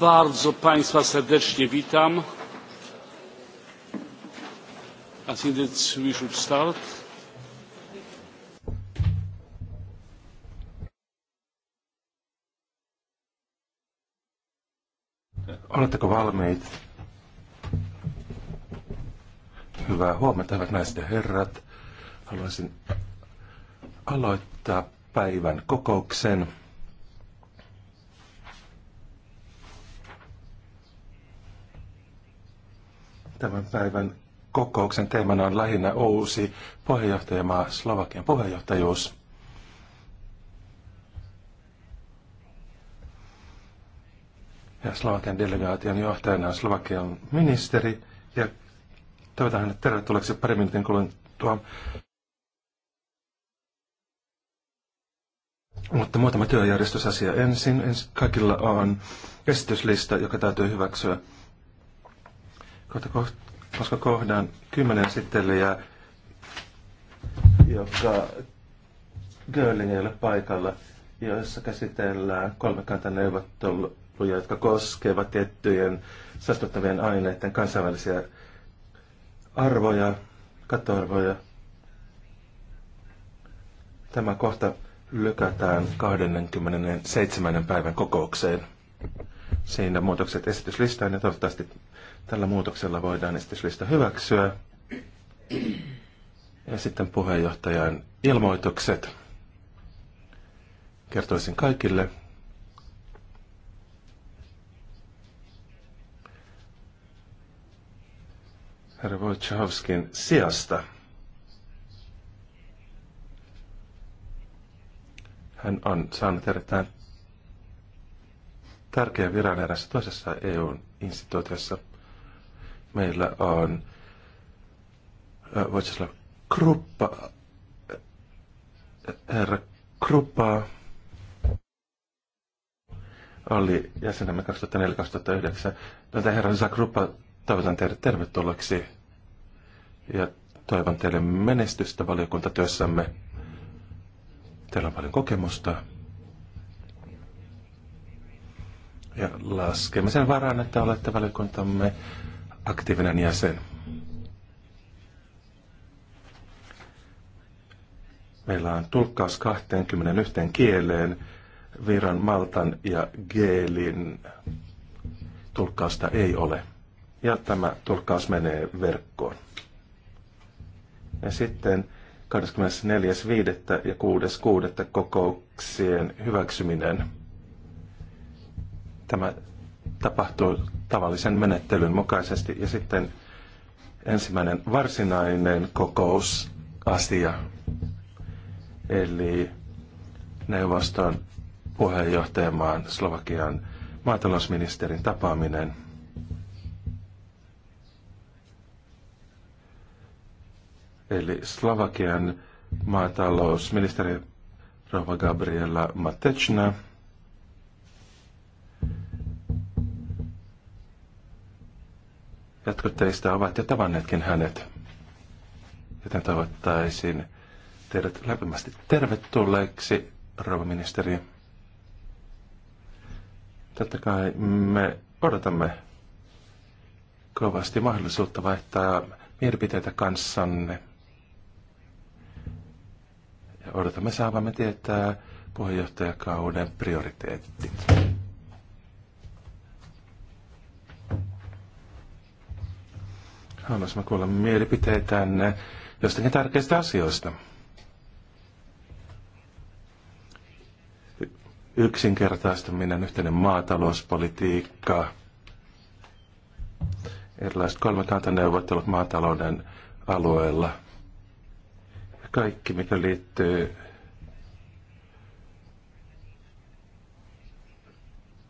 bardzo państwa serdecznie witam. Oletteko valmiit? Hyvää huomenta, hyvät naiset ja herrat. Haluaisin aloittaa päivän kokouksen. Tämän päivän kokouksen teemana on lähinnä uusi puheenjohtajamaa Slovakian puheenjohtajuus. Ja Slovakian delegaation johtajana on Slovakian ministeri ja toivotan hänet tervetulleeksi pari minuutin kuluttua. Mutta muutama työjärjestysasia ensin. ensin. Kaikilla on esityslista, joka täytyy hyväksyä koska kohdan kymmenen esittelijää, joka Görling ei ole paikalla, joissa käsitellään kolmikantaneuvotteluja, jotka koskevat tiettyjen saastuttavien aineiden kansainvälisiä arvoja, kattoarvoja. Tämä kohta lykätään 27. päivän kokoukseen. Siinä muutokset esityslistaan ja toivottavasti Tällä muutoksella voidaan esityslista hyväksyä. Ja sitten puheenjohtajan ilmoitukset. Kertoisin kaikille. Herra Wojciechowskin sijasta. Hän on saanut erittäin tärkeä viran erässä toisessa EU-instituutiossa – Meillä on, voisi sanoa, Kruppa, herra Kruppa oli jäsenemme 2004-2009. Tätä herra Zakruppa toivotan teidät tervetulleeksi ja toivon teille menestystä valiokuntatyössämme. Teillä on paljon kokemusta. Ja laskemisen sen varaan, että olette valiokuntamme aktiivinen jäsen. Meillä on tulkkaus 21 kieleen, Viran, Maltan ja Geelin tulkkausta ei ole. Ja tämä tulkkaus menee verkkoon. Ja sitten 24.5. ja 6.6. kokouksien hyväksyminen. Tämä tapahtuu tavallisen menettelyn mukaisesti. Ja sitten ensimmäinen varsinainen kokousasia, eli neuvoston puheenjohtajamaan Slovakian maatalousministerin tapaaminen. Eli Slovakian maatalousministeri Rova Gabriela Matečna – Jotkut teistä ovat jo tavanneetkin hänet, joten tavoittaisin teidät lämpimästi tervetulleeksi, rouva ministeri. Totta kai me odotamme kovasti mahdollisuutta vaihtaa mielipiteitä kanssanne. Ja odotamme saavamme tietää puheenjohtajakauden prioriteetit. Haluaisimme kuulla mielipiteitänne jostakin tärkeistä asioista. Yksinkertaistaminen, yhteinen maatalouspolitiikka, erilaiset kolmikantaneuvottelut maatalouden alueella. Kaikki, mikä liittyy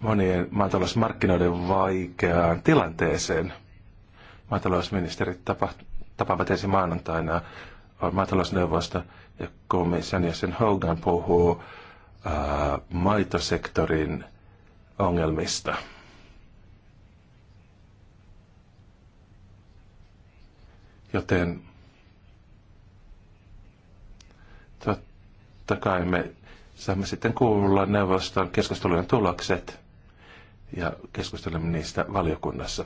monien maatalousmarkkinoiden vaikeaan tilanteeseen – maatalousministerit tapaavat ensi maanantaina maatalousneuvosta ja komission sen Hogan puhuu ää, maitosektorin ongelmista. Joten totta kai me saamme sitten kuulla neuvoston keskustelujen tulokset ja keskustelemme niistä valiokunnassa.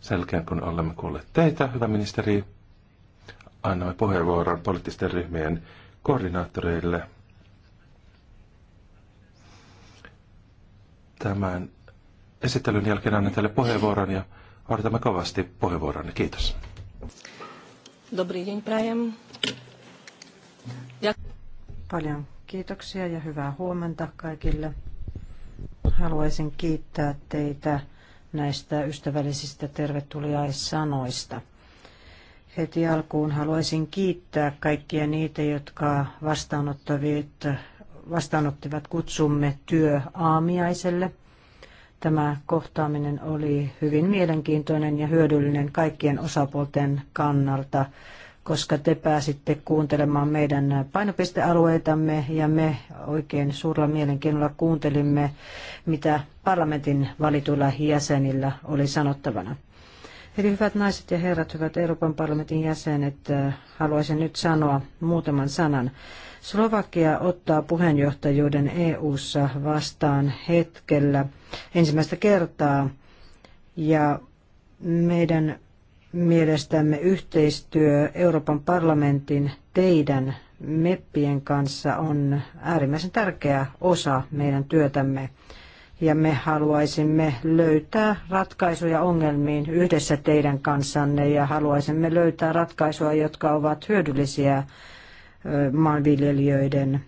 Sen kun olemme kuulleet teitä, hyvä ministeri, annamme puheenvuoron poliittisten ryhmien koordinaattoreille. Tämän esittelyn jälkeen annan teille puheenvuoron ja odotamme kovasti puheenvuoronne. Kiitos. Dobrý Paljon kiitoksia ja hyvää huomenta kaikille. Haluaisin kiittää teitä näistä ystävällisistä tervetuliaissanoista. Heti alkuun haluaisin kiittää kaikkia niitä, jotka vastaanottivat kutsumme työ aamiaiselle. Tämä kohtaaminen oli hyvin mielenkiintoinen ja hyödyllinen kaikkien osapuolten kannalta koska te pääsitte kuuntelemaan meidän painopistealueitamme ja me oikein suurella mielenkiinnolla kuuntelimme, mitä parlamentin valituilla jäsenillä oli sanottavana. Eli hyvät naiset ja herrat, hyvät Euroopan parlamentin jäsenet, haluaisin nyt sanoa muutaman sanan. Slovakia ottaa puheenjohtajuuden EU:ssa vastaan hetkellä ensimmäistä kertaa ja meidän mielestämme yhteistyö Euroopan parlamentin teidän meppien kanssa on äärimmäisen tärkeä osa meidän työtämme. Ja me haluaisimme löytää ratkaisuja ongelmiin yhdessä teidän kanssanne ja haluaisimme löytää ratkaisuja, jotka ovat hyödyllisiä maanviljelijöiden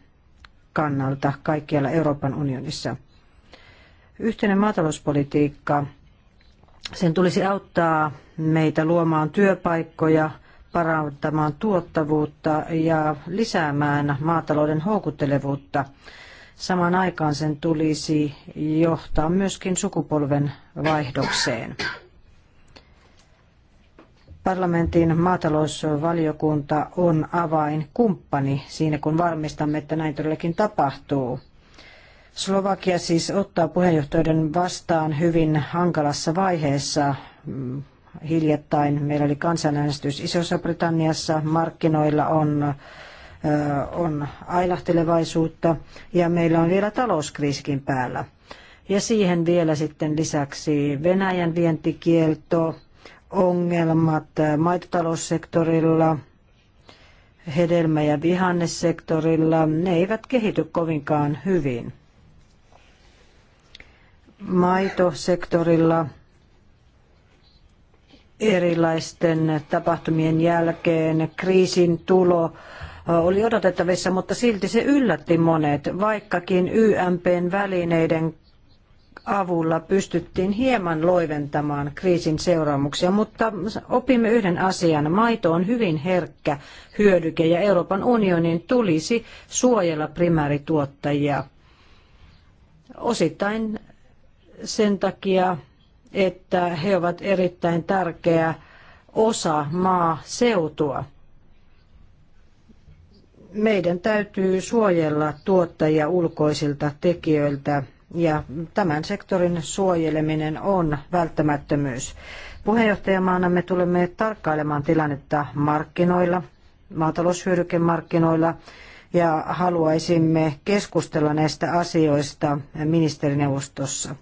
kannalta kaikkialla Euroopan unionissa. Yhteinen maatalouspolitiikka sen tulisi auttaa meitä luomaan työpaikkoja, parantamaan tuottavuutta ja lisäämään maatalouden houkuttelevuutta. Samaan aikaan sen tulisi johtaa myöskin sukupolven vaihdokseen. Parlamentin maatalousvaliokunta on avainkumppani siinä, kun varmistamme, että näin todellakin tapahtuu. Slovakia siis ottaa puheenjohtajuuden vastaan hyvin hankalassa vaiheessa. Hiljattain meillä oli kansanäänestys Isossa-Britanniassa, markkinoilla on, on ailahtelevaisuutta ja meillä on vielä talouskriisikin päällä. Ja siihen vielä sitten lisäksi Venäjän vientikielto, ongelmat maitotaloussektorilla, hedelmä- ja vihannessektorilla, ne eivät kehity kovinkaan hyvin maitosektorilla erilaisten tapahtumien jälkeen kriisin tulo äh, oli odotettavissa, mutta silti se yllätti monet, vaikkakin YMPn välineiden avulla pystyttiin hieman loiventamaan kriisin seuraamuksia, mutta opimme yhden asian. Maito on hyvin herkkä hyödyke ja Euroopan unionin tulisi suojella primäärituottajia. Osittain sen takia, että he ovat erittäin tärkeä osa maaseutua. Meidän täytyy suojella tuottajia ulkoisilta tekijöiltä ja tämän sektorin suojeleminen on välttämättömyys. Puheenjohtajamaana me tulemme tarkkailemaan tilannetta markkinoilla, maataloushyödykemarkkinoilla ja haluaisimme keskustella näistä asioista ministerineuvostossa.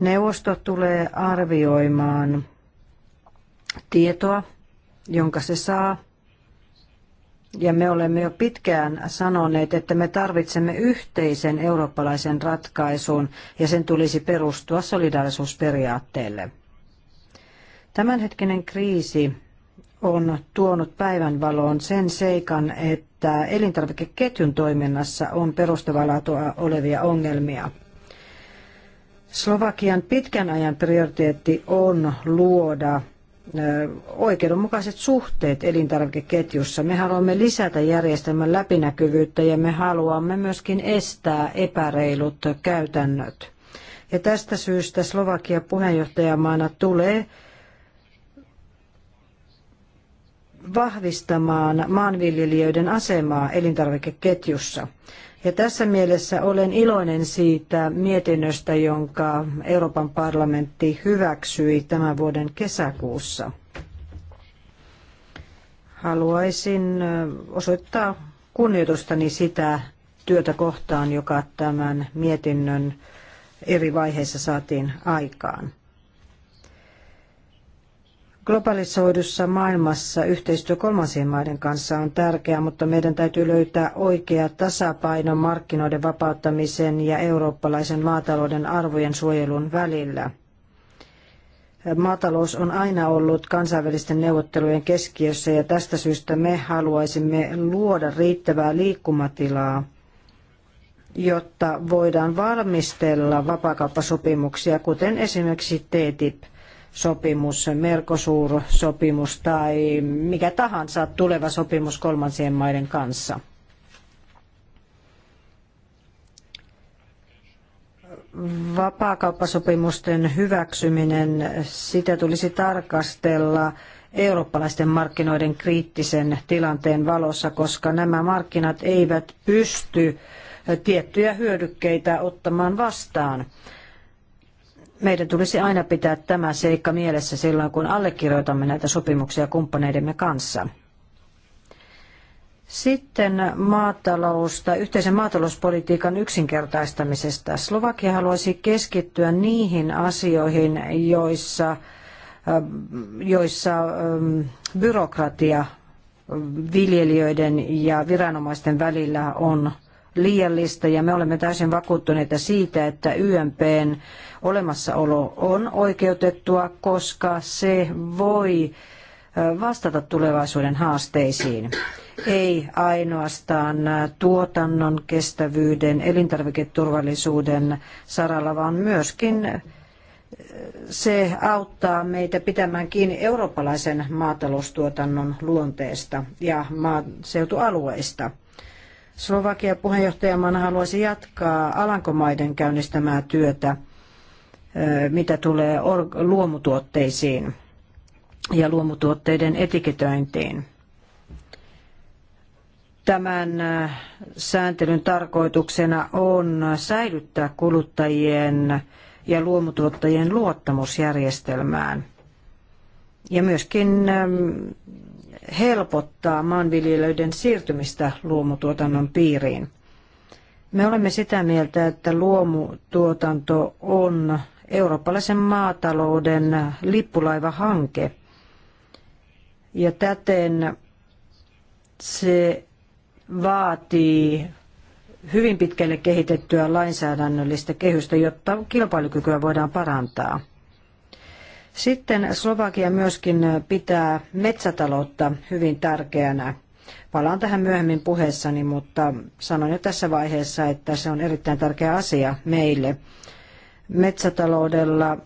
Neuvosto tulee arvioimaan tietoa, jonka se saa. Ja me olemme jo pitkään sanoneet, että me tarvitsemme yhteisen eurooppalaisen ratkaisun ja sen tulisi perustua solidaarisuusperiaatteelle. Tämänhetkinen kriisi on tuonut päivänvaloon sen seikan, että elintarvikeketjun toiminnassa on perustavalaatua olevia ongelmia – Slovakian pitkän ajan prioriteetti on luoda oikeudenmukaiset suhteet elintarvikeketjussa. Me haluamme lisätä järjestelmän läpinäkyvyyttä ja me haluamme myöskin estää epäreilut käytännöt. Ja tästä syystä Slovakia puheenjohtajamaana tulee vahvistamaan maanviljelijöiden asemaa elintarvikeketjussa. Ja tässä mielessä olen iloinen siitä mietinnöstä, jonka Euroopan parlamentti hyväksyi tämän vuoden kesäkuussa. Haluaisin osoittaa kunnioitustani sitä työtä kohtaan, joka tämän mietinnön eri vaiheissa saatiin aikaan. Globalisoidussa maailmassa yhteistyö kolmansien maiden kanssa on tärkeää, mutta meidän täytyy löytää oikea tasapaino markkinoiden vapauttamisen ja eurooppalaisen maatalouden arvojen suojelun välillä. Maatalous on aina ollut kansainvälisten neuvottelujen keskiössä ja tästä syystä me haluaisimme luoda riittävää liikkumatilaa jotta voidaan valmistella vapaakauppasopimuksia, kuten esimerkiksi TTIP – sopimus, Mercosur-sopimus tai mikä tahansa tuleva sopimus kolmansien maiden kanssa. Vapaakauppasopimusten hyväksyminen, sitä tulisi tarkastella eurooppalaisten markkinoiden kriittisen tilanteen valossa, koska nämä markkinat eivät pysty tiettyjä hyödykkeitä ottamaan vastaan meidän tulisi aina pitää tämä seikka mielessä silloin, kun allekirjoitamme näitä sopimuksia kumppaneidemme kanssa. Sitten maatalousta, yhteisen maatalouspolitiikan yksinkertaistamisesta. Slovakia haluaisi keskittyä niihin asioihin, joissa, joissa byrokratia viljelijöiden ja viranomaisten välillä on liiallista ja me olemme täysin vakuuttuneita siitä, että YMPn olemassaolo on oikeutettua, koska se voi vastata tulevaisuuden haasteisiin. Ei ainoastaan tuotannon kestävyyden, elintarviketurvallisuuden saralla, vaan myöskin se auttaa meitä pitämään kiinni eurooppalaisen maataloustuotannon luonteesta ja maaseutualueista. Slovakia puheenjohtajamaana haluaisi jatkaa Alankomaiden käynnistämää työtä, mitä tulee luomutuotteisiin ja luomutuotteiden etiketöintiin. Tämän sääntelyn tarkoituksena on säilyttää kuluttajien ja luomutuottajien luottamusjärjestelmään ja myöskin helpottaa maanviljelijöiden siirtymistä luomutuotannon piiriin. Me olemme sitä mieltä, että luomutuotanto on eurooppalaisen maatalouden lippulaivahanke. Ja täten se vaatii hyvin pitkälle kehitettyä lainsäädännöllistä kehystä, jotta kilpailukykyä voidaan parantaa. Sitten Slovakia myöskin pitää metsätaloutta hyvin tärkeänä. Palaan tähän myöhemmin puheessani, mutta sanon jo tässä vaiheessa, että se on erittäin tärkeä asia meille. Metsätaloudella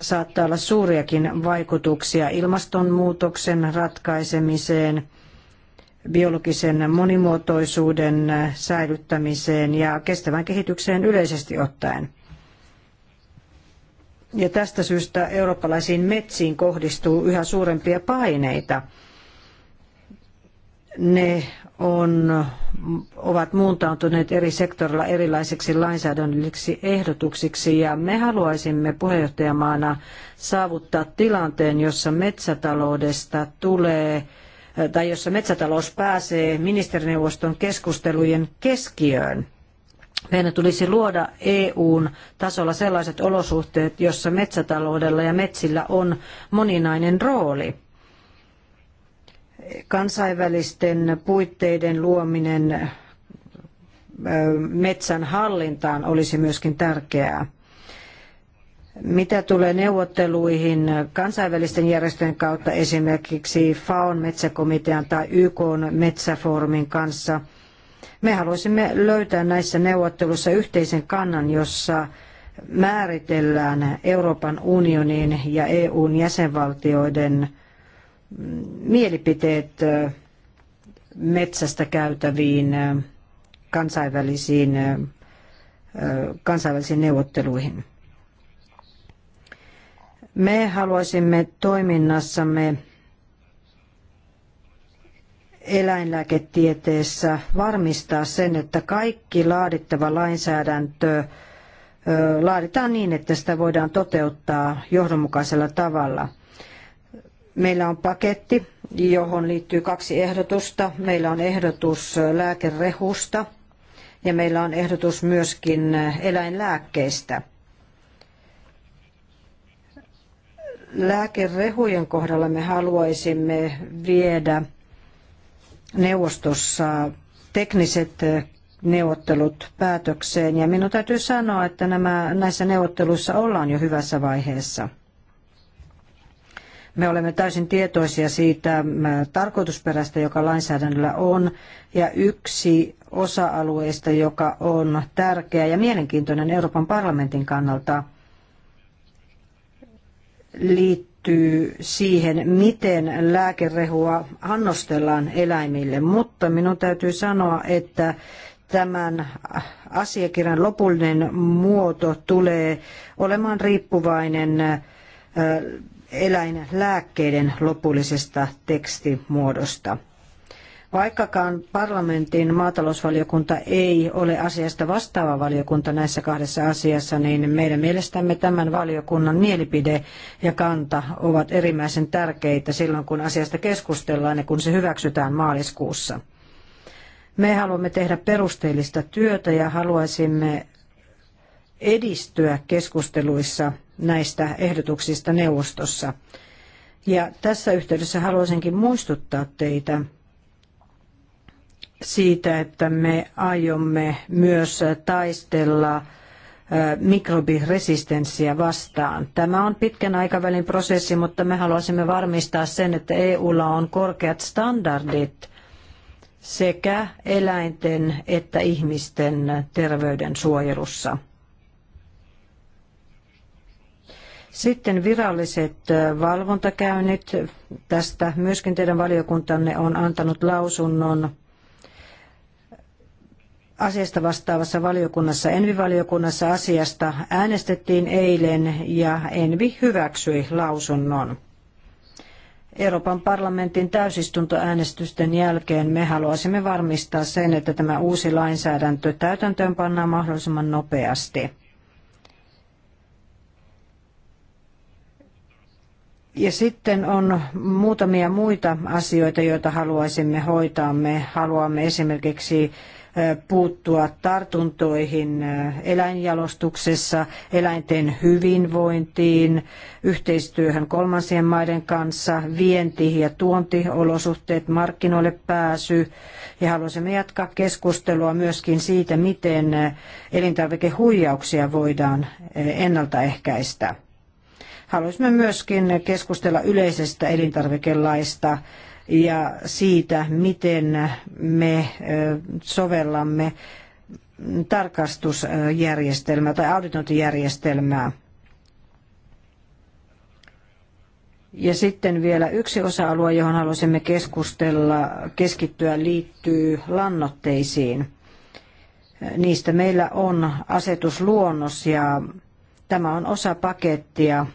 saattaa olla suuriakin vaikutuksia ilmastonmuutoksen ratkaisemiseen, biologisen monimuotoisuuden säilyttämiseen ja kestävän kehitykseen yleisesti ottaen. Ja tästä syystä eurooppalaisiin metsiin kohdistuu yhä suurempia paineita. Ne on, ovat muuntautuneet eri sektorilla erilaisiksi lainsäädännöllisiksi ehdotuksiksi ja me haluaisimme puheenjohtajamaana saavuttaa tilanteen, jossa metsätaloudesta tulee tai jossa metsätalous pääsee ministerineuvoston keskustelujen keskiöön meidän tulisi luoda EUn tasolla sellaiset olosuhteet, jossa metsätaloudella ja metsillä on moninainen rooli. Kansainvälisten puitteiden luominen metsän hallintaan olisi myöskin tärkeää. Mitä tulee neuvotteluihin kansainvälisten järjestöjen kautta, esimerkiksi FAON metsäkomitean tai YK metsäfoorumin kanssa – me haluaisimme löytää näissä neuvotteluissa yhteisen kannan, jossa määritellään Euroopan unionin ja EUn jäsenvaltioiden mm, mielipiteet metsästä käytäviin kansainvälisiin, kansainvälisiin neuvotteluihin. Me haluaisimme toiminnassamme eläinlääketieteessä varmistaa sen, että kaikki laadittava lainsäädäntö laaditaan niin, että sitä voidaan toteuttaa johdonmukaisella tavalla. Meillä on paketti, johon liittyy kaksi ehdotusta. Meillä on ehdotus lääkerehusta ja meillä on ehdotus myöskin eläinlääkkeistä. Lääkerehujen kohdalla me haluaisimme viedä neuvostossa tekniset neuvottelut päätökseen ja minun täytyy sanoa, että nämä, näissä neuvotteluissa ollaan jo hyvässä vaiheessa. Me olemme täysin tietoisia siitä tarkoitusperästä, joka lainsäädännöllä on, ja yksi osa-alueista, joka on tärkeä ja mielenkiintoinen Euroopan parlamentin kannalta, liittyy liittyy siihen, miten lääkerehua annostellaan eläimille, mutta minun täytyy sanoa, että tämän asiakirjan lopullinen muoto tulee olemaan riippuvainen eläinlääkkeiden lopullisesta tekstimuodosta. Vaikkakaan parlamentin maatalousvaliokunta ei ole asiasta vastaava valiokunta näissä kahdessa asiassa, niin meidän mielestämme tämän valiokunnan mielipide ja kanta ovat erimmäisen tärkeitä silloin, kun asiasta keskustellaan ja kun se hyväksytään maaliskuussa. Me haluamme tehdä perusteellista työtä ja haluaisimme edistyä keskusteluissa näistä ehdotuksista neuvostossa. Ja tässä yhteydessä haluaisinkin muistuttaa teitä siitä, että me aiomme myös taistella mikrobiresistenssiä vastaan. Tämä on pitkän aikavälin prosessi, mutta me haluaisimme varmistaa sen, että EUlla on korkeat standardit sekä eläinten että ihmisten terveyden suojelussa. Sitten viralliset valvontakäynnit. Tästä myöskin teidän valiokuntanne on antanut lausunnon asiasta vastaavassa valiokunnassa, Envi-valiokunnassa asiasta äänestettiin eilen ja Envi hyväksyi lausunnon. Euroopan parlamentin täysistuntoäänestysten jälkeen me haluaisimme varmistaa sen, että tämä uusi lainsäädäntö täytäntöön pannaan mahdollisimman nopeasti. Ja sitten on muutamia muita asioita, joita haluaisimme hoitaa. Me haluamme esimerkiksi puuttua tartuntoihin eläinjalostuksessa, eläinten hyvinvointiin, yhteistyöhön kolmansien maiden kanssa, vienti- ja tuontiolosuhteet, markkinoille pääsy. Ja haluaisimme jatkaa keskustelua myöskin siitä, miten elintarvikehuijauksia voidaan ennaltaehkäistä. Haluaisimme myöskin keskustella yleisestä elintarvikelaista ja siitä, miten me sovellamme tarkastusjärjestelmää tai auditointijärjestelmää. Ja sitten vielä yksi osa-alue, johon haluaisimme keskustella, keskittyä, liittyy lannoitteisiin. Niistä meillä on asetusluonnos ja tämä on osa pakettia,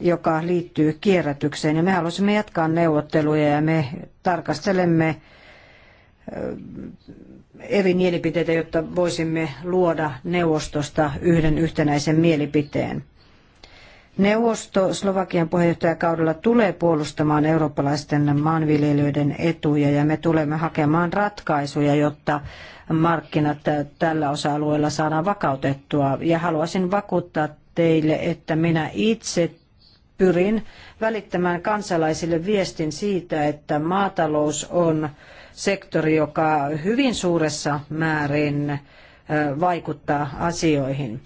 joka liittyy kierrätykseen. Ja me halusimme jatkaa neuvotteluja ja me tarkastelemme äh, eri mielipiteitä, jotta voisimme luoda neuvostosta yhden yhtenäisen mielipiteen. Neuvosto Slovakian puheenjohtajakaudella tulee puolustamaan eurooppalaisten maanviljelijöiden etuja ja me tulemme hakemaan ratkaisuja, jotta markkinat tällä osa-alueella saadaan vakautettua. Ja haluaisin vakuuttaa teille, että minä itse pyrin välittämään kansalaisille viestin siitä, että maatalous on sektori, joka hyvin suuressa määrin vaikuttaa asioihin.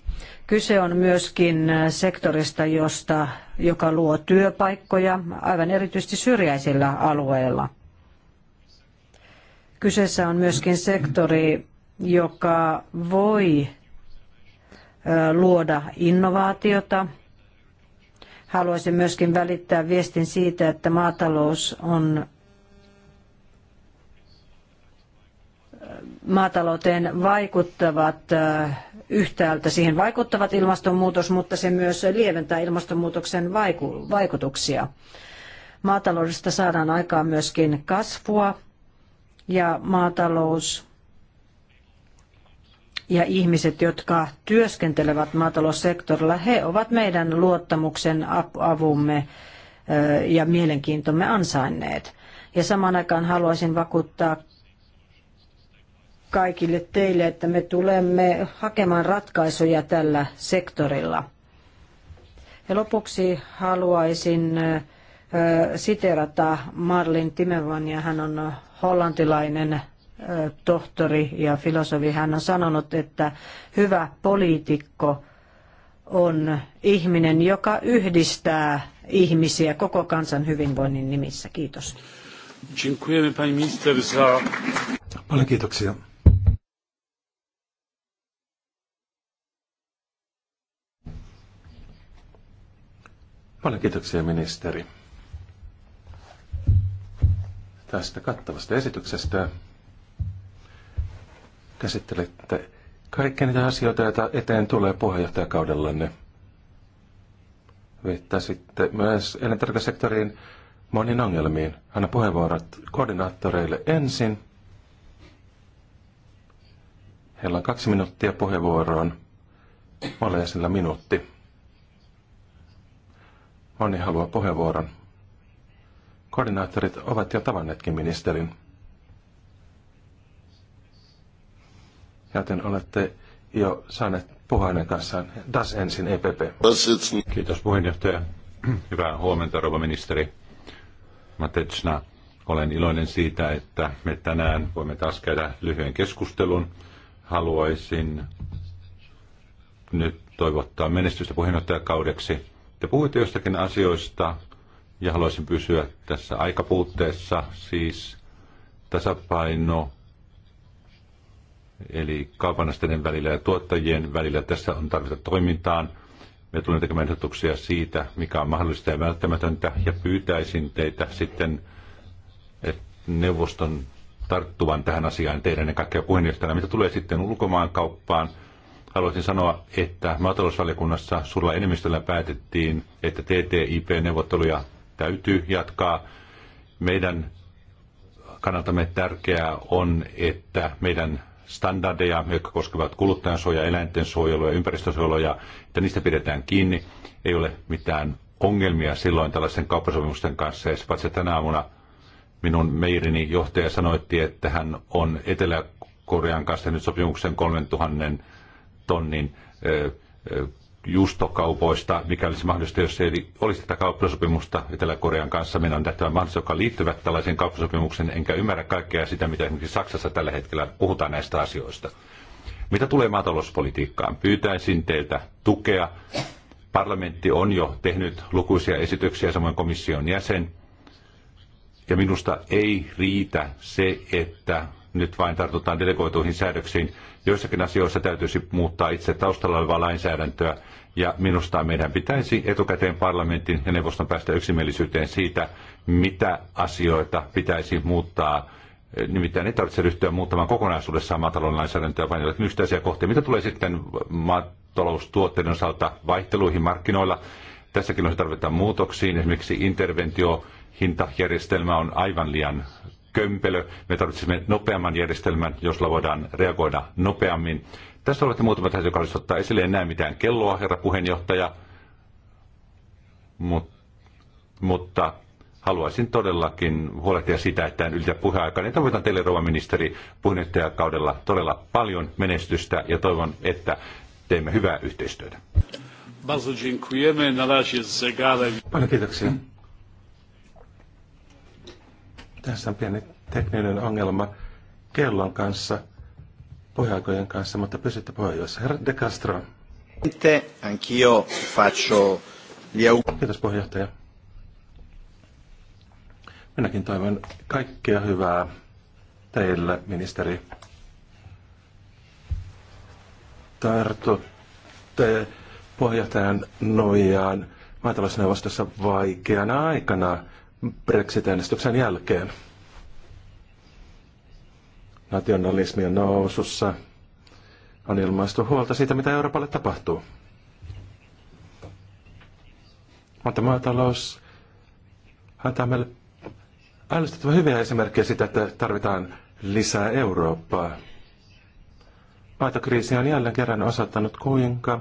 Kyse on myöskin sektorista, josta, joka luo työpaikkoja aivan erityisesti syrjäisillä alueilla. Kyseessä on myöskin sektori, joka voi luoda innovaatiota – Haluaisin myöskin välittää viestin siitä, että maatalous on maatalouteen vaikuttavat äh, yhtäältä. Siihen vaikuttavat ilmastonmuutos, mutta se myös lieventää ilmastonmuutoksen vaikutuksia. Maataloudesta saadaan aikaan myöskin kasvua ja maatalous ja ihmiset, jotka työskentelevät maataloussektorilla, he ovat meidän luottamuksen avumme ja mielenkiintomme ansainneet. Ja samaan aikaan haluaisin vakuuttaa kaikille teille, että me tulemme hakemaan ratkaisuja tällä sektorilla. Ja lopuksi haluaisin siterata Marlin ja Hän on hollantilainen tohtori ja filosofi, hän on sanonut, että hyvä poliitikko on ihminen, joka yhdistää ihmisiä koko kansan hyvinvoinnin nimissä. Kiitos. minister Paljon kiitoksia. Paljon kiitoksia ministeri tästä kattavasta esityksestä käsittelette kaikkia niitä asioita, joita eteen tulee puheenjohtajakaudellanne. Viittasitte myös elintarvikesektoriin moniin ongelmiin. Anna puheenvuorot koordinaattoreille ensin. Heillä on kaksi minuuttia puheenvuoroon. Molemmilla minuutti. Moni haluaa puheenvuoron. Koordinaattorit ovat jo tavanneetkin ministerin. joten olette jo saaneet puhua hänen kanssaan. Das ensin EPP. Kiitos puheenjohtaja. Hyvää huomenta, rouva ministeri Matetsna. Olen iloinen siitä, että me tänään voimme taas käydä lyhyen keskustelun. Haluaisin nyt toivottaa menestystä puheenjohtajakaudeksi. Te puhuitte jostakin asioista ja haluaisin pysyä tässä aikapuutteessa, siis tasapaino eli kaupanastajien välillä ja tuottajien välillä. Tässä on tarvita toimintaan. Me tulemme tekemään ehdotuksia siitä, mikä on mahdollista ja välttämätöntä, ja pyytäisin teitä sitten neuvoston tarttuvan tähän asiaan teidän ja kaikkia puheenjohtajana. Mitä tulee sitten ulkomaankauppaan, haluaisin sanoa, että maatalousvaliokunnassa sulla enemmistöllä päätettiin, että TTIP-neuvotteluja täytyy jatkaa. Meidän kannaltamme tärkeää on, että meidän standardeja, jotka koskevat kuluttajansuojaa, eläinten suojelua ja ympäristösuojelua, ja että niistä pidetään kiinni. Ei ole mitään ongelmia silloin tällaisten kauppasopimusten kanssa. Ja paitsi tänä aamuna minun meirini johtaja sanoitti, että hän on Etelä-Korean kanssa nyt sopimuksen 3000 tonnin juustokaupoista, mikä olisi mahdollista, jos ei olisi tätä kauppasopimusta Etelä-Korean kanssa. Meidän on tähtävä mahdollista, joka liittyvät tällaisen kauppasopimuksen, enkä ymmärrä kaikkea sitä, mitä esimerkiksi Saksassa tällä hetkellä puhutaan näistä asioista. Mitä tulee maatalouspolitiikkaan? Pyytäisin teiltä tukea. Parlamentti on jo tehnyt lukuisia esityksiä, samoin komission jäsen. Ja minusta ei riitä se, että nyt vain tartutaan delegoituihin säädöksiin Joissakin asioissa täytyisi muuttaa itse taustalla olevaa lainsäädäntöä, ja minusta meidän pitäisi etukäteen parlamentin ja neuvoston päästä yksimielisyyteen siitä, mitä asioita pitäisi muuttaa Nimittäin ei tarvitse ryhtyä muuttamaan kokonaisuudessaan maatalouden lainsäädäntöä, vaan jotakin yksittäisiä kohtia. Mitä tulee sitten maataloustuotteiden osalta vaihteluihin markkinoilla? Tässäkin on tarvetta muutoksiin. Esimerkiksi interventio hintajärjestelmä on aivan liian kömpelö. Me tarvitsemme nopeamman järjestelmän, jolla voidaan reagoida nopeammin. Tässä olette muutamat asiat, jotka olisi ottaa esille. En näe mitään kelloa, herra puheenjohtaja, Mut, mutta haluaisin todellakin huolehtia sitä, että en ylitä puheaikaa. Niin toivotan teille, rouva ministeri, kaudella todella paljon menestystä ja toivon, että teemme hyvää yhteistyötä. Paljon kiitoksia. Tässä on pieni tekninen ongelma kellon kanssa, pohjaikojen kanssa, mutta pysytte pohjoissa. Herra De Castro. Anch'io faccio gli Kiitos puheenjohtaja. Minäkin toivon kaikkea hyvää teille, ministeri. Tartutte puheenjohtajan nojaan maatalousneuvostossa vaikeana aikana. Brexit-äänestyksen jälkeen. Nationalismi on nousussa. On ilmaistu huolta siitä, mitä Euroopalle tapahtuu. Mutta maatalous antaa meille ällistettävän hyviä esimerkkejä siitä, että tarvitaan lisää Eurooppaa. Maitokriisi on jälleen kerran osoittanut, kuinka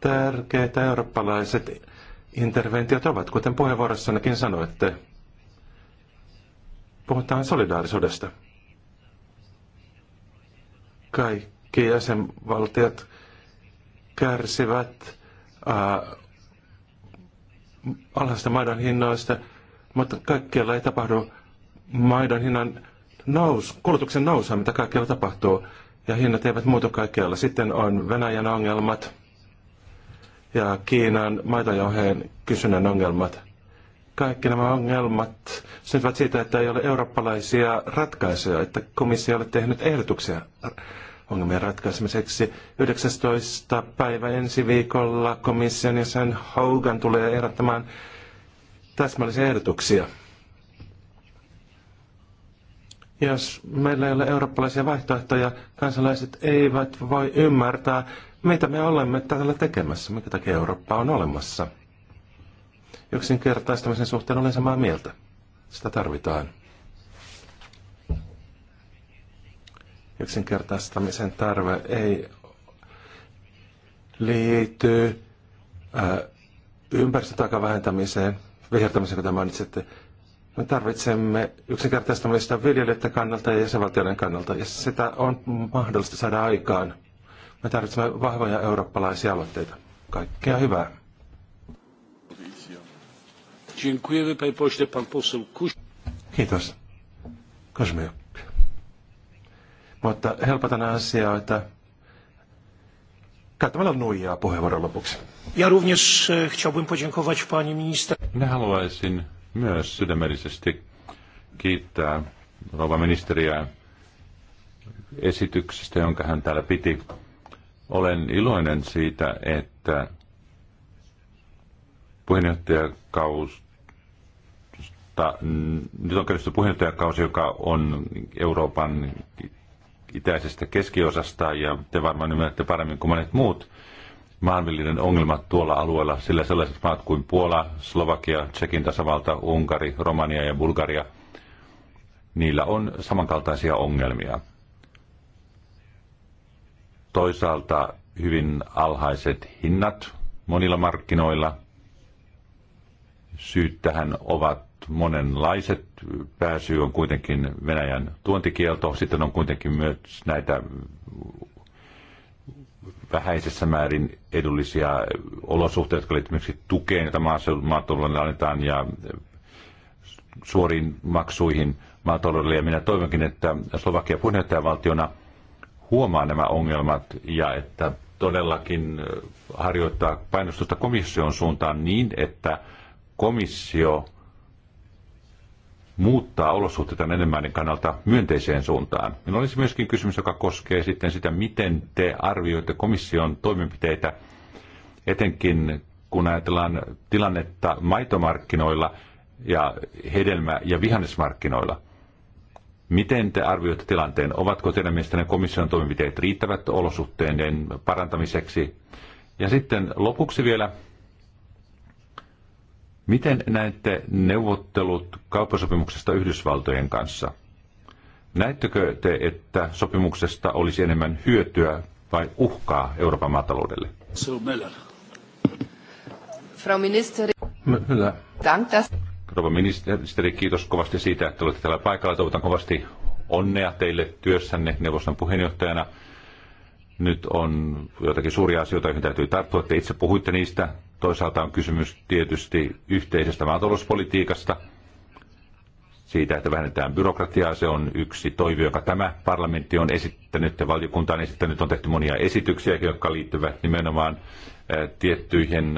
tärkeitä eurooppalaiset interventiot ovat, kuten puheenvuorossannekin sanoitte. Puhutaan solidaarisuudesta. Kaikki jäsenvaltiot kärsivät ää, alhaista maidon hinnoista, mutta kaikkialla ei tapahdu maidon hinnan nous, kulutuksen nousua, mitä kaikkialla tapahtuu, ja hinnat eivät muutu kaikkialla. Sitten on Venäjän ongelmat – ja Kiinan maitojoheen kysynnän ongelmat. Kaikki nämä ongelmat syntyvät siitä, että ei ole eurooppalaisia ratkaisuja, että komissio ei ole tehnyt ehdotuksia ongelmien ratkaisemiseksi. 19. päivä ensi viikolla komission ja sen Hogan tulee ehdottamaan täsmällisiä ehdotuksia. Jos meillä ei ole eurooppalaisia vaihtoehtoja, kansalaiset eivät voi ymmärtää, mitä me olemme täällä tekemässä? Mikä takia Eurooppa on olemassa? Yksinkertaistamisen suhteen olen samaa mieltä. Sitä tarvitaan. Yksinkertaistamisen tarve ei liity äh, ympäristötaakan vähentämiseen, vihertämiseen, kuten mainitsitte. Me tarvitsemme yksinkertaistamista viljelijöiden kannalta ja jäsenvaltioiden kannalta, ja sitä on mahdollista saada aikaan – me tarvitsemme vahvoja eurooppalaisia aloitteita. Kaikkea hyvää. Kiitos. Kosmiuk. Mutta helpotan että käyttämällä nuijaa puheenvuoron lopuksi. Ja również e, chciałbym podziękować pani minister. Minä haluaisin myös sydämellisesti kiittää rouva ministeriä esityksestä, jonka hän täällä piti. Olen iloinen siitä, että puheenjohtajakausta, nyt on käynnissä puheenjohtajakausi, joka on Euroopan itäisestä keskiosasta, ja te varmaan ymmärrätte paremmin kuin monet muut maanvillinen ongelmat tuolla alueella, sillä sellaiset maat kuin Puola, Slovakia, Tsekin tasavalta, Unkari, Romania ja Bulgaria, niillä on samankaltaisia ongelmia toisaalta hyvin alhaiset hinnat monilla markkinoilla. Syyt tähän ovat monenlaiset. Pääsy on kuitenkin Venäjän tuontikielto. Sitten on kuitenkin myös näitä vähäisessä määrin edullisia olosuhteita, jotka liittyvät esimerkiksi tukeen, jota maatalouden annetaan ja suoriin maksuihin maataloudelle. Ja minä toivonkin, että Slovakia puheenjohtajavaltiona – huomaa nämä ongelmat ja että todellakin harjoittaa painostusta komission suuntaan niin, että komissio muuttaa olosuhteita enemmän kannalta myönteiseen suuntaan. Minulla olisi myöskin kysymys, joka koskee sitten sitä, miten te arvioitte komission toimenpiteitä, etenkin kun ajatellaan tilannetta maitomarkkinoilla ja hedelmä- ja vihannesmarkkinoilla – Miten te arvioitte tilanteen? Ovatko teidän mielestänne komission toimenpiteet riittävät olosuhteiden parantamiseksi? Ja sitten lopuksi vielä, miten näette neuvottelut kauppasopimuksesta Yhdysvaltojen kanssa? Näettekö te, että sopimuksesta olisi enemmän hyötyä vai uhkaa Euroopan maataloudelle? Frau Ministeri, Dank, dass Rouva ministeri, kiitos kovasti siitä, että olette täällä paikalla. Toivotan kovasti onnea teille työssänne neuvoston puheenjohtajana. Nyt on jotakin suuria asioita, joihin täytyy tarttua. Te itse puhuitte niistä. Toisaalta on kysymys tietysti yhteisestä maatalouspolitiikasta, siitä, että vähennetään byrokratiaa. Se on yksi toive, joka tämä parlamentti on esittänyt ja valiokunta on esittänyt. On tehty monia esityksiä, jotka liittyvät nimenomaan tiettyihin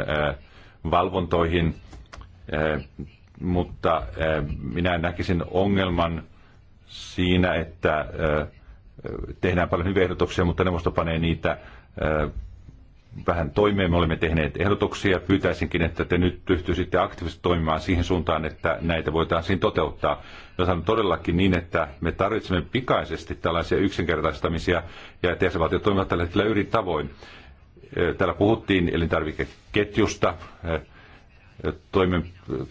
valvontoihin mutta minä näkisin ongelman siinä, että tehdään paljon hyviä ehdotuksia, mutta neuvosto panee niitä vähän toimeen. Me olemme tehneet ehdotuksia. Pyytäisinkin, että te nyt ryhtyisitte aktiivisesti toimimaan siihen suuntaan, että näitä voitaisiin toteuttaa. Jos on todellakin niin, että me tarvitsemme pikaisesti tällaisia yksinkertaistamisia ja että jäsenvaltiot toimivat tällä hetkellä eri tavoin. Täällä puhuttiin elintarvikeketjusta, toimen,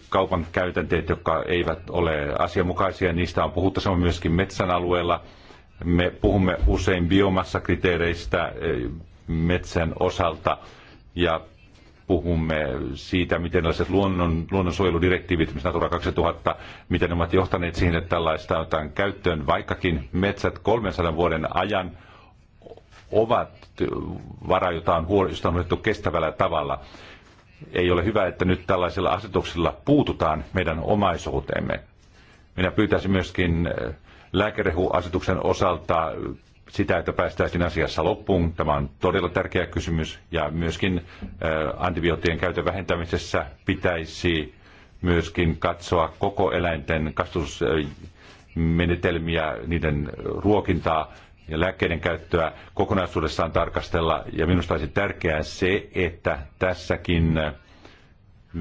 kaupan käytänteet, jotka eivät ole asianmukaisia, niistä on puhuttu. Samoin myöskin metsän alueella. Me puhumme usein biomassakriteereistä eh, metsän osalta ja puhumme siitä, miten tällaiset luonnon, luonnonsuojeludirektiivit, esimerkiksi Natura 2000, miten ne ovat johtaneet siihen, että tällaista otetaan käyttöön, vaikkakin metsät 300 vuoden ajan ovat vara, jota on huolestunut kestävällä tavalla. Ei ole hyvä, että nyt tällaisilla asetuksilla puututaan meidän omaisuuteemme. Minä pyytäisin myöskin eh, lääkerehuasetuksen osalta eh, sitä, että päästäisiin asiassa loppuun. Tämä on todella tärkeä kysymys. Ja myöskin eh, antibioottien käytön vähentämisessä pitäisi myöskin katsoa koko eläinten kastusmenetelmiä, niiden ruokintaa ja lääkkeiden käyttöä kokonaisuudessaan tarkastella. Ja minusta olisi tärkeää se, että tässäkin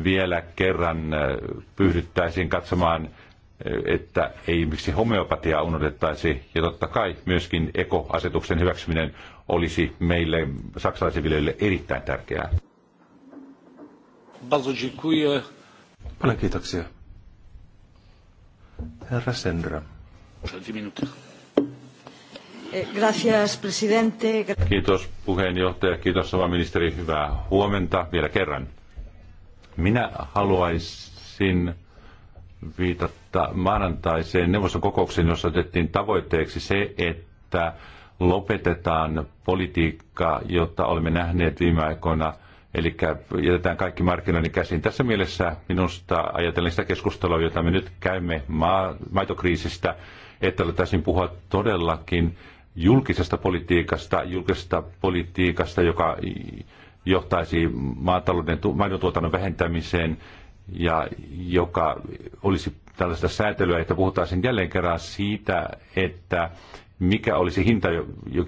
vielä kerran äh, pyydyttäisiin katsomaan, äh, että ei miksi homeopatia unohdettaisi. Ja totta kai myöskin ekoasetuksen hyväksyminen olisi meille saksalaisille erittäin tärkeää. Paljon kiitoksia. Herra Senra. Minuuttia. Eh, gracias, presidente. Kiitos puheenjohtaja, kiitos oma ministeri, hyvää huomenta vielä kerran. Minä haluaisin viitata maanantaiseen neuvoston kokoukseen, jossa otettiin tavoitteeksi se, että lopetetaan politiikka, jota olemme nähneet viime aikoina, eli jätetään kaikki markkinoiden käsiin. Tässä mielessä minusta ajatellen sitä keskustelua, jota me nyt käymme maa, maitokriisistä, että alettaisiin puhua todellakin julkisesta politiikasta, julkisesta politiikasta, joka johtaisi maatalouden maidontuotannon vähentämiseen ja joka olisi tällaista säätelyä, että puhutaan jälleen kerran siitä, että mikä olisi hinta,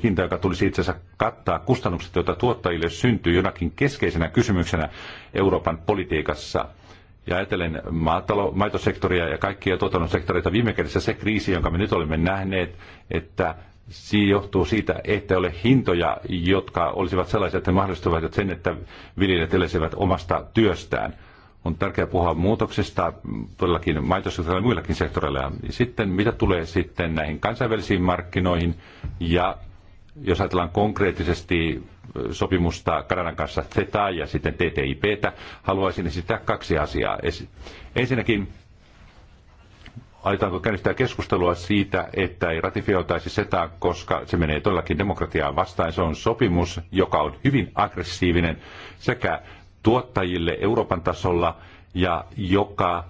hinta, joka tulisi itse asiassa kattaa kustannukset, joita tuottajille syntyy jonakin keskeisenä kysymyksenä Euroopan politiikassa. Ja ajatellen maatalo, maitosektoria ja kaikkia tuotannon sektoreita, viime kädessä se kriisi, jonka me nyt olemme nähneet, että Siinä johtuu siitä, että ole hintoja, jotka olisivat sellaisia, että mahdollistavat sen, että viljelijät eläisivät omasta työstään. On tärkeää puhua muutoksesta todellakin maitosektorilla ja muillakin sektoreilla. Sitten mitä tulee sitten näihin kansainvälisiin markkinoihin ja jos ajatellaan konkreettisesti sopimusta Kanadan kanssa CETA ja sitten TTIPtä, haluaisin esittää kaksi asiaa. Ensinnäkin aletaanko käynnistää keskustelua siitä, että ei ratifioitaisi sitä, koska se menee todellakin demokratiaa vastaan. Se on sopimus, joka on hyvin aggressiivinen sekä tuottajille Euroopan tasolla ja joka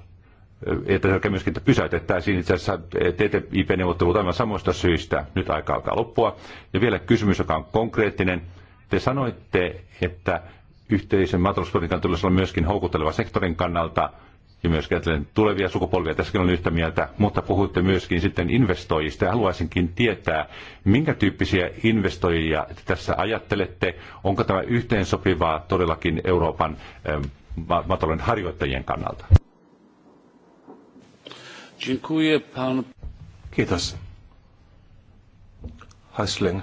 että se myöskin että pysäytettäisiin itse asiassa TTIP-neuvottelut aivan samoista syistä. Nyt aika alkaa loppua. Ja vielä kysymys, joka on konkreettinen. Te sanoitte, että yhteisen maatalouspolitiikan tulisi olla myöskin houkutteleva sektorin kannalta – ja myös tulevia sukupolvia. Tässäkin on yhtä mieltä, mutta puhuitte myöskin sitten investoijista ja haluaisinkin tietää, minkä tyyppisiä investoijia tässä ajattelette. Onko tämä yhteensopivaa todellakin Euroopan maatalouden harjoittajien kannalta? Kiitos. Hasling.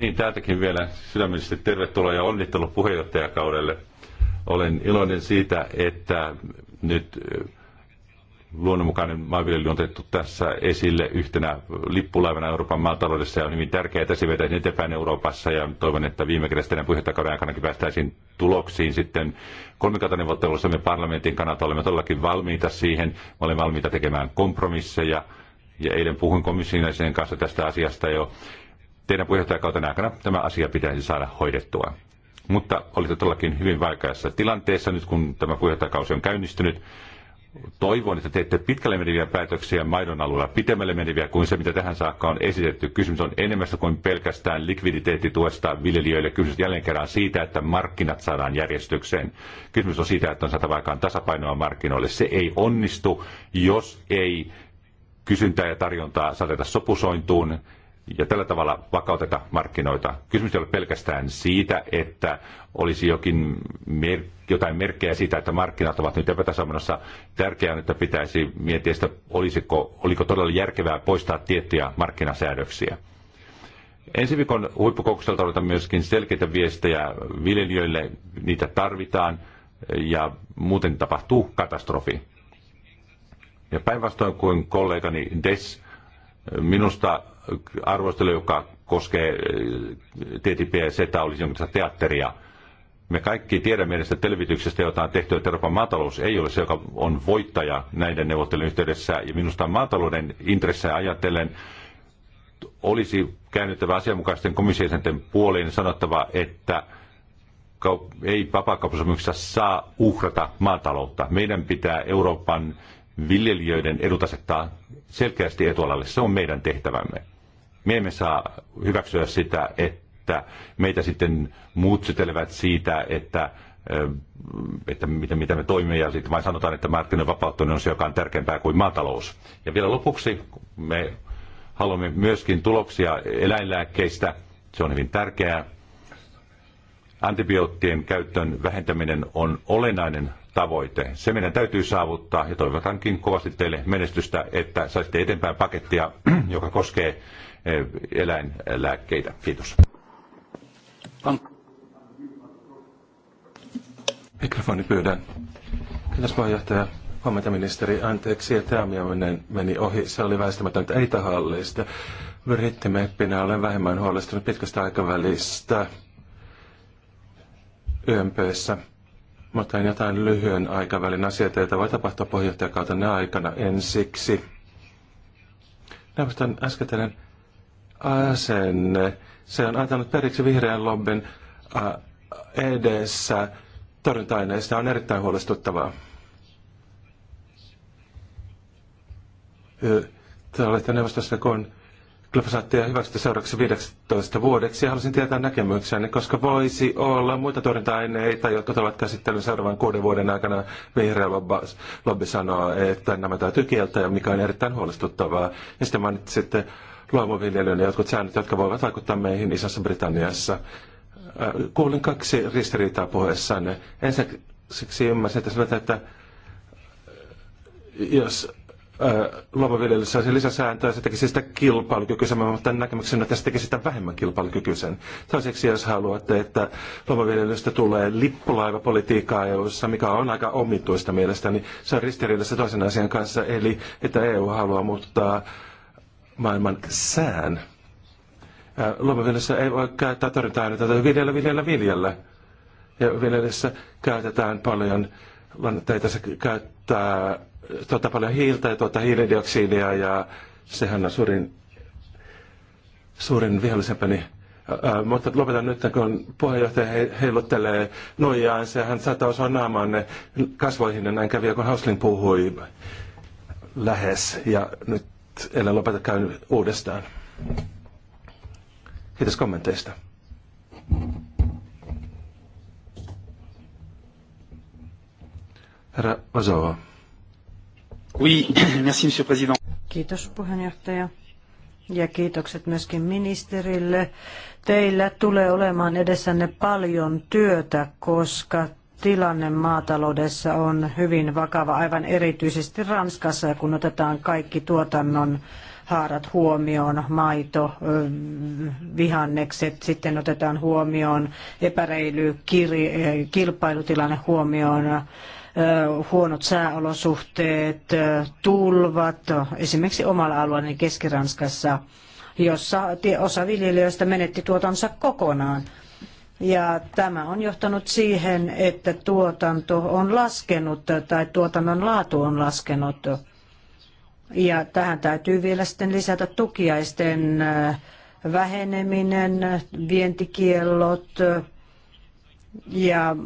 Niin, täältäkin vielä sydämellisesti tervetuloa ja onnittelu puheenjohtajakaudelle. Olen iloinen siitä, että nyt eh, luonnonmukainen maanviljely on otettu tässä esille yhtenä lippulaivana Euroopan maataloudessa ja on hyvin tärkeää, että se vetäisi eteenpäin Euroopassa ja toivon, että viime kädessä teidän puheenjohtajakauden aikana päästäisiin tuloksiin sitten kolmikantaneuvottelussa me parlamentin kannalta olemme todellakin valmiita siihen, me olemme valmiita tekemään kompromisseja ja eilen puhuin komission kanssa tästä asiasta jo. Teidän puheenjohtajakauden aikana tämä asia pitäisi saada hoidettua mutta olitte todellakin hyvin vaikeassa tilanteessa nyt, kun tämä puheenjohtajakausi on käynnistynyt. Toivon, että teette pitkälle meneviä päätöksiä maidon alueella, pitemmälle meneviä kuin se, mitä tähän saakka on esitetty. Kysymys on enemmän kuin pelkästään likviditeettituesta viljelijöille. Kysymys jälleen kerran siitä, että markkinat saadaan järjestykseen. Kysymys on siitä, että on saatava aikaan tasapainoa markkinoille. Se ei onnistu, jos ei kysyntää ja tarjontaa saateta sopusointuun ja tällä tavalla vakauteta markkinoita. Kysymys ei ole pelkästään siitä, että olisi jokin mer- jotain merkkejä siitä, että markkinat ovat nyt epätasapainossa. Tärkeää on, että pitäisi miettiä, että olisiko, oliko todella järkevää poistaa tiettyjä markkinasäädöksiä. Ensi viikon huippukokoukselta odotan myöskin selkeitä viestejä viljelijöille, niitä tarvitaan ja muuten tapahtuu katastrofi. Ja päinvastoin kuin kollegani Des, minusta arvostelu, joka koskee eh, TTIP ja SETA, olisi jonkinlaista teatteria. Me kaikki tiedämme edestä televityksestä, jota on tehty, että Euroopan maatalous ei ole se, joka on voittaja näiden neuvottelujen yhteydessä. Ja minusta maatalouden intressejä ajatellen olisi käännyttävä asianmukaisten komissiosenten puoleen sanottava, että ei vapaakauppasopimuksessa saa uhrata maataloutta. Meidän pitää Euroopan viljelijöiden edut asettaa selkeästi etualalle. Se on meidän tehtävämme me emme saa hyväksyä sitä, että meitä sitten muut sytelevät siitä, että eh, että mitä, mitä me toimimme, ja sitten vain sanotaan, että markkinoiden vapauttaminen on se, joka on tärkeämpää kuin maatalous. Ja vielä lopuksi me haluamme myöskin tuloksia eläinlääkkeistä, se on hyvin tärkeää. Antibioottien käytön vähentäminen on olennainen tavoite. Se meidän täytyy saavuttaa, ja toivotankin kovasti teille menestystä, että saisitte eteenpäin pakettia, joka koskee Eh, eläinlääkkeitä. Kiitos. Mikrofoni pyydän. Kiitos puheenjohtaja. Huomenta ministeri, anteeksi, että aamiainen meni ohi. Se oli väistämätöntä, ei tahallista. Brittimeppinä olen vähemmän huolestunut pitkästä aikavälistä yömpöissä. Mutta jotain lyhyen aikavälin asioita, joita voi tapahtua puheenjohtajakautenne aikana ensiksi. Neuvoston äskettäinen asenne. Se on antanut periksi vihreän lobbyn äh, edessä torjunta-aineista on erittäin huolestuttavaa. Te olette neuvostossa, kun glyfosaattia hyväksytte seuraavaksi 15 vuodeksi Haluaisin halusin tietää näkemyksenne, koska voisi olla muita torjunta-aineita, jotka tulevat käsittelyyn seuraavan kuuden vuoden aikana. Vihreä lobby sanoo, että nämä täytyy kieltää, mikä on erittäin huolestuttavaa. Ja sitten mainitsitte luomuviljelijöille jotkut säännöt, jotka voivat vaikuttaa meihin Isossa Britanniassa. Äh, kuulin kaksi ristiriitaa puheessanne. Ensiksi ymmärsin, että sanotaan, että jos äh, luomuviljely saisi lisäsääntöä, se tekisi sitä kilpailukykyisemmän, mutta näkemyksen että se tekisi sitä vähemmän kilpailukykyisen. Toiseksi, jos haluatte, että luomuviljelystä tulee lippulaivapolitiikkaa EU-ssa, mikä on aika omituista mielestäni, niin se on ristiriidassa toisen asian kanssa, eli että EU haluaa muuttaa maailman sään. Luomuviljelyssä ei voi käyttää torjunta-aineita viljellä, viljellä, viljellä. Ja viljelyssä käytetään paljon lannetteita, se käyttää tuota paljon hiiltä ja tuota hiilidioksidia ja sehän on suurin, suurin vihollisempani. Niin, ää, mutta lopetan nyt, kun puheenjohtaja heiluttelee nojaan, sehän saattaa osua ne kasvoihin, näin kävi, kun Hausling puhui lähes. Ja nyt ellen lopeta käyn uudestaan. Kiitos kommenteista. Herra Vazova. Oui, merci, monsieur président. Kiitos puheenjohtaja. Ja kiitokset myöskin ministerille. Teillä tulee olemaan edessänne paljon työtä, koska tilanne maataloudessa on hyvin vakava, aivan erityisesti Ranskassa, kun otetaan kaikki tuotannon haarat huomioon, maito, vihannekset, sitten otetaan huomioon epäreily, kilpailutilanne huomioon, huonot sääolosuhteet, tulvat, esimerkiksi omalla alueella Keski-Ranskassa, jossa osa viljelijöistä menetti tuotansa kokonaan. Ja tämä on johtanut siihen, että tuotanto on laskenut tai tuotannon laatu on laskenut. Ja tähän täytyy vielä sitten lisätä tukiaisten äh, väheneminen, vientikiellot ja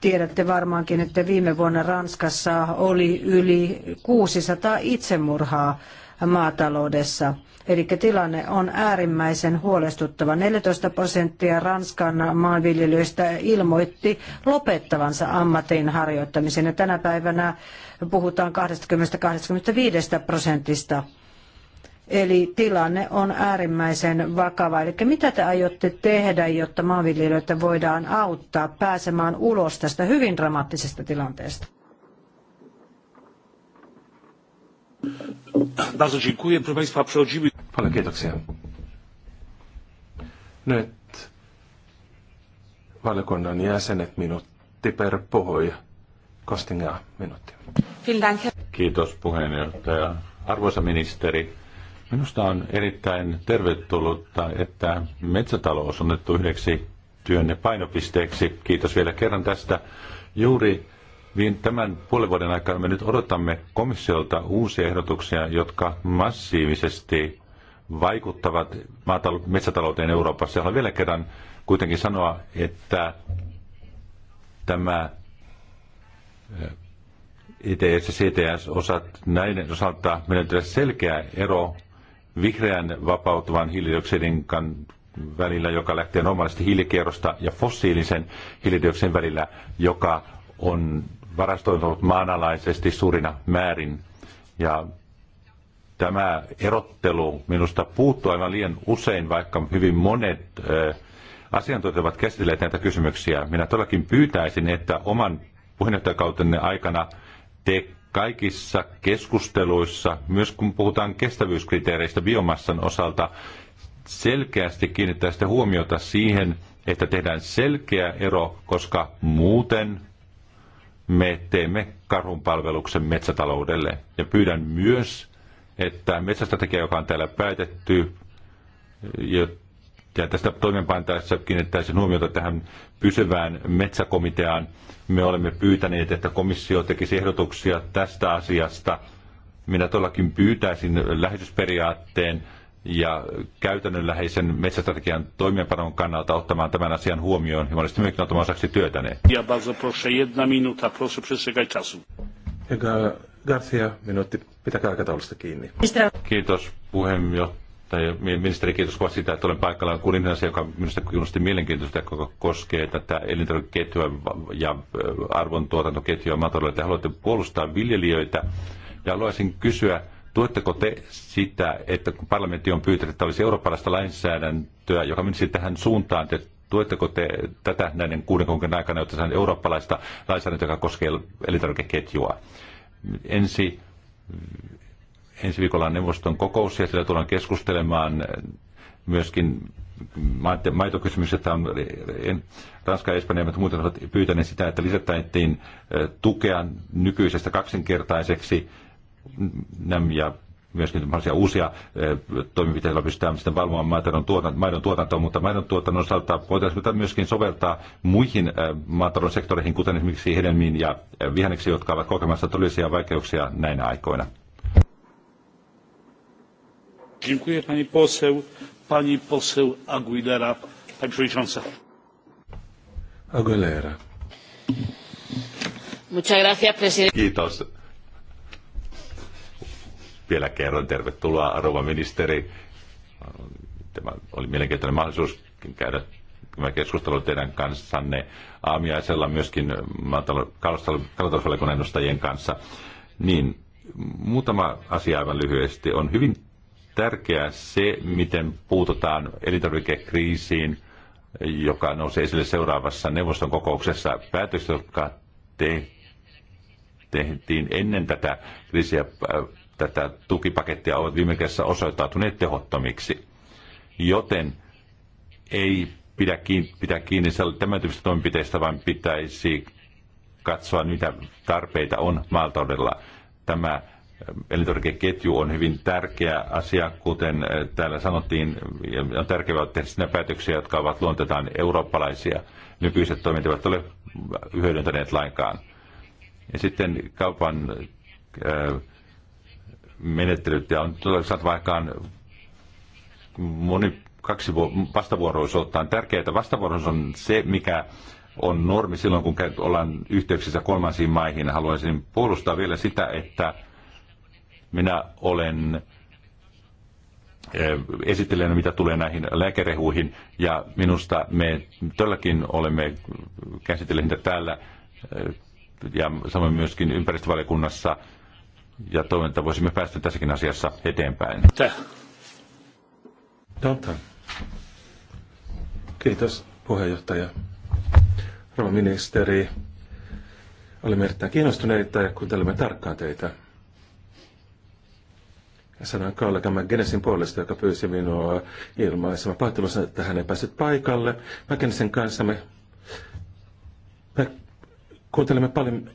tiedätte varmaankin, että viime vuonna Ranskassa oli yli 600 itsemurhaa maataloudessa. Eli tilanne on äärimmäisen huolestuttava. 14 prosenttia Ranskan maanviljelijöistä ilmoitti lopettavansa ammatin harjoittamisen. Ja tänä päivänä puhutaan 20-25 prosentista. Eli tilanne on äärimmäisen vakava. Eli mitä te aiotte tehdä, jotta maanviljelijöitä voidaan auttaa pääsemään ulos tästä hyvin dramaattisesta tilanteesta? Bardzo dziękuję. Proszę Państwa, przechodzimy... Pana kiitoksia. Nyt valiokunnan jäsenet minuutti per puhuja. Kostinga minuutti. Kiitos puheenjohtaja. Arvoisa ministeri, minusta on erittäin tervetullutta, että metsätalous on otettu yhdeksi työnne painopisteeksi. Kiitos vielä kerran tästä. Juuri niin tämän puolen vuoden aikana me nyt odotamme komissiolta uusia ehdotuksia, jotka massiivisesti vaikuttavat metsätalouteen Euroopassa. Haluan vielä kerran kuitenkin sanoa, että tämä eh, ITS ja CTS-osat, näiden osalta menetetään selkeä ero vihreän vapautuvan hiilidioksidin välillä, joka lähtee normaalisti hiilikierrosta, ja fossiilisen hiilidioksidin välillä, joka on varastoinut maanalaisesti suurina määrin. Ja tämä erottelu minusta puuttuu aivan liian usein, vaikka hyvin monet asiantuntijat ovat käsitelleet näitä kysymyksiä. Minä todellakin pyytäisin, että oman puheenjohtajakautenne aikana te kaikissa keskusteluissa, myös kun puhutaan kestävyyskriteereistä biomassan osalta, selkeästi kiinnittää huomiota siihen, että tehdään selkeä ero, koska muuten me teemme karhun palveluksen metsätaloudelle. Ja pyydän myös, että metsästrategia, joka on täällä päätetty, ja tästä toimenpantaessa kiinnittäisin huomiota tähän pysyvään metsäkomiteaan. Me olemme pyytäneet, että komissio tekisi ehdotuksia tästä asiasta. Minä todellakin pyytäisin lähetysperiaatteen ja käytännönläheisen metsästrategian toimeenpanon kannalta ottamaan tämän asian huomioon ja monesti myöskin ottamaan osaksi työtäne. Ja bardzo proszę, jedna minuta, proszę przestrzegać czasu. Garcia, minuutti, pitäkää aikataulusta kiinni. Kiitos puheenjohtaja. Ministeri, kiitos kovasti siitä, että olen paikalla. Kuulin asia, joka minusta kiinnosti mielenkiintoista, joka koskee tätä elintarvikeketjua ja äh, arvontuotantoketjua maataloudelle. Te haluatte puolustaa viljelijöitä ja haluaisin kysyä, Tuetteko te sitä, että kun parlamentti on pyytänyt, että olisi eurooppalaista lainsäädäntöä, joka menisi tähän suuntaan, että tuetteko te tätä näiden kuuden kuukauden aikana, jotta saadaan eurooppalaista lainsäädäntöä, joka koskee elintarvikeketjua? Ensi, ensi viikolla on neuvoston kokous ja siellä tullaan keskustelemaan myöskin maitokysymykset on Ranska ja Espanja mutta muuten ovat pyytäneet sitä, että lisättäisiin äh, tukea nykyisestä kaksinkertaiseksi ja myöskin mahdollisia uusia toimenpiteitä pystytään sitten valvomaan maidon, tuotanto, maidon tuotantoa, mutta maidon tuotannon osalta voitaisiin myöskin soveltaa muihin maatalouden sektoreihin, kuten esimerkiksi hedelmiin ja vihanneksiin, jotka ovat kokemassa todellisia vaikeuksia näinä aikoina. Dziękuję pani poseł. Pani poseł Aguilera, pani przewodnicząca. Aguilera. Muchas gracias, presidente. Kiitos vielä kerran tervetuloa arvoa ministeri. Tämä oli mielenkiintoinen mahdollisuus käydä tämä keskustelu teidän kanssanne aamiaisella myöskin kalatalousvaliokunnan edustajien kanssa. Niin, muutama asia aivan lyhyesti. On hyvin tärkeää se, miten puututaan elintarvikekriisiin, joka nousee esille seuraavassa neuvoston kokouksessa. Päätökset, jotka tehtiin tehtiin ennen tätä kriisiä tätä tukipakettia ovat viime kädessä osoittautuneet tehottomiksi. Joten ei pidä kiinni, pidä kiinni tämän tyyppisistä toimenpiteistä, vaan pitäisi katsoa, mitä tarpeita on maaltaudella. Tämä elintarvikeketju on hyvin tärkeä asia, kuten täällä sanottiin, ja on tärkeää tehdä sinne päätöksiä, jotka ovat luontetaan eurooppalaisia. Nykyiset toimijat eivät ole hyödyntäneet lainkaan. Ja sitten kaupan äh, menettelyt ja on saat aikaan moni, kaksi vastavuoroisuutta. On tärkeää, että vastavuoroisuus on se, mikä on normi silloin, kun ollaan yhteyksissä kolmansiin maihin. Haluaisin puolustaa vielä sitä, että minä olen eh, esittelen, mitä tulee näihin lääkerehuihin, ja minusta me todellakin olemme käsitelleet täällä, eh, ja samoin myöskin ympäristövaliokunnassa ja toivon, että voisimme päästä tässäkin asiassa eteenpäin. Tanta. Kiitos puheenjohtaja. Rouva ministeri, olimme erittäin kiinnostuneita ja kuuntelemme tarkkaan teitä. Ja sanoin kollegamme Genesin puolesta, joka pyysi minua ilmaisemaan pahoittelunsa, että hän ei päässyt paikalle. Mä Genesin kanssa me, me kuuntelemme paljon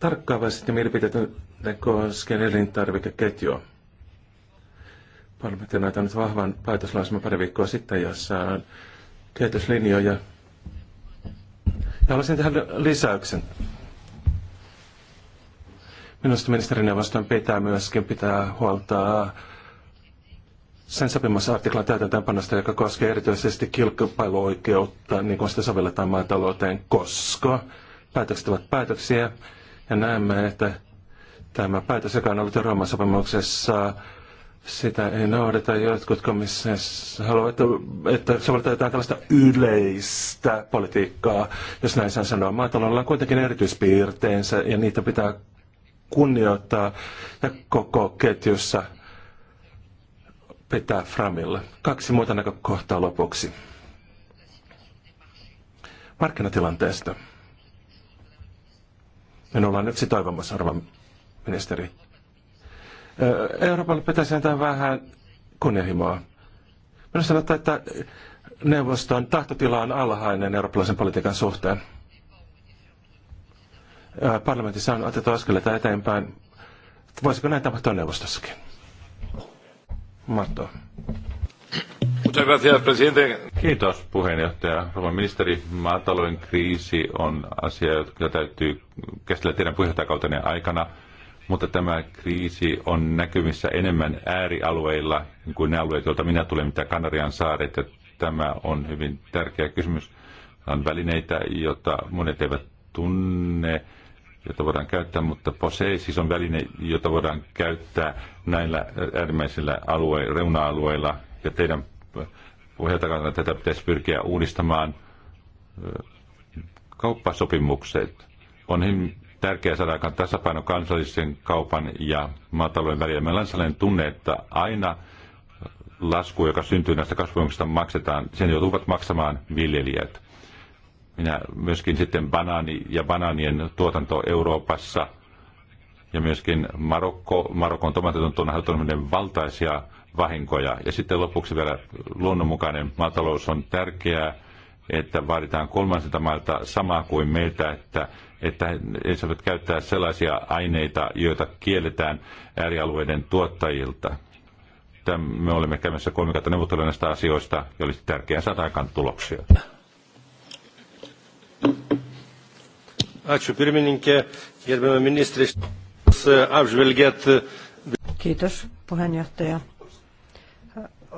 tarkkaavaisesti mielipiteet koskien elintarvikeketjua. Parlamentti on antanut vahvan päätöslausuman pari viikkoa sitten, jossa on kehityslinjoja. Ja haluaisin tehdä lisäyksen. Minusta ministerineuvoston pitää myöskin pitää huolta sen sopimassa artiklan täytäntöönpanosta, joka koskee erityisesti kilpailuoikeutta, niin kuin sitä sovelletaan maatalouteen, koska päätökset ovat päätöksiä ja näemme, että tämä päätös, joka on ollut Rooman sopimuksessa, sitä ei noudata. Jotkut komissiossa haluavat, että että sovelletaan tällaista yleistä politiikkaa, jos näin saan sanoa. Maataloudella on kuitenkin erityispiirteensä ja niitä pitää kunnioittaa ja koko ketjussa pitää framilla. Kaksi muuta näkökohtaa lopuksi. Markkinatilanteesta. Minulla on yksi toivomassa arvon ministeri. Euroopalle pitäisi antaa vähän kunnianhimoa. Minusta sanotaan, että neuvoston tahtotila on alhainen eurooppalaisen politiikan suhteen. Parlamentissa on otettu askeleita eteenpäin. Voisiko näin tapahtua neuvostossakin? Matto. Kiitos puheenjohtaja. Rouva ministeri, maatalouden kriisi on asia, joka täytyy käsitellä teidän puheenjohtajakautenne aikana, mutta tämä kriisi on näkyvissä enemmän äärialueilla kuin ne alueet, joilta minä tulen, mitä Kanarian saaret, ja tämä on hyvin tärkeä kysymys. On välineitä, joita monet eivät tunne, jota voidaan käyttää, mutta POSE siis on väline, jota voidaan käyttää näillä äärimmäisillä alue, reuna-alueilla, ja teidän pohjalta tätä pitäisi pyrkiä uudistamaan kauppasopimukset. On tärkeää saada aikaan tasapaino kansallisen kaupan ja maatalouden välillä. Meillä on sellainen tunne, että aina lasku, joka syntyy näistä kasvujengosta, maksetaan, sen joutuvat maksamaan viljelijät. Minä myöskin sitten banaani ja banaanien tuotanto Euroopassa ja myöskin Marokko, Marokon tomatit on aiheuttanut valtaisia vahinkoja. Ja sitten lopuksi vielä luonnonmukainen maatalous on tärkeää, että vaaditaan kolmansilta mailta samaa kuin meiltä, että, että he saavat käyttää sellaisia aineita, joita kielletään äärialueiden tuottajilta. Tämän me olemme käymässä kolmikautta neuvotteluja näistä asioista, ja olisi tärkeää saada aikaan tuloksia. Kiitos puheenjohtaja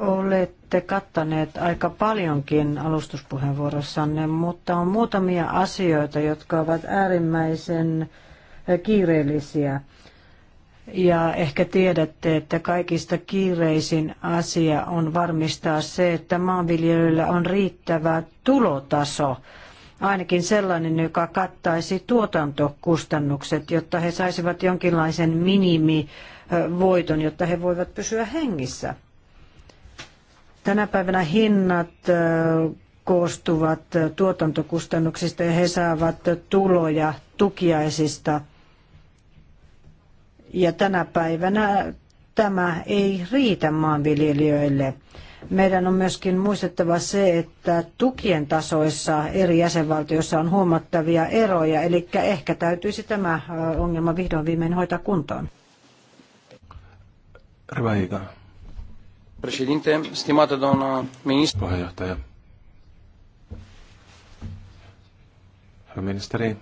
olette kattaneet aika paljonkin alustuspuheenvuorossanne, mutta on muutamia asioita, jotka ovat äärimmäisen kiireellisiä. Ja ehkä tiedätte, että kaikista kiireisin asia on varmistaa se, että maanviljelyllä on riittävä tulotaso, ainakin sellainen, joka kattaisi tuotantokustannukset, jotta he saisivat jonkinlaisen minimivoiton, jotta he voivat pysyä hengissä. Tänä päivänä hinnat koostuvat tuotantokustannuksista ja he saavat tuloja tukiaisista. Ja tänä päivänä tämä ei riitä maanviljelijöille. Meidän on myöskin muistettava se, että tukien tasoissa eri jäsenvaltioissa on huomattavia eroja, eli ehkä täytyisi tämä ongelma vihdoin viimein hoitaa kuntoon. Rvaika. Presidente, stimata donna ministeri. Puheenjohtaja. Hyvä ministeri.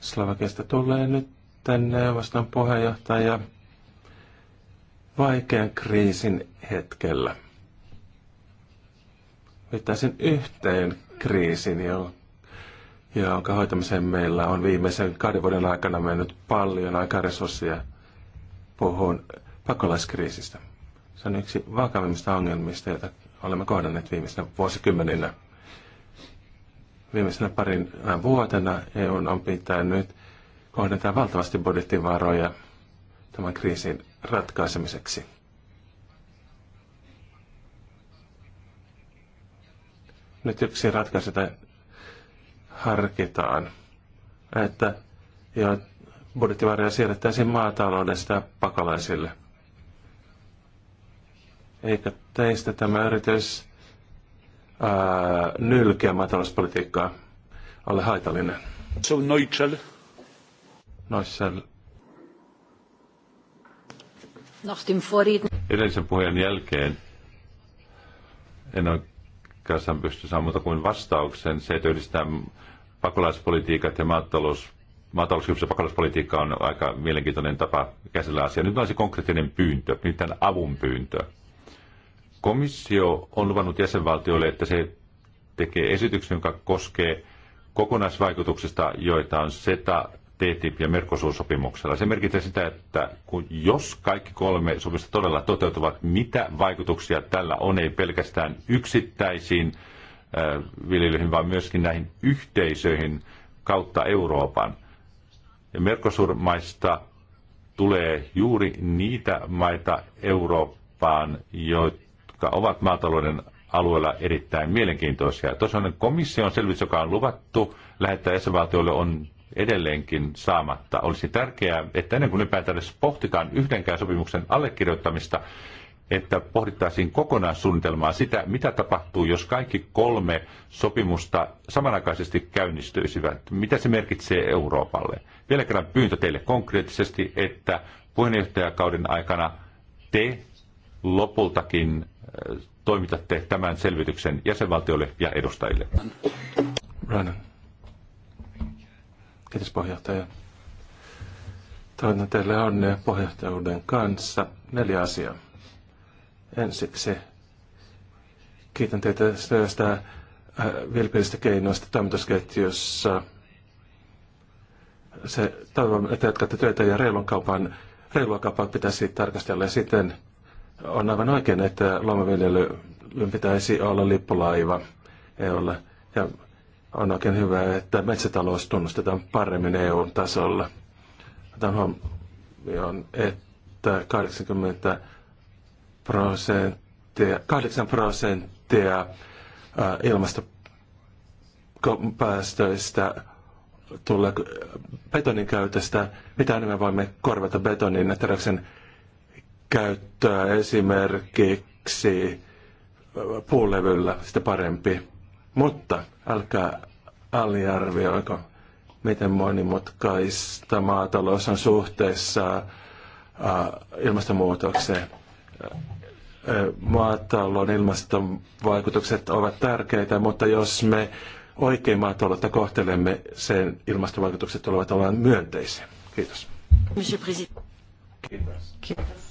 Slovakiasta tulee nyt tänne vastaan puheenjohtaja vaikean kriisin hetkellä. Viittaisin yhteen kriisin, jonka hoitamiseen meillä on viimeisen kahden vuoden aikana mennyt paljon aikaa resursseja. Puhun pakolaiskriisistä. Se on yksi vakavimmista ongelmista, joita olemme kohdanneet viimeisenä vuosikymmeninä. Viimeisenä parin äh, vuotena EU on pitänyt kohdentaa valtavasti budjettivaroja tämän kriisin ratkaisemiseksi. Nyt yksi ratkaisu harkitaan, että budjettivaroja siirrettäisiin maataloudesta pakolaisille – Eikö teistä tämä yritys ää, nylkeä maatalouspolitiikkaa ole haitallinen? So on Neuchel. Neuchel. Edellisen puheen jälkeen en oikeastaan pysty saamaan muuta kuin vastauksen. Se, että yhdistää pakolaispolitiikat ja maatalous, maatalouskysymys ja pakolaispolitiikka on aika mielenkiintoinen tapa käsillä asiaa. Nyt on se konkreettinen pyyntö, nyt tämän avun pyyntö. Komissio on luvannut jäsenvaltioille, että se tekee esityksen, joka koskee kokonaisvaikutuksista, joita on SETA, TTIP ja Mercosur-sopimuksella. Se merkitsee sitä, että kun, jos kaikki kolme sopimusta todella toteutuvat, mitä vaikutuksia tällä on, ei pelkästään yksittäisiin äh, viljelyihin, vaan myöskin näihin yhteisöihin kautta Euroopan. Ja Mercosur-maista tulee juuri niitä maita Eurooppaan, joita jotka ovat maatalouden alueella erittäin mielenkiintoisia. Tosiaan komission selvitys, joka on luvattu lähettää jäsenvaltioille, on edelleenkin saamatta. Olisi tärkeää, että ennen kuin ylipäätään edes pohtitaan yhdenkään sopimuksen allekirjoittamista, että pohdittaisiin kokonaissuunnitelmaa sitä, mitä tapahtuu, jos kaikki kolme sopimusta samanaikaisesti käynnistyisivät. Mitä se merkitsee Euroopalle? Vielä kerran pyyntö teille konkreettisesti, että puheenjohtajakauden aikana te lopultakin toimitatte tämän selvityksen jäsenvaltioille ja edustajille? Rannan. Kiitos puheenjohtaja. Toivon teille onnea puheenjohtajuuden kanssa. Neljä asiaa. Ensiksi kiitän teitä tästä äh, vilpillistä keinoista toimitusketjussa. Se toivon, että jatkatte työtä ja reilun kaupan, reilua kaupan pitäisi tarkastella siten, on aivan oikein, että luomaviljelyn pitäisi olla lippulaiva EUlle. Ja on oikein hyvä, että metsätalous tunnustetaan paremmin eu tasolla. Otan huomioon, että 80 prosenttia, 8 prosenttia ilmastopäästöistä tulee betonin käytöstä. Mitä enemmän voimme korvata betonin että teräksen käyttöä esimerkiksi puulevyllä, sitä parempi. Mutta älkää aliarvioiko, miten monimutkaista maatalous on suhteessa ilmastonmuutokseen. Maatalon ilmastovaikutukset ovat tärkeitä, mutta jos me oikein maataloutta kohtelemme, sen ilmastovaikutukset tulevat olemaan myönteisiä. Kiitos. Kiitos. Kiitos.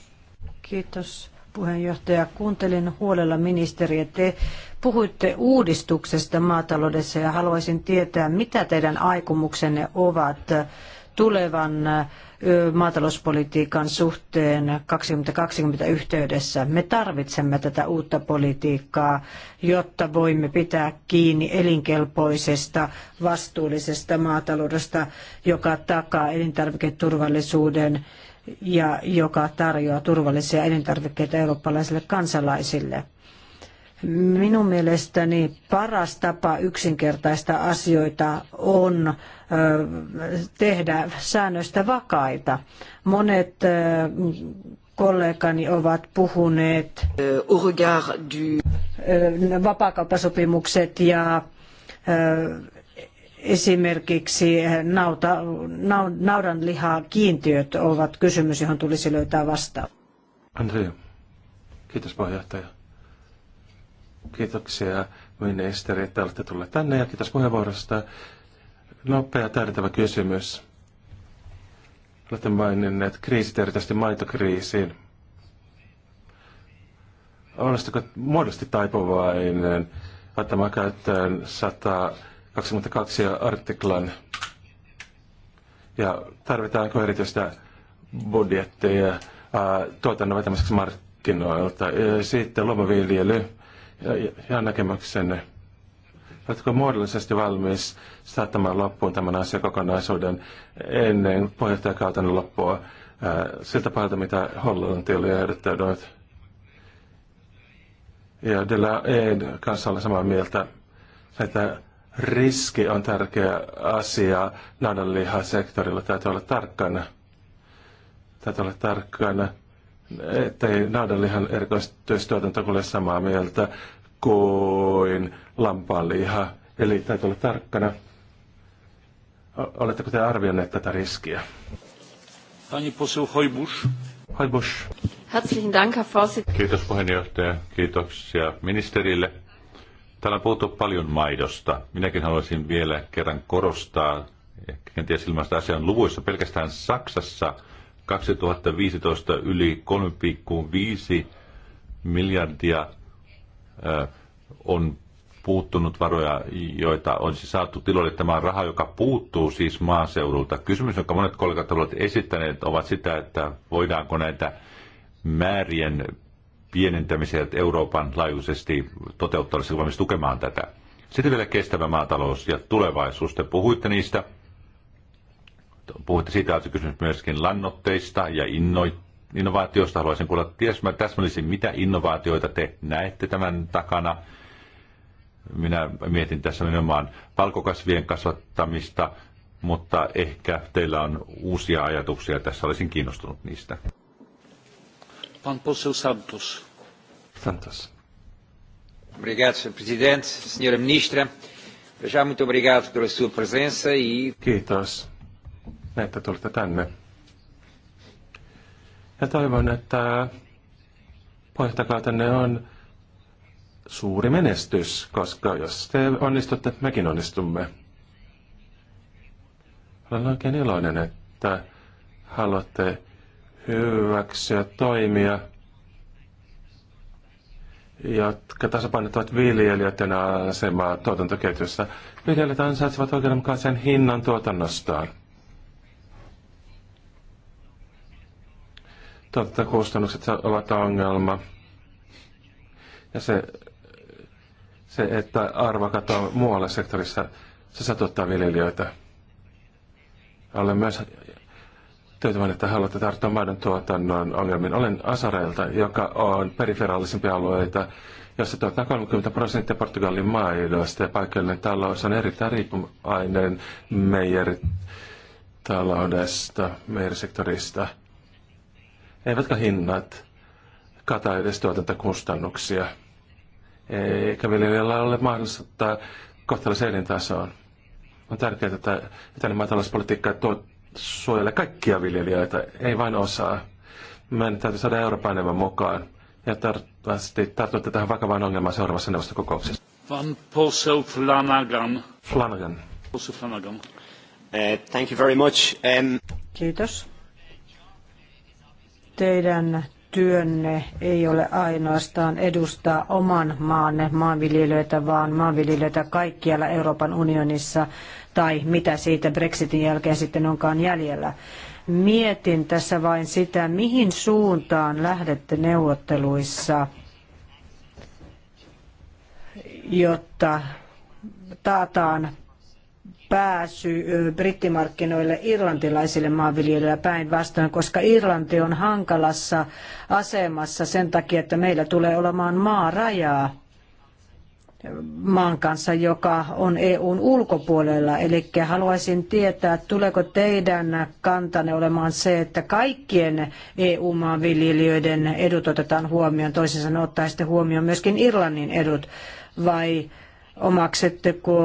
Kiitos puheenjohtaja. Kuuntelin huolella ministeriä. Te puhuitte uudistuksesta maataloudessa ja haluaisin tietää, mitä teidän aikomuksenne ovat tulevan maatalouspolitiikan suhteen 2020 yhteydessä. Me tarvitsemme tätä uutta politiikkaa, jotta voimme pitää kiinni elinkelpoisesta, vastuullisesta maataloudesta, joka takaa elintarviketurvallisuuden ja joka tarjoaa turvallisia elintarvikkeita eurooppalaisille kansalaisille. Minun mielestäni paras tapa yksinkertaista asioita on tehdä säännöistä vakaita. Monet kollegani ovat puhuneet euh, vapaakauppasopimukset ja esimerkiksi nauta, nau, naudanlihaa kiintiöt ovat kysymys, johon tulisi löytää vastaus. Andrea, kiitos puheenjohtaja. Kiitoksia ministeri, että olette tulleet tänne ja kiitos puheenvuorosta. Nopea täydentävä kysymys. Olette maininneet kriisit, erityisesti maitokriisiin. Olisitteko muodosti taipuvainen ottamaan käyttöön 100 22 artiklan. Ja tarvitaanko erityistä budjetteja äh, tuotannon vetämiseksi markkinoilta? Äh, ja sitten luomaviljely ja, ja näkemyksenne. Oletko muodollisesti valmis saattamaan loppuun tämän asian kokonaisuuden ennen puheenjohtajakauden loppua äh, siltä pohjalta, mitä Hollanti oli ehdottanut? Ja Dela Ed kanssa olen samaa mieltä, että riski on tärkeä asia naudanlihasektorilla. Täytyy olla tarkkana. Täytyy olla tarkkana, että ei naudanlihan erikoistyöstuotanto ole samaa mieltä kuin lampaanliha. Eli täytyy olla tarkkana. Oletteko te arvioineet tätä riskiä? Pani poseł Hojbusz. Hojbusz. Herzlichen Dank, Herr Kiitos puheenjohtaja. Kiitoksia ministerille. Täällä on puhuttu paljon maidosta. Minäkin haluaisin vielä kerran korostaa, ehkä kenties ilmaista asian luvuissa, pelkästään Saksassa 2015 yli 3,5 miljardia on puuttunut varoja, joita on siis saatu tiloille. Tämä on raha, joka puuttuu siis maaseudulta. Kysymys, jonka monet kollegat ovat esittäneet, ovat sitä, että voidaanko näitä määrien että Euroopan laajuisesti toteuttaa, valmis tukemaan tätä. Sitten vielä kestävä maatalous ja tulevaisuus. Te puhuitte niistä. Puhuitte siitä, että kysymys myöskin lannoitteista ja innovaatioista. Haluaisin kuulla mä täsmällisin, mitä innovaatioita te näette tämän takana. Minä mietin tässä nimenomaan palkokasvien kasvattamista, mutta ehkä teillä on uusia ajatuksia. Tässä olisin kiinnostunut niistä. Pan poseł Santos. Santos. Obrigado, Sr. Presidente, Sra. Ministra. Já muito obrigado pela sua presença e... Kiitos, että tulitte tänne. Ja toivon, että puheenjohtajakautenne on suuri menestys, koska jos te onnistutte, mekin onnistumme. Olen oikein iloinen, että haluatte hyväksyä toimia, jotka tasapainottavat viljelijöiden asemaa tuotantoketjussa. Viljelijät ansaitsevat oikeudenmukaisen hinnan tuotannostaan. Tuotantokustannukset ovat ongelma. Ja se, se että arvo katoaa muualla sektorissa, se satuttaa viljelijöitä. Olen myös tyytyväinen, että haluatte tarttua maidon tuotannon ongelmiin. Olen asareilta, joka on periferaalisempia alueita, jossa tuotetaan 30 prosenttia Portugalin maidosta ja paikallinen talous on erittäin riippuvainen meijeritaloudesta, meijerisektorista. Eivätkä hinnat kata edes tuotantokustannuksia, eikä viljelijällä ole mahdollisuutta kohtalaisen elintasoon. On tärkeää, että tällainen maatalouspolitiikka tuottaa suojele kaikkia viljelijöitä, ei vain osaa. Meidän täytyy saada Euroopan enemmän mukaan. Ja toivottavasti tartutte tähän vakavaan ongelmaan seuraavassa neuvostokokouksessa. Van Posel Flanagan. Flanagan. Posel Flanagan. Uh, thank you very much. Um... Kiitos. Teidän työnne ei ole ainoastaan edustaa oman maanne maanviljelijöitä, vaan maanviljelijöitä kaikkialla Euroopan unionissa tai mitä siitä Brexitin jälkeen sitten onkaan jäljellä. Mietin tässä vain sitä, mihin suuntaan lähdette neuvotteluissa, jotta taataan pääsy brittimarkkinoille irlantilaisille maanviljelijöille päinvastoin, koska Irlanti on hankalassa asemassa sen takia, että meillä tulee olemaan maarajaa maan kanssa, joka on EUn ulkopuolella. Eli haluaisin tietää, tuleeko teidän kantanne olemaan se, että kaikkien EU-maanviljelijöiden edut otetaan huomioon, toisin sanoen ottaisitte huomioon myöskin Irlannin edut, vai omaksetteko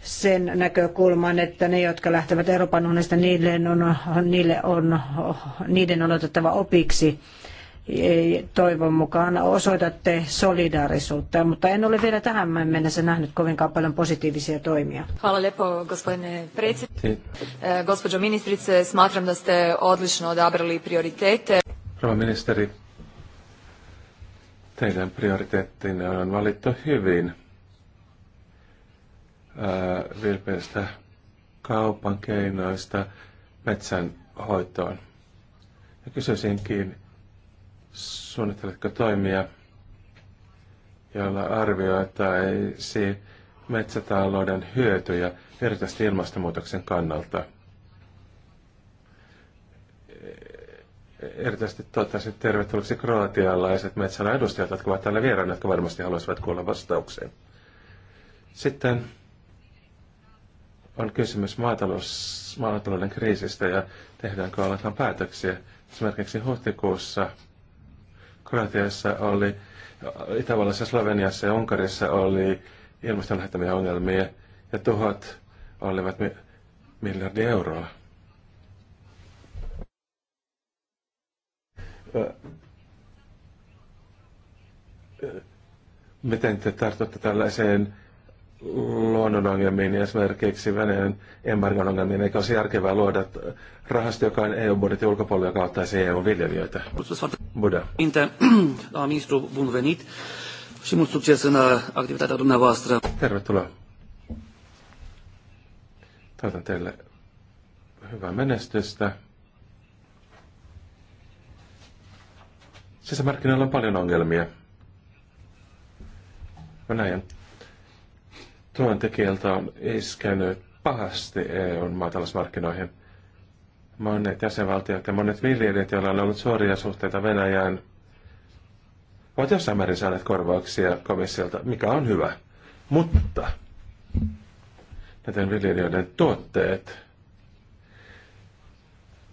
sen näkökulman, että ne, jotka lähtevät Euroopan unionista, niille on, niille on, niiden on otettava opiksi toivon mukaan osoitatte solidaarisuutta, mutta en ole vielä tähän mennessä nähnyt kovinkaan paljon positiivisia toimia. Hvala lepo, gospodine predsjedniče. E, gospođo ministrice, smatram da ste odlično odabrali prioritete. Rouva ministeri, teidän prioriteettinne on valittu hyvin. Vilpeistä kaupan keinoista metsänhoitoon. Ja kysyisinkin, Suunnitteletko toimia, joilla arvioitaisi metsätalouden hyötyjä erityisesti ilmastonmuutoksen kannalta? Erityisesti toivottavasti tervetulleeksi kroatialaiset metsäalan edustajat, jotka ovat täällä vieraana, jotka varmasti haluaisivat kuulla vastauksen. Sitten on kysymys maatalous, maatalouden kriisistä ja tehdäänkö aletaan päätöksiä. Esimerkiksi huhtikuussa Kroatiassa oli, Itävallassa, Sloveniassa ja Unkarissa oli ilmaston lähettämiä ongelmia ja tuhot olivat miljardi euroa. Miten te tartutte tällaiseen luonnon ongelmiin, esimerkiksi Venäjän embargon ongelmiin, eikä olisi järkevää luoda rahasta, joka on EU-budjetin ulkopuolella, joka ottaisi EU-viljelijöitä. Buddha. Ministru, bun venit și mult succes în uh, activitatea dumneavoastră. Tervetuloa. Toivotan teille hyvää menestystä. Sisämarkkinoilla on paljon ongelmia. Venäjän tuen tekijältä on iskenyt pahasti EUn maatalousmarkkinoihin. Monet jäsenvaltiot ja monet viljelijät, joilla on ollut suoria suhteita Venäjään, ovat jossain määrin saaneet korvauksia komissiolta, mikä on hyvä. Mutta näiden viljelijöiden tuotteet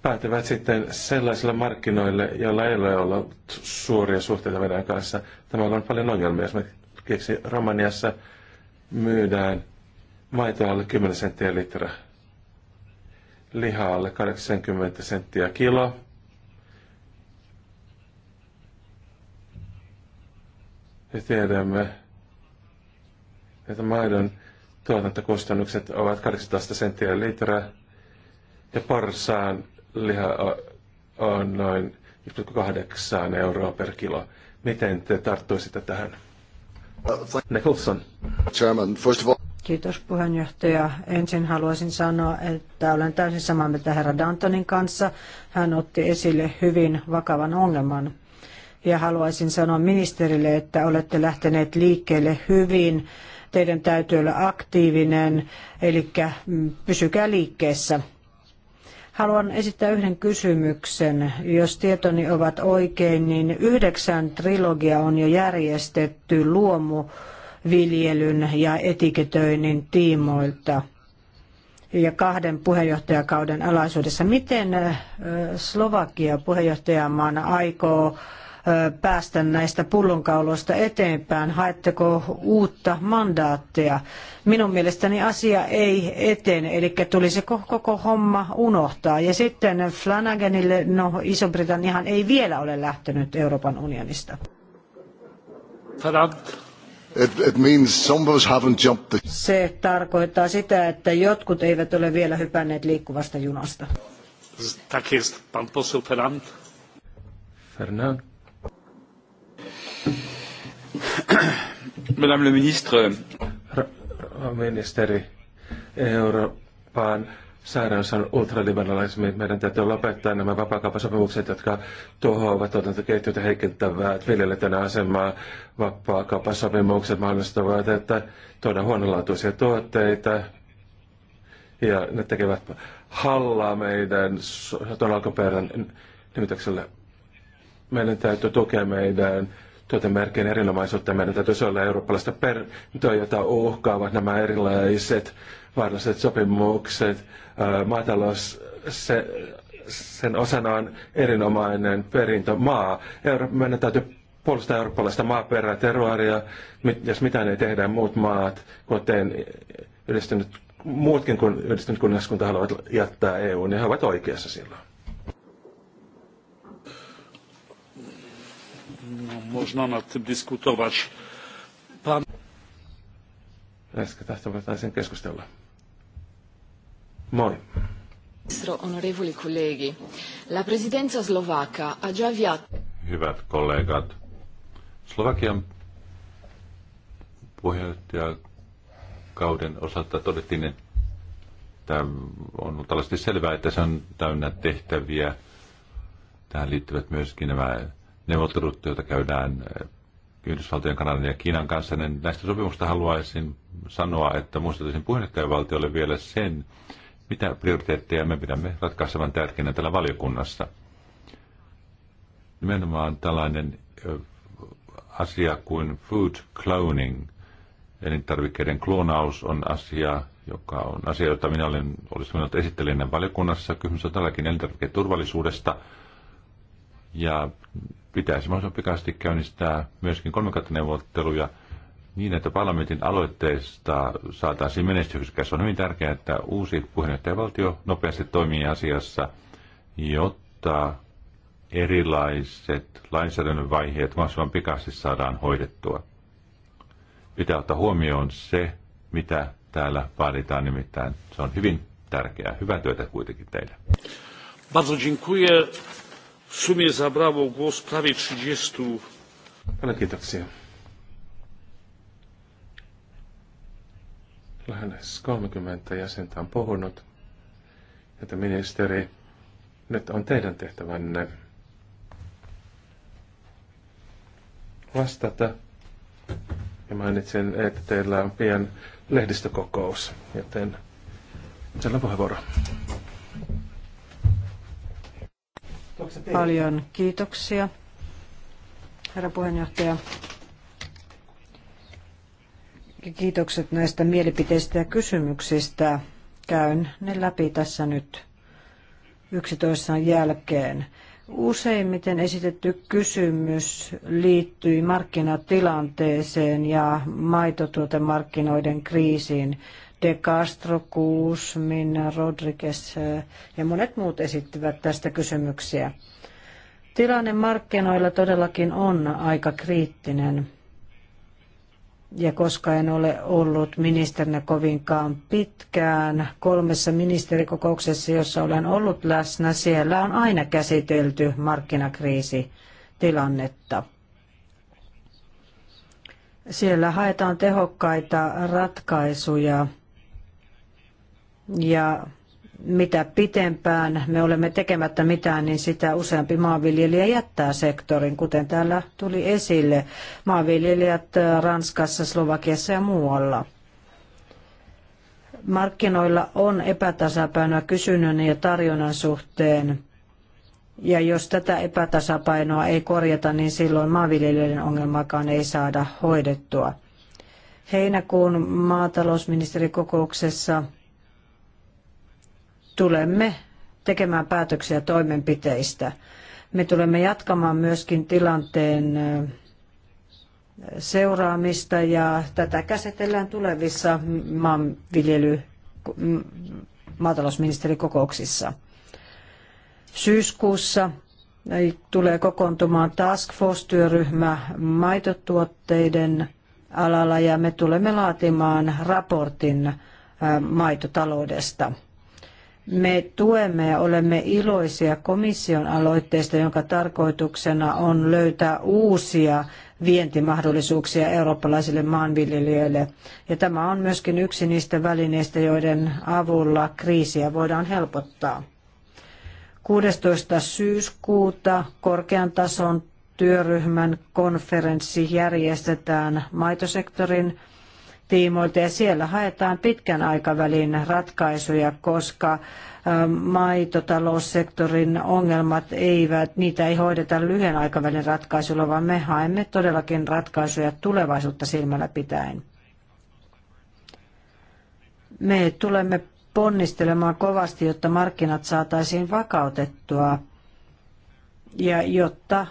päätyvät sitten sellaisille markkinoille, joilla ei ole ollut suoria suhteita Venäjän kanssa. Tämä on paljon ongelmia. Esimerkiksi Romaniassa myydään maitoa alle 10 senttiä litra, lihaa alle 80 senttiä kilo, ja tiedämme, että maidon tuotantokustannukset ovat 18 senttiä litraa ja porsaan liha on noin 1,8 euroa per kilo. Miten te tarttuisitte tähän? Nicholson. Chairman, first of all... Kiitos puheenjohtaja. Ensin haluaisin sanoa, että olen täysin samaa mieltä herra Dantonin kanssa. Hän otti esille hyvin vakavan ongelman. Ja haluaisin sanoa ministerille, että olette lähteneet liikkeelle hyvin. Teidän täytyy olla aktiivinen, eli mm, pysykää liikkeessä. Haluan esittää yhden kysymyksen. Jos tietoni ovat oikein, niin yhdeksän trilogia on jo järjestetty luomuviljelyn ja etiketöinnin tiimoilta ja kahden puheenjohtajakauden alaisuudessa. Miten Slovakia puheenjohtajamaana aikoo päästä näistä pullonkauloista eteenpäin? Haetteko uutta mandaattia? Minun mielestäni asia ei etene, eli tulisiko koko homma unohtaa? Ja sitten Flanaganille, no Iso-Britanniahan ei vielä ole lähtenyt Euroopan unionista. Se tarkoittaa sitä, että jotkut eivät ole vielä hypänneet liikkuvasta junasta. Tak pan Fernand. Fernand. Madame le ministre. Ministeri, Euroopan sairaus on ultraliberalismi. Meidän täytyy lopettaa nämä vapaakaupasopimukset, jotka tuhoavat tuotantoketjut heikentävää, heikentävät viljelijöiden asemaa. vapaakaupasopimukset mahdollistavat, että tuodaan huonolaatuisia tuotteita ja ne tekevät hallaa meidän tuon alkuperän nimitykselle. Meidän täytyy tukea meidän tuotemerkkien erinomaisuutta. Meidän täytyisi olla eurooppalaista perintöä, jota uhkaavat nämä erilaiset vaaralliset sopimukset. Maatalous, se, sen osana on erinomainen perintömaa. Euro- meidän täytyy puolustaa eurooppalaista maaperää, teruaria, jos mitään ei tehdä, muut maat, kuten yhdistynyt, muutkin kuin yhdistynyt kunnaskunta haluavat jättää EU, niin he ovat oikeassa silloin. można nad tym dyskutować. Pan... Näistä Moi. Onorevoli colleghi, la presidenza slovacca ha già avviato... Hyvät kollegat, Slovakian puheenjohtajakauden osalta todettiin, että on ollut tällaisesti selvää, että se on täynnä tehtäviä. Tähän liittyvät myöskin nämä neuvottelut, joita käydään eh, Yhdysvaltojen, Kanadan ja Kiinan kanssa, niin näistä sopimuksista haluaisin sanoa, että muistuttaisin puheenjohtajavaltiolle vielä sen, mitä prioriteetteja me pidämme ratkaisevan tärkeänä tällä valiokunnassa. Nimenomaan tällainen asia kuin food cloning, elintarvikkeiden kloonaus on asia, joka on asia, jota minä olen, olisin minut esittelijänä valiokunnassa. Kysymys on tälläkin elintarviketurvallisuudesta ja pitäisi mahdollisimman pikaisesti käynnistää myöskin kolmikattaneuvotteluja niin, että parlamentin aloitteista saataisiin menestyksekäs. On hyvin tärkeää, että uusi puheenjohtajavaltio nopeasti toimii asiassa, jotta erilaiset lainsäädännön vaiheet mahdollisimman pikaisesti saadaan hoidettua. Pitää ottaa huomioon se, mitä täällä vaaditaan, nimittäin se on hyvin tärkeää. Hyvää työtä kuitenkin teille. Bardzo dziękuję. W sumie zabrało głos prawie 30. Paljon kiitoksia. Lähes 30 jäsentä on puhunut, että ministeri, nyt on teidän tehtävänne vastata. Ja mainitsen, että teillä on pian lehdistökokous, joten siellä on puheenvuoro. Paljon kiitoksia, herra puheenjohtaja. Kiitokset näistä mielipiteistä ja kysymyksistä. Käyn ne läpi tässä nyt yksitoissaan jälkeen. Useimmiten esitetty kysymys liittyi markkinatilanteeseen ja maitotuotemarkkinoiden kriisiin. De Castro, Kuusmin, Rodriguez eh, ja monet muut esittivät tästä kysymyksiä. Tilanne markkinoilla todellakin on aika kriittinen. Ja koska en ole ollut ministerinä kovinkaan pitkään, kolmessa ministerikokouksessa, jossa olen ollut läsnä, siellä on aina käsitelty markkinakriisitilannetta. Siellä haetaan tehokkaita ratkaisuja ja mitä pitempään me olemme tekemättä mitään, niin sitä useampi maanviljelijä jättää sektorin, kuten täällä tuli esille. Maanviljelijät äh, Ranskassa, Slovakiassa ja muualla. Markkinoilla on epätasapainoa kysynnän ja tarjonnan suhteen. Ja jos tätä epätasapainoa ei korjata, niin silloin maanviljelijöiden ongelmakaan ei saada hoidettua. Heinäkuun maatalousministerikokouksessa tulemme tekemään päätöksiä toimenpiteistä. Me tulemme jatkamaan myöskin tilanteen seuraamista ja tätä käsitellään tulevissa maanviljely- maatalousministerikokouksissa. Syyskuussa tulee kokoontumaan Task Force-työryhmä maitotuotteiden alalla ja me tulemme laatimaan raportin maitotaloudesta – me tuemme ja olemme iloisia komission aloitteesta, jonka tarkoituksena on löytää uusia vientimahdollisuuksia eurooppalaisille maanviljelijöille. Ja tämä on myöskin yksi niistä välineistä, joiden avulla kriisiä voidaan helpottaa. 16. syyskuuta korkean tason työryhmän konferenssi järjestetään maitosektorin tiimoilta ja siellä haetaan pitkän aikavälin ratkaisuja, koska maitotaloussektorin ongelmat eivät, niitä ei hoideta lyhyen aikavälin ratkaisulla, vaan me haemme todellakin ratkaisuja tulevaisuutta silmällä pitäen. Me tulemme ponnistelemaan kovasti, jotta markkinat saataisiin vakautettua ja jotta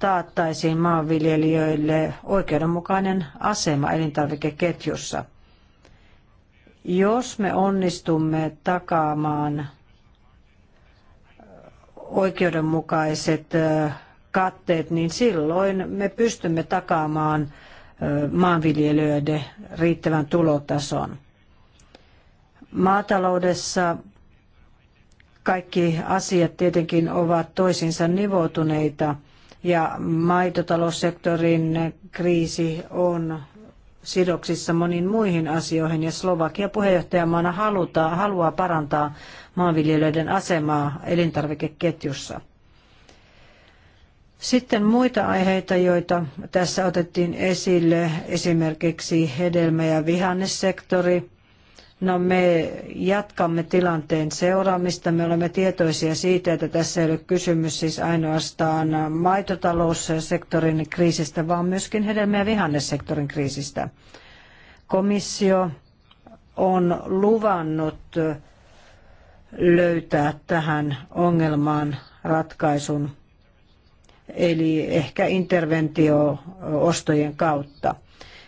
taattaisiin maanviljelijöille oikeudenmukainen asema elintarvikeketjussa. Jos me onnistumme takaamaan oikeudenmukaiset katteet, niin silloin me pystymme takaamaan maanviljelijöiden riittävän tulotason. Maataloudessa kaikki asiat tietenkin ovat toisiinsa nivoutuneita – ja maitotaloussektorin kriisi on sidoksissa moniin muihin asioihin ja Slovakia puheenjohtajamaana halutaan, haluaa parantaa maanviljelijöiden asemaa elintarvikeketjussa. Sitten muita aiheita, joita tässä otettiin esille, esimerkiksi hedelmä- ja vihannessektori. No me jatkamme tilanteen seuraamista. Me olemme tietoisia siitä, että tässä ei ole kysymys siis ainoastaan maitotaloussektorin kriisistä, vaan myöskin hedelmä- ja vihannessektorin kriisistä. Komissio on luvannut löytää tähän ongelmaan ratkaisun, eli ehkä interventio ostojen kautta.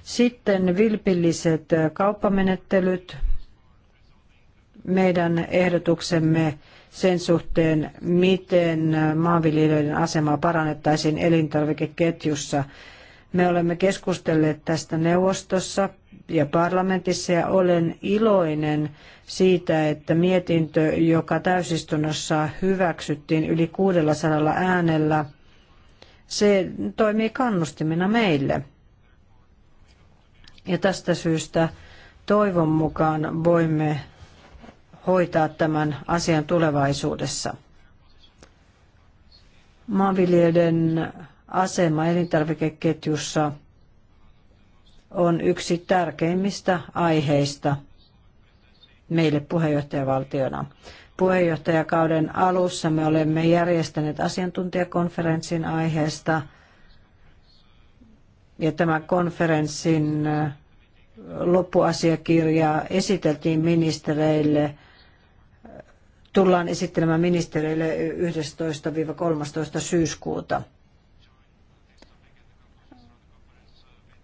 Sitten vilpilliset kauppamenettelyt, meidän ehdotuksemme sen suhteen, miten maanviljelijöiden asemaa parannettaisiin elintarvikeketjussa. Me olemme keskustelleet tästä neuvostossa ja parlamentissa ja olen iloinen siitä, että mietintö, joka täysistunnossa hyväksyttiin yli 600 äänellä, se toimii kannustimena meille. Ja tästä syystä toivon mukaan voimme hoitaa tämän asian tulevaisuudessa. Maanviljelijöiden asema elintarvikeketjussa on yksi tärkeimmistä aiheista meille puheenjohtajavaltiona. Puheenjohtajakauden alussa me olemme järjestäneet asiantuntijakonferenssin aiheesta ja tämä konferenssin loppuasiakirja esiteltiin ministereille – tullaan esittelemään ministeriöille 11-13 syyskuuta.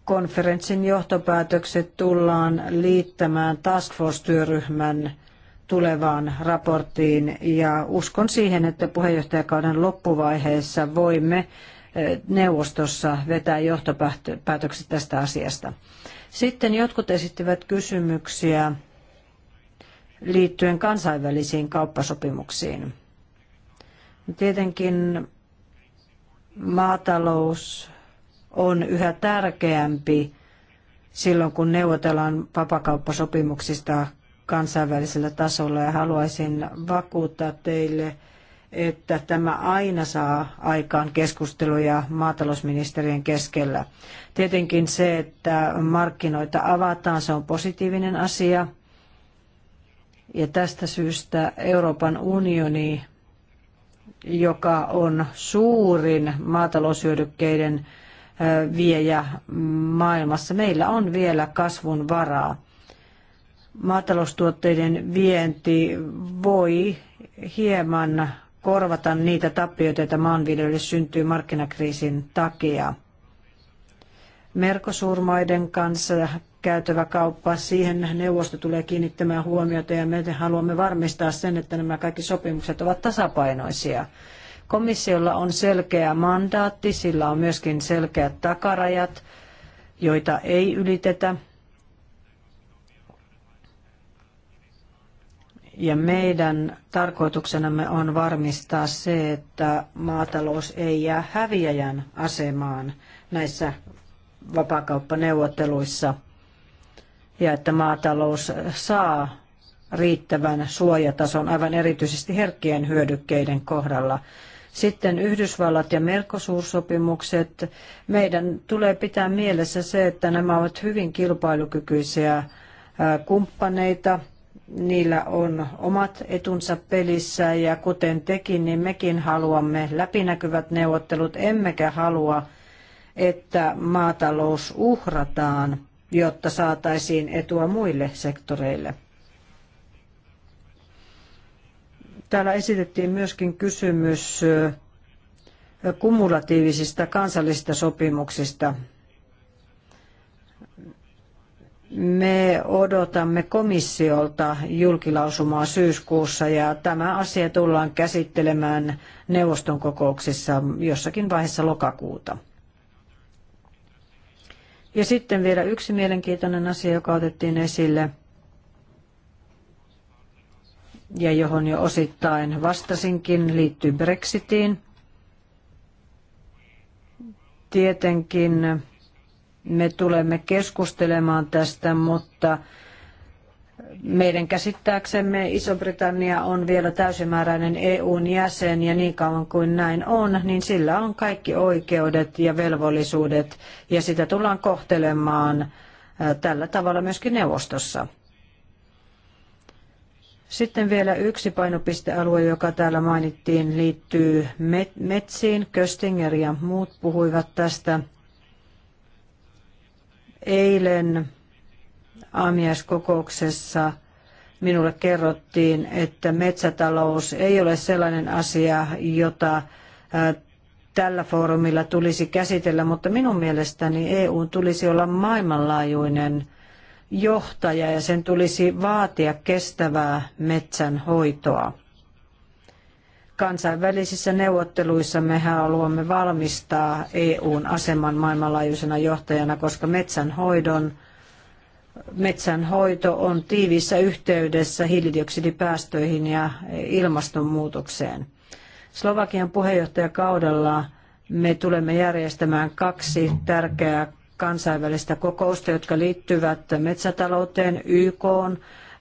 Konferenssin johtopäätökset tullaan liittämään Task Force-työryhmän tulevaan raporttiin ja uskon siihen, että puheenjohtajakauden loppuvaiheessa voimme eh, neuvostossa vetää johtopäätökset tästä asiasta. Sitten jotkut esittivät kysymyksiä liittyen kansainvälisiin kauppasopimuksiin. Tietenkin maatalous on yhä tärkeämpi silloin, kun neuvotellaan vapakauppasopimuksista kansainvälisellä tasolla ja haluaisin vakuuttaa teille, että tämä aina saa aikaan keskusteluja maatalousministerien keskellä. Tietenkin se, että markkinoita avataan, se on positiivinen asia – ja tästä syystä Euroopan unioni, joka on suurin maataloushyödykkeiden viejä maailmassa, meillä on vielä kasvun varaa. Maataloustuotteiden vienti voi hieman korvata niitä tappioita, joita maanviljelijöille syntyy markkinakriisin takia. merkosuurmaiden kanssa käytävä kauppa, siihen neuvosto tulee kiinnittämään huomiota ja me haluamme varmistaa sen, että nämä kaikki sopimukset ovat tasapainoisia. Komissiolla on selkeä mandaatti, sillä on myöskin selkeät takarajat, joita ei ylitetä. Ja meidän tarkoituksenamme on varmistaa se, että maatalous ei jää häviäjän asemaan näissä vapaakauppaneuvotteluissa – ja että maatalous saa riittävän suojatason aivan erityisesti herkkien hyödykkeiden kohdalla. Sitten Yhdysvallat ja Merkosuursopimukset. Meidän tulee pitää mielessä se, että nämä ovat hyvin kilpailukykyisiä äh, kumppaneita. Niillä on omat etunsa pelissä ja kuten tekin, niin mekin haluamme läpinäkyvät neuvottelut, emmekä halua, että maatalous uhrataan jotta saataisiin etua muille sektoreille. Täällä esitettiin myöskin kysymys kumulatiivisista kansallisista sopimuksista. Me odotamme komissiolta julkilausumaa syyskuussa ja tämä asia tullaan käsittelemään neuvoston kokouksissa jossakin vaiheessa lokakuuta. Ja sitten vielä yksi mielenkiintoinen asia, joka otettiin esille ja johon jo osittain vastasinkin, liittyy Brexitiin. Tietenkin me tulemme keskustelemaan tästä, mutta meidän käsittääksemme Iso-Britannia on vielä täysimääräinen EUn jäsen ja niin kauan kuin näin on, niin sillä on kaikki oikeudet ja velvollisuudet ja sitä tullaan kohtelemaan tällä tavalla myöskin neuvostossa. Sitten vielä yksi painopistealue, joka täällä mainittiin, liittyy metsiin. Köstinger ja muut puhuivat tästä eilen aamiaiskokouksessa minulle kerrottiin, että metsätalous ei ole sellainen asia, jota tällä foorumilla tulisi käsitellä, mutta minun mielestäni EU tulisi olla maailmanlaajuinen johtaja ja sen tulisi vaatia kestävää metsänhoitoa. Kansainvälisissä neuvotteluissa me haluamme valmistaa EUn aseman maailmanlaajuisena johtajana, koska metsänhoidon metsänhoito on tiiviissä yhteydessä hiilidioksidipäästöihin ja ilmastonmuutokseen. Slovakian puheenjohtajakaudella me tulemme järjestämään kaksi tärkeää kansainvälistä kokousta, jotka liittyvät metsätalouteen, YK,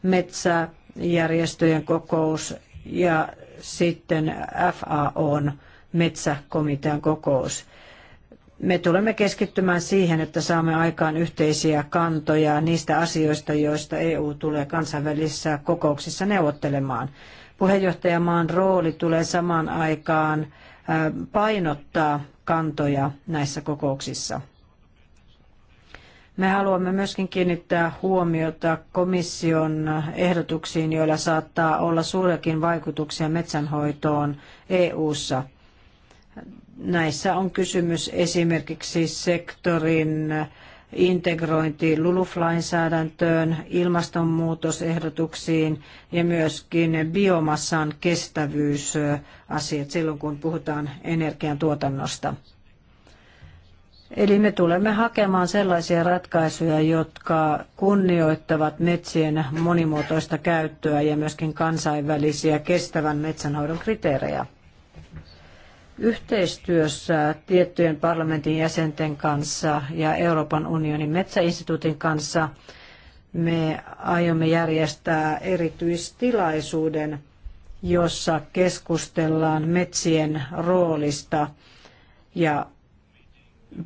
metsäjärjestöjen kokous ja sitten FAOn metsäkomitean kokous. Me tulemme keskittymään siihen, että saamme aikaan yhteisiä kantoja niistä asioista, joista EU tulee kansainvälisissä kokouksissa neuvottelemaan. Puheenjohtajamaan rooli tulee samaan aikaan painottaa kantoja näissä kokouksissa. Me haluamme myöskin kiinnittää huomiota komission ehdotuksiin, joilla saattaa olla suuriakin vaikutuksia metsänhoitoon EU:ssa. ssa Näissä on kysymys esimerkiksi sektorin integrointi LULUF-lainsäädäntöön, ilmastonmuutosehdotuksiin ja myöskin biomassan kestävyysasiat silloin, kun puhutaan energiantuotannosta. Eli me tulemme hakemaan sellaisia ratkaisuja, jotka kunnioittavat metsien monimuotoista käyttöä ja myöskin kansainvälisiä kestävän metsänhoidon kriteerejä yhteistyössä tiettyjen parlamentin jäsenten kanssa ja Euroopan unionin metsäinstituutin kanssa me aiomme järjestää erityistilaisuuden, jossa keskustellaan metsien roolista ja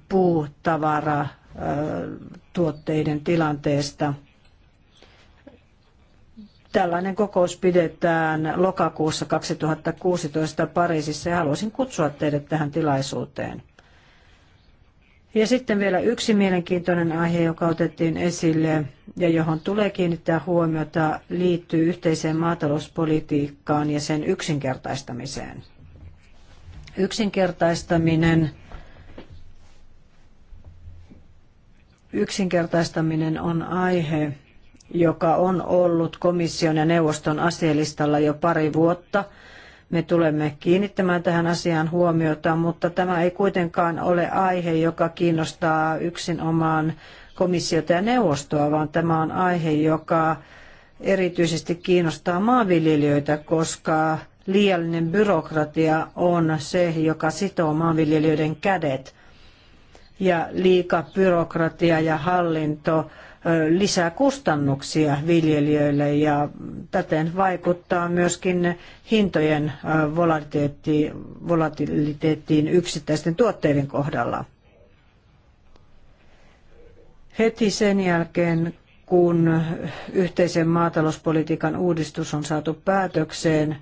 puutavara tuotteiden tilanteesta – Tällainen kokous pidetään lokakuussa 2016 Pariisissa ja haluaisin kutsua teidät tähän tilaisuuteen. Ja sitten vielä yksi mielenkiintoinen aihe, joka otettiin esille ja johon tulee kiinnittää huomiota, liittyy yhteiseen maatalouspolitiikkaan ja sen yksinkertaistamiseen. Yksinkertaistaminen, yksinkertaistaminen on aihe, joka on ollut komission ja neuvoston asialistalla jo pari vuotta. Me tulemme kiinnittämään tähän asiaan huomiota, mutta tämä ei kuitenkaan ole aihe, joka kiinnostaa yksin omaan komissiota ja neuvostoa, vaan tämä on aihe, joka erityisesti kiinnostaa maanviljelijöitä, koska liiallinen byrokratia on se, joka sitoo maanviljelijöiden kädet. Ja liika byrokratia ja hallinto lisää kustannuksia viljelijöille ja täten vaikuttaa myöskin hintojen volatiliteettiin yksittäisten tuotteiden kohdalla. Heti sen jälkeen, kun yhteisen maatalouspolitiikan uudistus on saatu päätökseen,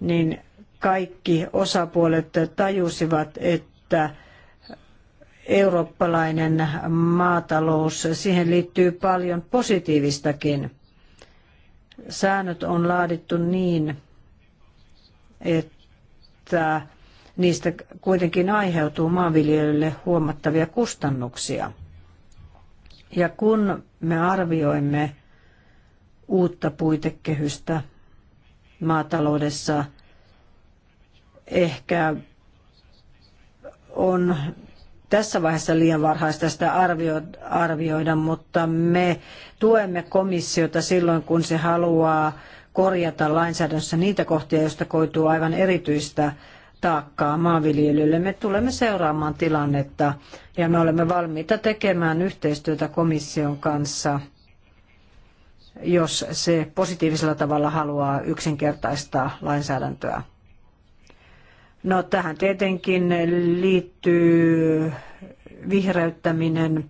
niin kaikki osapuolet tajusivat, että eurooppalainen maatalous. Siihen liittyy paljon positiivistakin. Säännöt on laadittu niin, että niistä kuitenkin aiheutuu maanviljelijöille huomattavia kustannuksia. Ja kun me arvioimme uutta puitekehystä maataloudessa, ehkä on tässä vaiheessa liian varhaista sitä arvioida, mutta me tuemme komissiota silloin, kun se haluaa korjata lainsäädännössä niitä kohtia, joista koituu aivan erityistä taakkaa maanviljelijöille. Me tulemme seuraamaan tilannetta ja me olemme valmiita tekemään yhteistyötä komission kanssa, jos se positiivisella tavalla haluaa yksinkertaistaa lainsäädäntöä. No tähän tietenkin liittyy vihreyttäminen.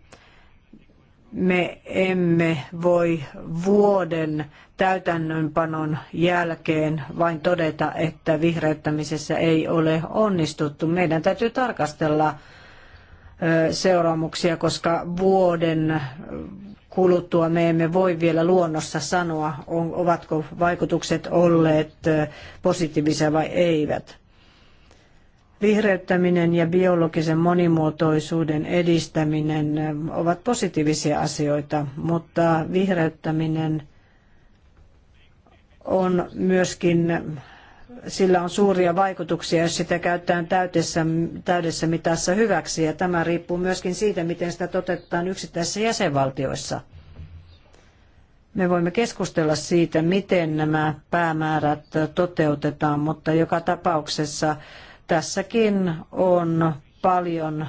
Me emme voi vuoden täytännönpanon jälkeen vain todeta, että vihreyttämisessä ei ole onnistuttu. Meidän täytyy tarkastella seuraamuksia, koska vuoden kuluttua me emme voi vielä luonnossa sanoa, ovatko vaikutukset olleet positiivisia vai eivät. Vihreyttäminen ja biologisen monimuotoisuuden edistäminen ovat positiivisia asioita, mutta vihreyttäminen on myöskin, sillä on suuria vaikutuksia, jos sitä käytetään täydessä, täydessä mitassa hyväksi. Ja tämä riippuu myöskin siitä, miten sitä toteutetaan yksittäisissä jäsenvaltioissa. Me voimme keskustella siitä, miten nämä päämäärät toteutetaan, mutta joka tapauksessa Tässäkin on paljon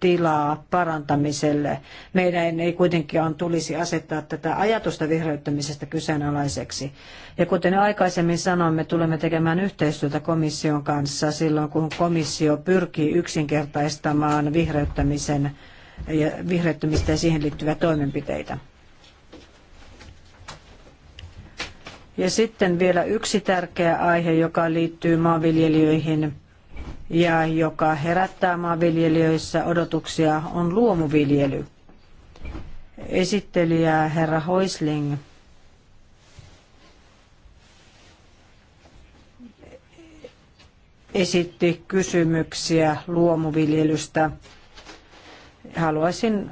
tilaa parantamiselle. Meidän ei kuitenkaan tulisi asettaa tätä ajatusta vihreyttämisestä kyseenalaiseksi. Ja kuten aikaisemmin sanoin, me tulemme tekemään yhteistyötä komission kanssa silloin, kun komissio pyrkii yksinkertaistamaan vihreyttämisen ja vihreyttämistä ja siihen liittyviä toimenpiteitä. Ja sitten vielä yksi tärkeä aihe, joka liittyy maanviljelijöihin ja joka herättää maanviljelijöissä odotuksia, on luomuviljely. Esittelijä herra Hoisling esitti kysymyksiä luomuviljelystä. Haluaisin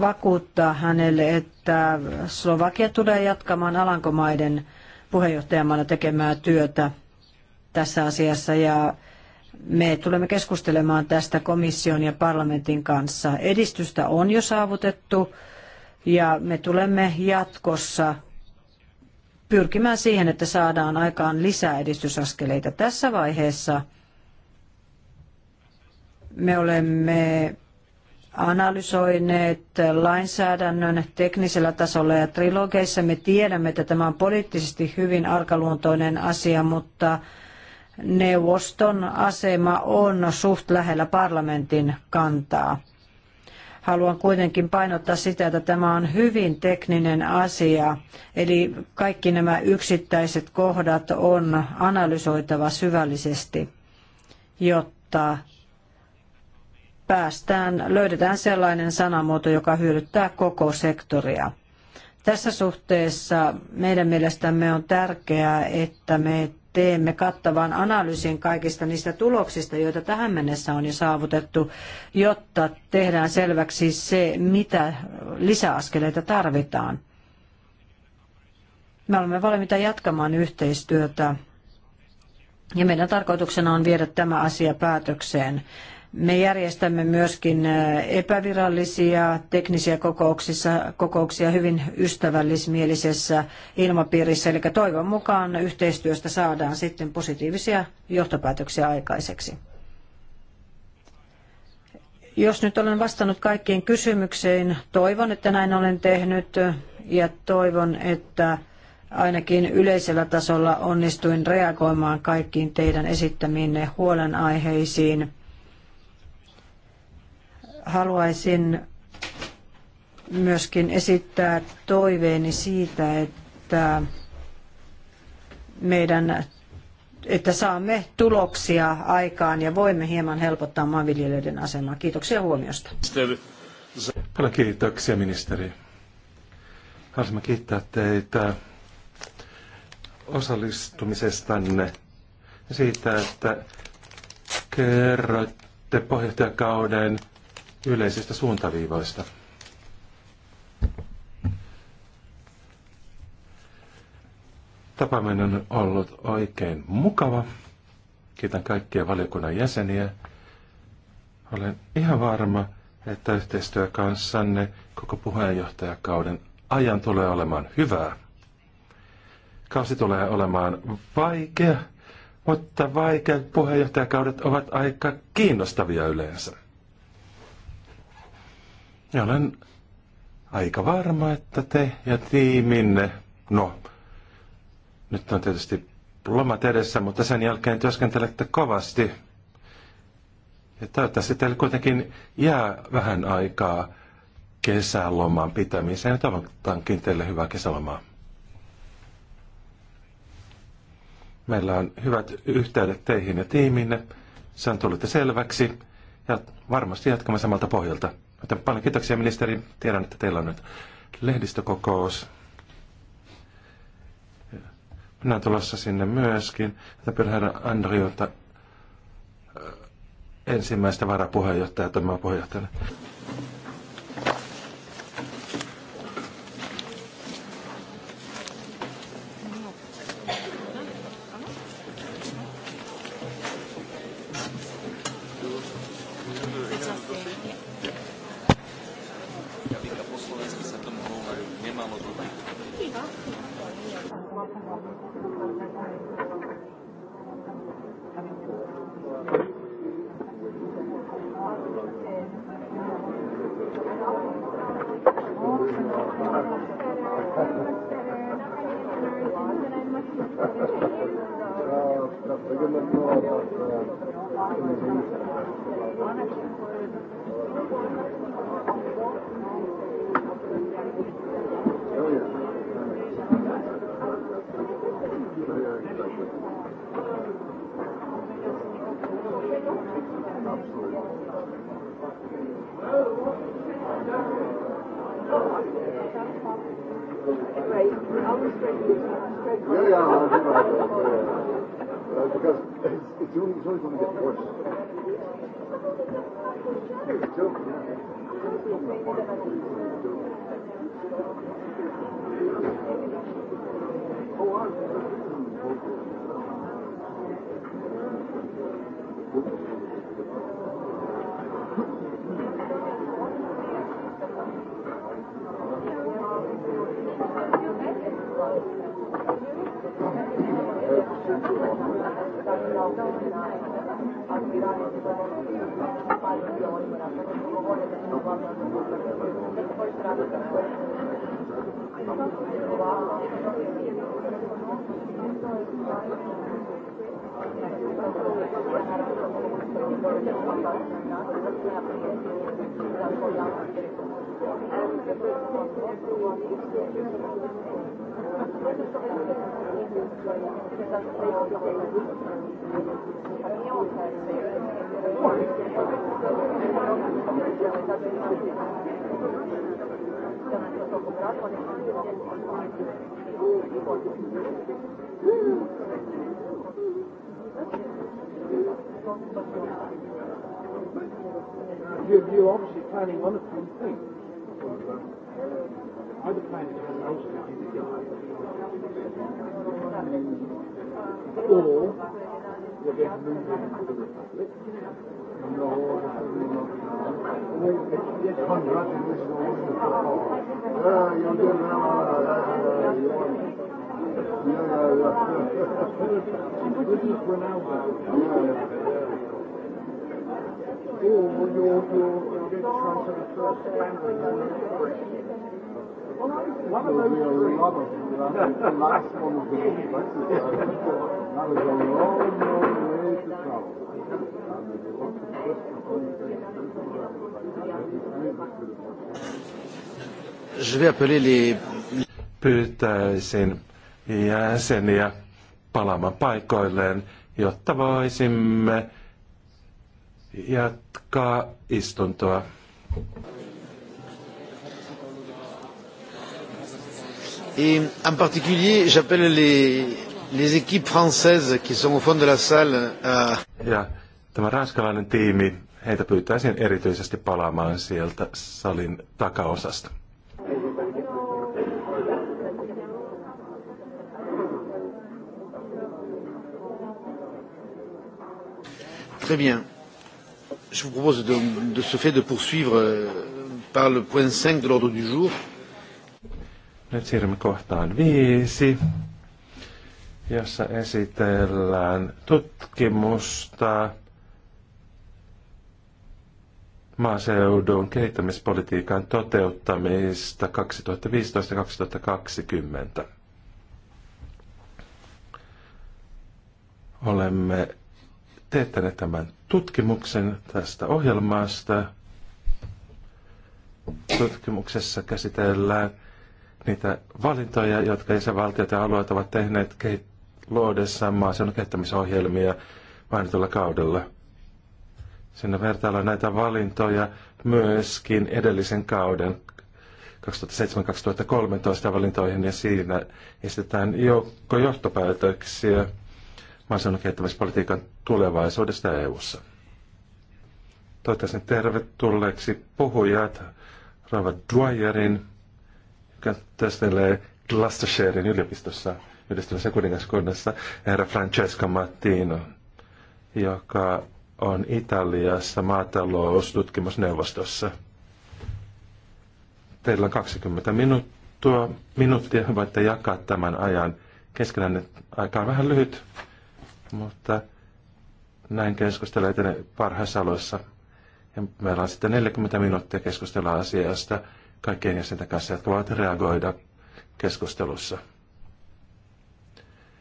vakuuttaa hänelle, että Slovakia tulee jatkamaan Alankomaiden puheenjohtajamaana tekemää työtä tässä asiassa ja me tulemme keskustelemaan tästä komission ja parlamentin kanssa. Edistystä on jo saavutettu ja me tulemme jatkossa pyrkimään siihen, että saadaan aikaan lisää edistysaskeleita. Tässä vaiheessa me olemme analysoineet lainsäädännön teknisellä tasolla ja trilogeissa. Me tiedämme, että tämä on poliittisesti hyvin arkaluontoinen asia, mutta neuvoston asema on suht lähellä parlamentin kantaa. Haluan kuitenkin painottaa sitä, että tämä on hyvin tekninen asia, eli kaikki nämä yksittäiset kohdat on analysoitava syvällisesti, jotta päästään, löydetään sellainen sanamuoto, joka hyödyttää koko sektoria. Tässä suhteessa meidän mielestämme on tärkeää, että me teemme kattavan analyysin kaikista niistä tuloksista, joita tähän mennessä on jo saavutettu, jotta tehdään selväksi se, mitä lisäaskeleita tarvitaan. Me olemme valmiita jatkamaan yhteistyötä ja meidän tarkoituksena on viedä tämä asia päätökseen. Me järjestämme myöskin epävirallisia teknisiä kokouksissa, kokouksia hyvin ystävällismielisessä ilmapiirissä, eli toivon mukaan yhteistyöstä saadaan sitten positiivisia johtopäätöksiä aikaiseksi. Jos nyt olen vastannut kaikkiin kysymyksiin, toivon, että näin olen tehnyt ja toivon, että ainakin yleisellä tasolla onnistuin reagoimaan kaikkiin teidän esittämiinne huolenaiheisiin haluaisin myöskin esittää toiveeni siitä, että meidän että saamme tuloksia aikaan ja voimme hieman helpottaa maanviljelijöiden asemaa. Kiitoksia huomiosta. Paljon kiitoksia ministeri. Haluaisimme kiittää teitä osallistumisestanne ja siitä, että kerroitte puheenjohtajakauden yleisistä suuntaviivoista. Tapaaminen on ollut oikein mukava. Kiitän kaikkia valiokunnan jäseniä. Olen ihan varma, että yhteistyö kanssanne koko puheenjohtajakauden ajan tulee olemaan hyvää. Kausi tulee olemaan vaikea, mutta vaikeat puheenjohtajakaudet ovat aika kiinnostavia yleensä. Ja olen aika varma, että te ja tiiminne, no nyt on tietysti lomat edessä, mutta sen jälkeen työskentelette kovasti. Ja toivottavasti teille kuitenkin jää vähän aikaa kesälomaan pitämiseen ja toivotankin teille hyvää kesälomaa. Meillä on hyvät yhteydet teihin ja tiiminne. Sen tulitte selväksi ja varmasti jatkamme samalta pohjalta. Joten paljon kiitoksia ministeri. Tiedän, että teillä on nyt lehdistökokous. Minä olen tulossa sinne myöskin, Ja perheellä Andriota ensimmäistä varapuheenjohtajaa tämä puheenjohtajana. One of those three. the last one the That a long, long way to travel. Je vais appeler les... Pyytäisin jäseniä palaamaan paikoilleen, jotta voisimme jatkaa istuntoa. Et en particulier, j'appelle les, les équipes françaises qui sont au fond de la salle à... Ja tämä ranskalainen tiimi, heitä pyytäisin erityisesti palaamaan sieltä salin takaosasta. Très bien. Je vous propose de, de ce fait de poursuivre euh, par le point 5 de l'ordre du jour. Nyt siirrymme kohtaan viisi, jossa esitellään tutkimusta maaseudun kehittämispolitiikan toteuttamista 2015-2020. Olemme teettäneet tämän tutkimuksen tästä ohjelmasta. Tutkimuksessa käsitellään niitä valintoja, jotka jäsenvaltiot ja alueet ovat tehneet luodessaan maaseudun kehittämisohjelmia mainitulla kaudella. Sinne vertaillaan näitä valintoja myöskin edellisen kauden 2007-2013 valintoihin ja siinä esitetään joukko johtopäätöksiä maaseudun kehittämispolitiikan tulevaisuudesta EU-ssa. Toivottavasti tervetulleeksi puhujat Rava Dwyerin, joka työskentelee Gloucesterin yliopistossa yhdistyvässä kuningaskunnassa, herra Francesca Mattino, joka on Italiassa maataloustutkimusneuvostossa. Teillä on 20 minuuttia, minuuttia voitte jakaa tämän ajan keskenään. Aika on vähän lyhyt, mutta näin keskustelu etenee parhaissa aloissa. Ja meillä on sitten 40 minuuttia keskustella asiasta kaikkien jäsenten kanssa, jotka voivat reagoida keskustelussa.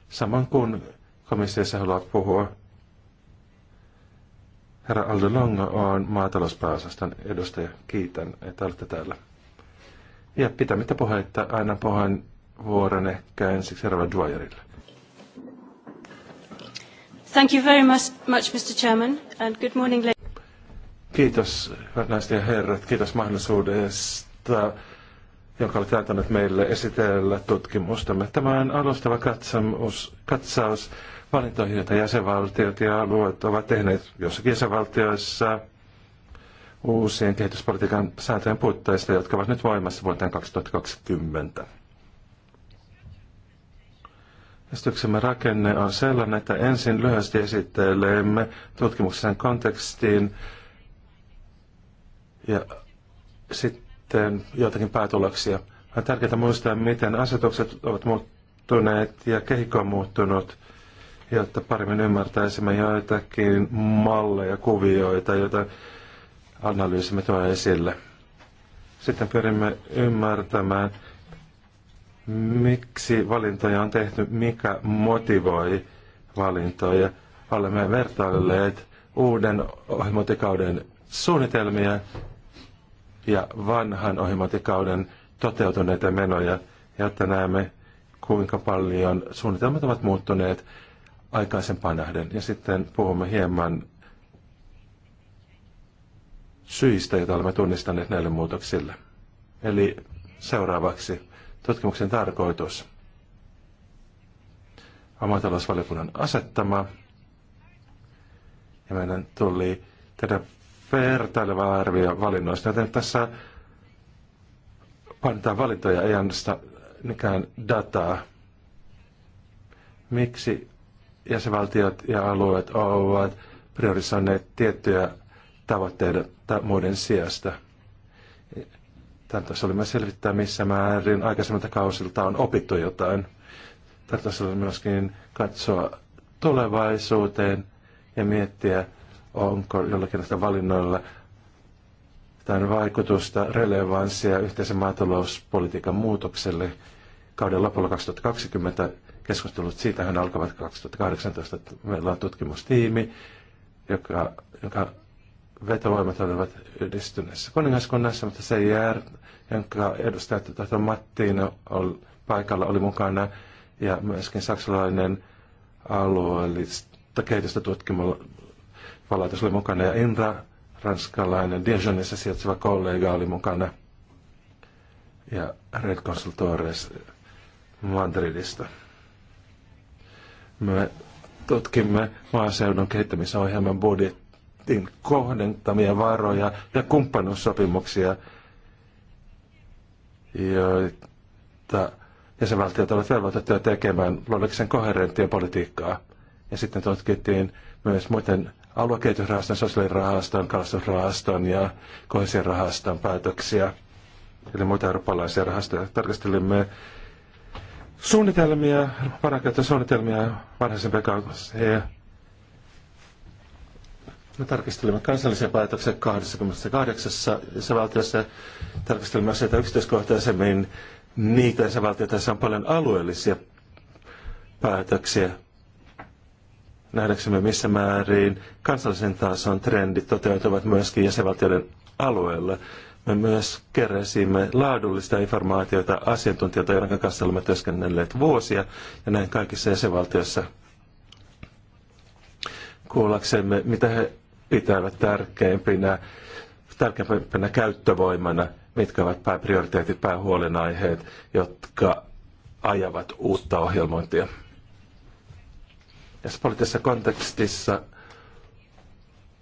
Samoin kuin komissiossa haluaa puhua, herra Aldo Longo on maatalouspääosaston edustaja. Kiitän, että olette täällä. Ja pitämättä puheita aina puheen vuoron ehkä ensiksi herra Dwyerille. Thank you very much, much Mr. Chairman, and good morning. Kiitos naiset ja herrat, kiitos mahdollisuudesta, jonka olet antanut meille esitellä tutkimustamme. Tämä on alustava katsaus, katsaus valintoihin, joita jäsenvaltiot ja alueet ovat tehneet jossakin jäsenvaltioissa uusien kehityspolitiikan sääntöjen puitteista, jotka ovat nyt voimassa vuoteen 2020. Esityksemme rakenne on sellainen, että ensin lyhyesti esittelemme tutkimuksen kontekstiin ja sitten joitakin päätuloksia. On tärkeää muistaa, miten asetukset ovat muuttuneet ja kehikko on muuttunut, jotta paremmin ymmärtäisimme joitakin malleja, kuvioita, joita analyysimme tuo esille. Sitten pyrimme ymmärtämään miksi valintoja on tehty, mikä motivoi valintoja. Olemme vertailleet uuden ohjelmointikauden suunnitelmia ja vanhan ohjelmointikauden toteutuneita menoja, jotta näemme, kuinka paljon suunnitelmat ovat muuttuneet aikaisempaan nähden. Ja sitten puhumme hieman syistä, joita olemme tunnistaneet näille muutoksille. Eli seuraavaksi tutkimuksen tarkoitus. Omatalousvaliokunnan asettama. Ja meidän tuli tehdä vertaileva arvio valinnoista. Joten tässä painetaan valintoja, ei anna mikään dataa. Miksi jäsenvaltiot ja alueet ovat priorisoineet tiettyjä tavoitteita muiden sijasta? Tarkoitus oli myös selvittää, missä määrin aikaisemmilta kausilta on opittu jotain. Tarkoitus oli myöskin katsoa tulevaisuuteen ja miettiä, onko jollakin näistä valinnoilla tämän vaikutusta, relevanssia yhteisen maatalouspolitiikan muutokselle kauden lopulla 2020. Keskustelut siitähän alkavat 2018. Meillä on tutkimustiimi, joka, joka vetovoimat olivat yhdistyneessä kuningaskunnassa, mutta jää, jonka edustaja tätä tuota, Mattiina oli, paikalla oli mukana, ja myöskin saksalainen alueellista kehitystä tutkimulla oli mukana, ja Indra, ranskalainen Dijonissa sijaitseva kollega oli mukana, ja Red Consultores Madridista. Me tutkimme maaseudun kehittämisohjelman budjettia budjetin kohdentamia varoja ja kumppanuussopimuksia, joita jäsenvaltiot ovat velvoitettuja tekemään luonnollisen koherenttien politiikkaa. Ja sitten tutkittiin myös muiden aluekehitysrahaston, sosiaalirahaston, kalastusrahaston ja rahaston päätöksiä, eli muita eurooppalaisia rahastoja. Tarkastelimme suunnitelmia, parakäyttösuunnitelmia varhaisempia vekaukseen me tarkistelimme kansallisia päätöksiä 28 jäsenvaltiossa, tarkistelimme asioita yksityiskohtaisemmin niitä jäsenvaltioita, joissa on paljon alueellisia päätöksiä. Nähdäksemme missä määrin kansallisen tason trendit toteutuvat myöskin jäsenvaltioiden alueella. Me myös keräsimme laadullista informaatiota asiantuntijoita, joiden kanssa olemme työskennelleet vuosia ja näin kaikissa jäsenvaltioissa kuullaksemme, mitä he pitävät tärkeimpinä, tärkeimpinä käyttövoimana, mitkä ovat pääprioriteetit, päähuolenaiheet, jotka ajavat uutta ohjelmointia. Tässä poliittisessa kontekstissa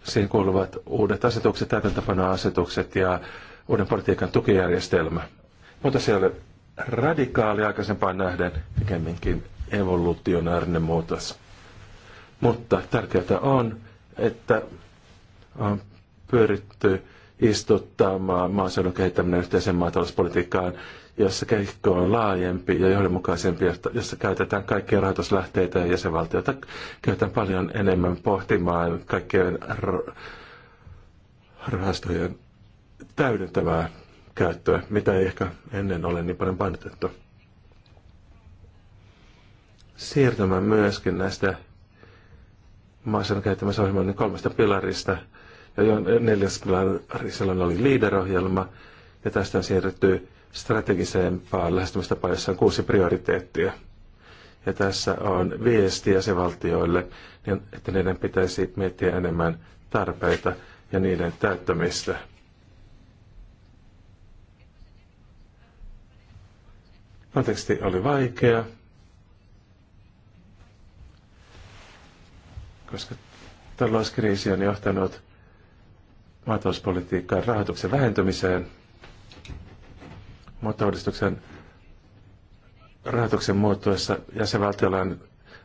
siihen kuuluvat uudet asetukset, täytäntöpanoasetukset ja uuden politiikan tukijärjestelmä. Mutta se oli radikaali aikaisempaan nähden, pikemminkin evoluutionaarinen muutos. Mutta tärkeää on, että on pyritty istuttamaan maaseudun kehittäminen yhteiseen maatalouspolitiikkaan, jossa kehikko on laajempi ja johdonmukaisempi, jossa käytetään kaikkia rahoituslähteitä ja jäsenvaltioita. Käytetään paljon enemmän pohtimaan kaikkien rahastojen täydentävää käyttöä, mitä ei ehkä ennen ole niin paljon painotettu. Siirtymään myöskin näistä maaseudun kehittämisohjelman kolmesta pilarista – ja jo neljäs silloin oli liiderohjelma, ja tästä on siirrytty strategisempaan lähestymistapaan, jossa on kuusi prioriteettia. Ja tässä on viesti jäsenvaltioille, niin että niiden pitäisi miettiä enemmän tarpeita ja niiden täyttämistä. Konteksti oli vaikea, koska talouskriisi on johtanut maatalouspolitiikkaan rahoituksen vähentymiseen, mutta rahoituksen muuttuessa on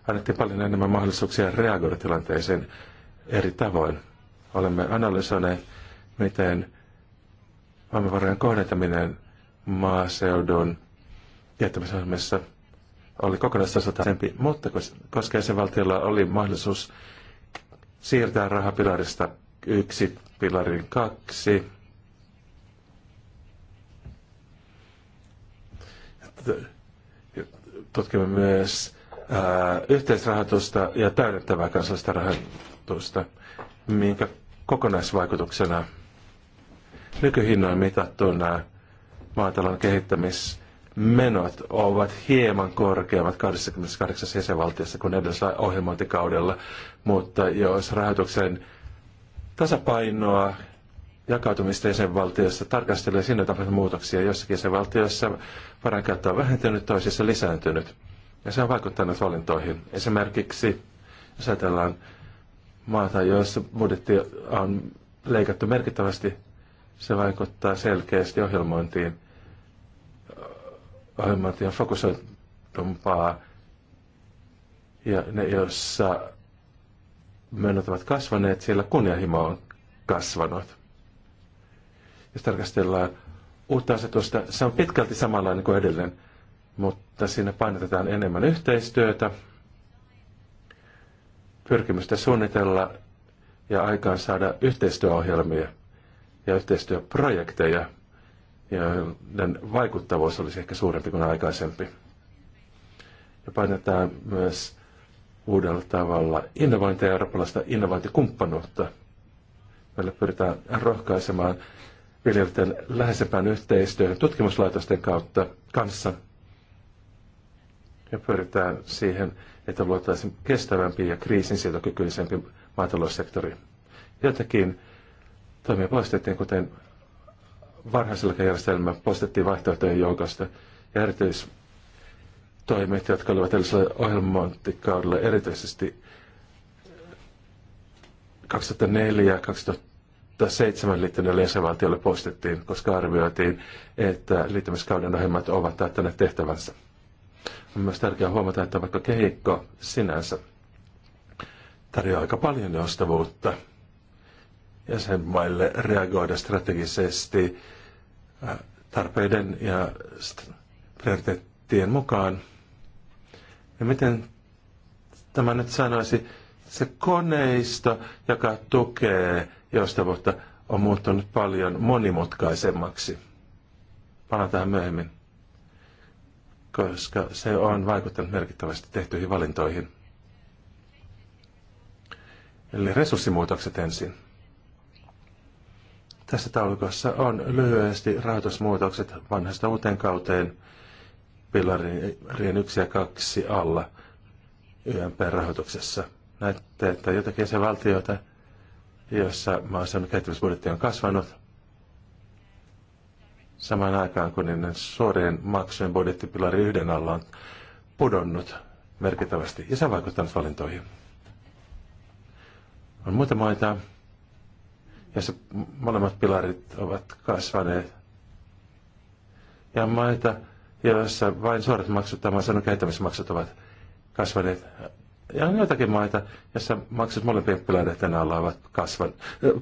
annettiin paljon enemmän mahdollisuuksia reagoida tilanteeseen eri tavoin. Olemme analysoineet, miten voimavarojen kohdentaminen maaseudun jättämisessä oli kokonaistaisempi, mutta koska jäsenvaltiolla oli mahdollisuus siirtää rahapilarista yksi pilarin kaksi. Tutkimme myös ää, äh, yhteisrahoitusta ja täydentävää kansallista rahoitusta, minkä kokonaisvaikutuksena nykyhinnoin mitattuna maatalon kehittämismenot ovat hieman korkeammat 28 jäsenvaltiossa kuin edellisellä ohjelmointikaudella, mutta jos rahoituksen tasapainoa jakautumista jäsenvaltiossa tarkastelee sinne tapahtuu muutoksia. Jossakin jäsenvaltiossa varainkäyttö on vähentynyt, toisissa lisääntynyt. Ja se on vaikuttanut valintoihin. Esimerkiksi jos ajatellaan maata, jossa budjetti on leikattu merkittävästi, se vaikuttaa selkeästi ohjelmointiin. Ohjelmointi on fokusoitumpaa. Ja ne, joissa menot ovat kasvaneet, siellä kunnianhimo on kasvanut. Jos tarkastellaan uutta asetusta, se on pitkälti samanlainen kuin edellinen, mutta siinä painotetaan enemmän yhteistyötä, pyrkimystä suunnitella ja aikaan saada yhteistyöohjelmia ja yhteistyöprojekteja, joiden vaikuttavuus olisi ehkä suurempi kuin aikaisempi. Ja painetaan myös uudella tavalla innovointia ja eurooppalaista innovointikumppanuutta. Meillä pyritään rohkaisemaan viljelijöiden läheisempään yhteistyöhön tutkimuslaitosten kautta kanssa. Ja pyritään siihen, että luotaisiin kestävämpi ja kriisinsietokykyisempi maataloussektori. Jotakin toimia poistettiin, kuten varhaiseläkejärjestelmä poistettiin vaihtoehtojen joukosta ja erityis toimet, jotka olivat edellisellä ohjelmointikaudella erityisesti 2004 2007 liittyneelle jäsenvaltiolle poistettiin, koska arvioitiin, että liittymiskauden ohjelmat ovat täyttäneet tehtävänsä. On myös tärkeää huomata, että vaikka kehikko sinänsä tarjoaa aika paljon joustavuutta jäsenmaille reagoida strategisesti tarpeiden ja prioriteettien tien mukaan. Ja miten tämä nyt sanoisi, se koneisto, joka tukee joustavuutta, on muuttunut paljon monimutkaisemmaksi. Palaan tähän myöhemmin, koska se on vaikuttanut merkittävästi tehtyihin valintoihin. Eli resurssimuutokset ensin. Tässä taulukossa on lyhyesti rahoitusmuutokset vanhasta uuteen kauteen – pilarien yksi ja kaksi alla YMP-rahoituksessa. Näette, että jotakin se valtioita, jossa maaseudun kehittämisbudjetti on kasvanut, samaan aikaan kun niiden suorien maksujen budjettipilari yhden alla on pudonnut merkittävästi, ja se on vaikuttanut valintoihin. On muita maita, joissa molemmat pilarit ovat kasvaneet, ja maita, jossa vain suorat maksut tai sanon kehittämismaksut ovat kasvaneet. Ja on joitakin maita, joissa maksut molempien tänä alla ovat kasvan,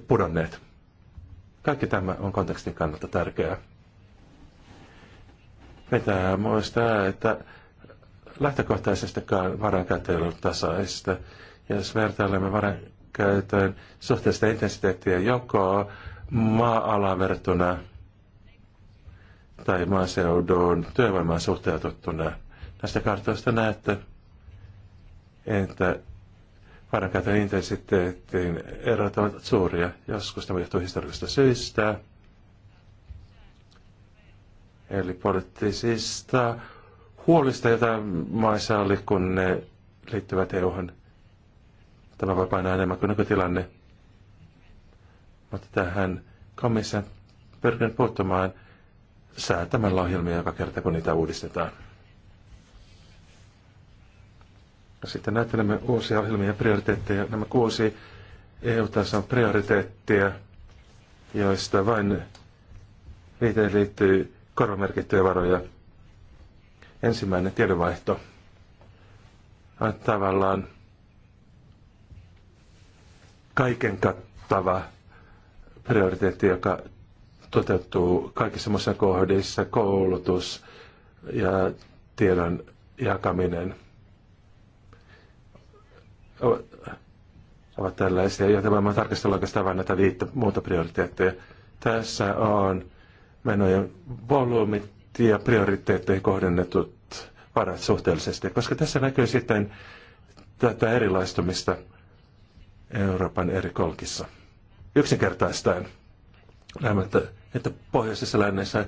pudonneet. Kaikki tämä on kontekstin kannalta tärkeää. Pitää muistaa, että lähtökohtaisestikaan ei ole tasaista. Jos vertailemme varankäytön suhteellista intensiteettiä joko maa-alaan verrattuna tai maaseudun työvoimaan suhteutettuna. Näistä kartoista näette, että varankäytön intensiteetin erot ovat suuria. Joskus tämä johtuu historiallisista syistä, eli poliittisista huolista, joita maissa oli, kun ne liittyvät EU-hun. Tämä voi painaa enemmän kuin nykytilanne. Mutta tähän komissa pyrkinyt puuttumaan – säätämällä ohjelmia joka kerta, kun niitä uudistetaan. Sitten näyttelemme uusia ohjelmia ja prioriteetteja. Nämä kuusi EU-tason prioriteettia, joista vain viiteen liittyy korvamerkittyjä varoja. Ensimmäinen tiedonvaihto. Tavallaan kaiken kattava prioriteetti, joka toteutuu kaikissa muissa kohdissa, koulutus ja tiedon jakaminen ovat, ovat tällaisia, joten voimme tarkastella oikeastaan vain näitä viittä muuta prioriteetteja. Tässä on menojen volyymit ja prioriteetteihin kohdennetut varat suhteellisesti, koska tässä näkyy sitten tätä erilaistumista Euroopan eri kolkissa. Yksinkertaistaen näemme, että että pohjoisessa lännessä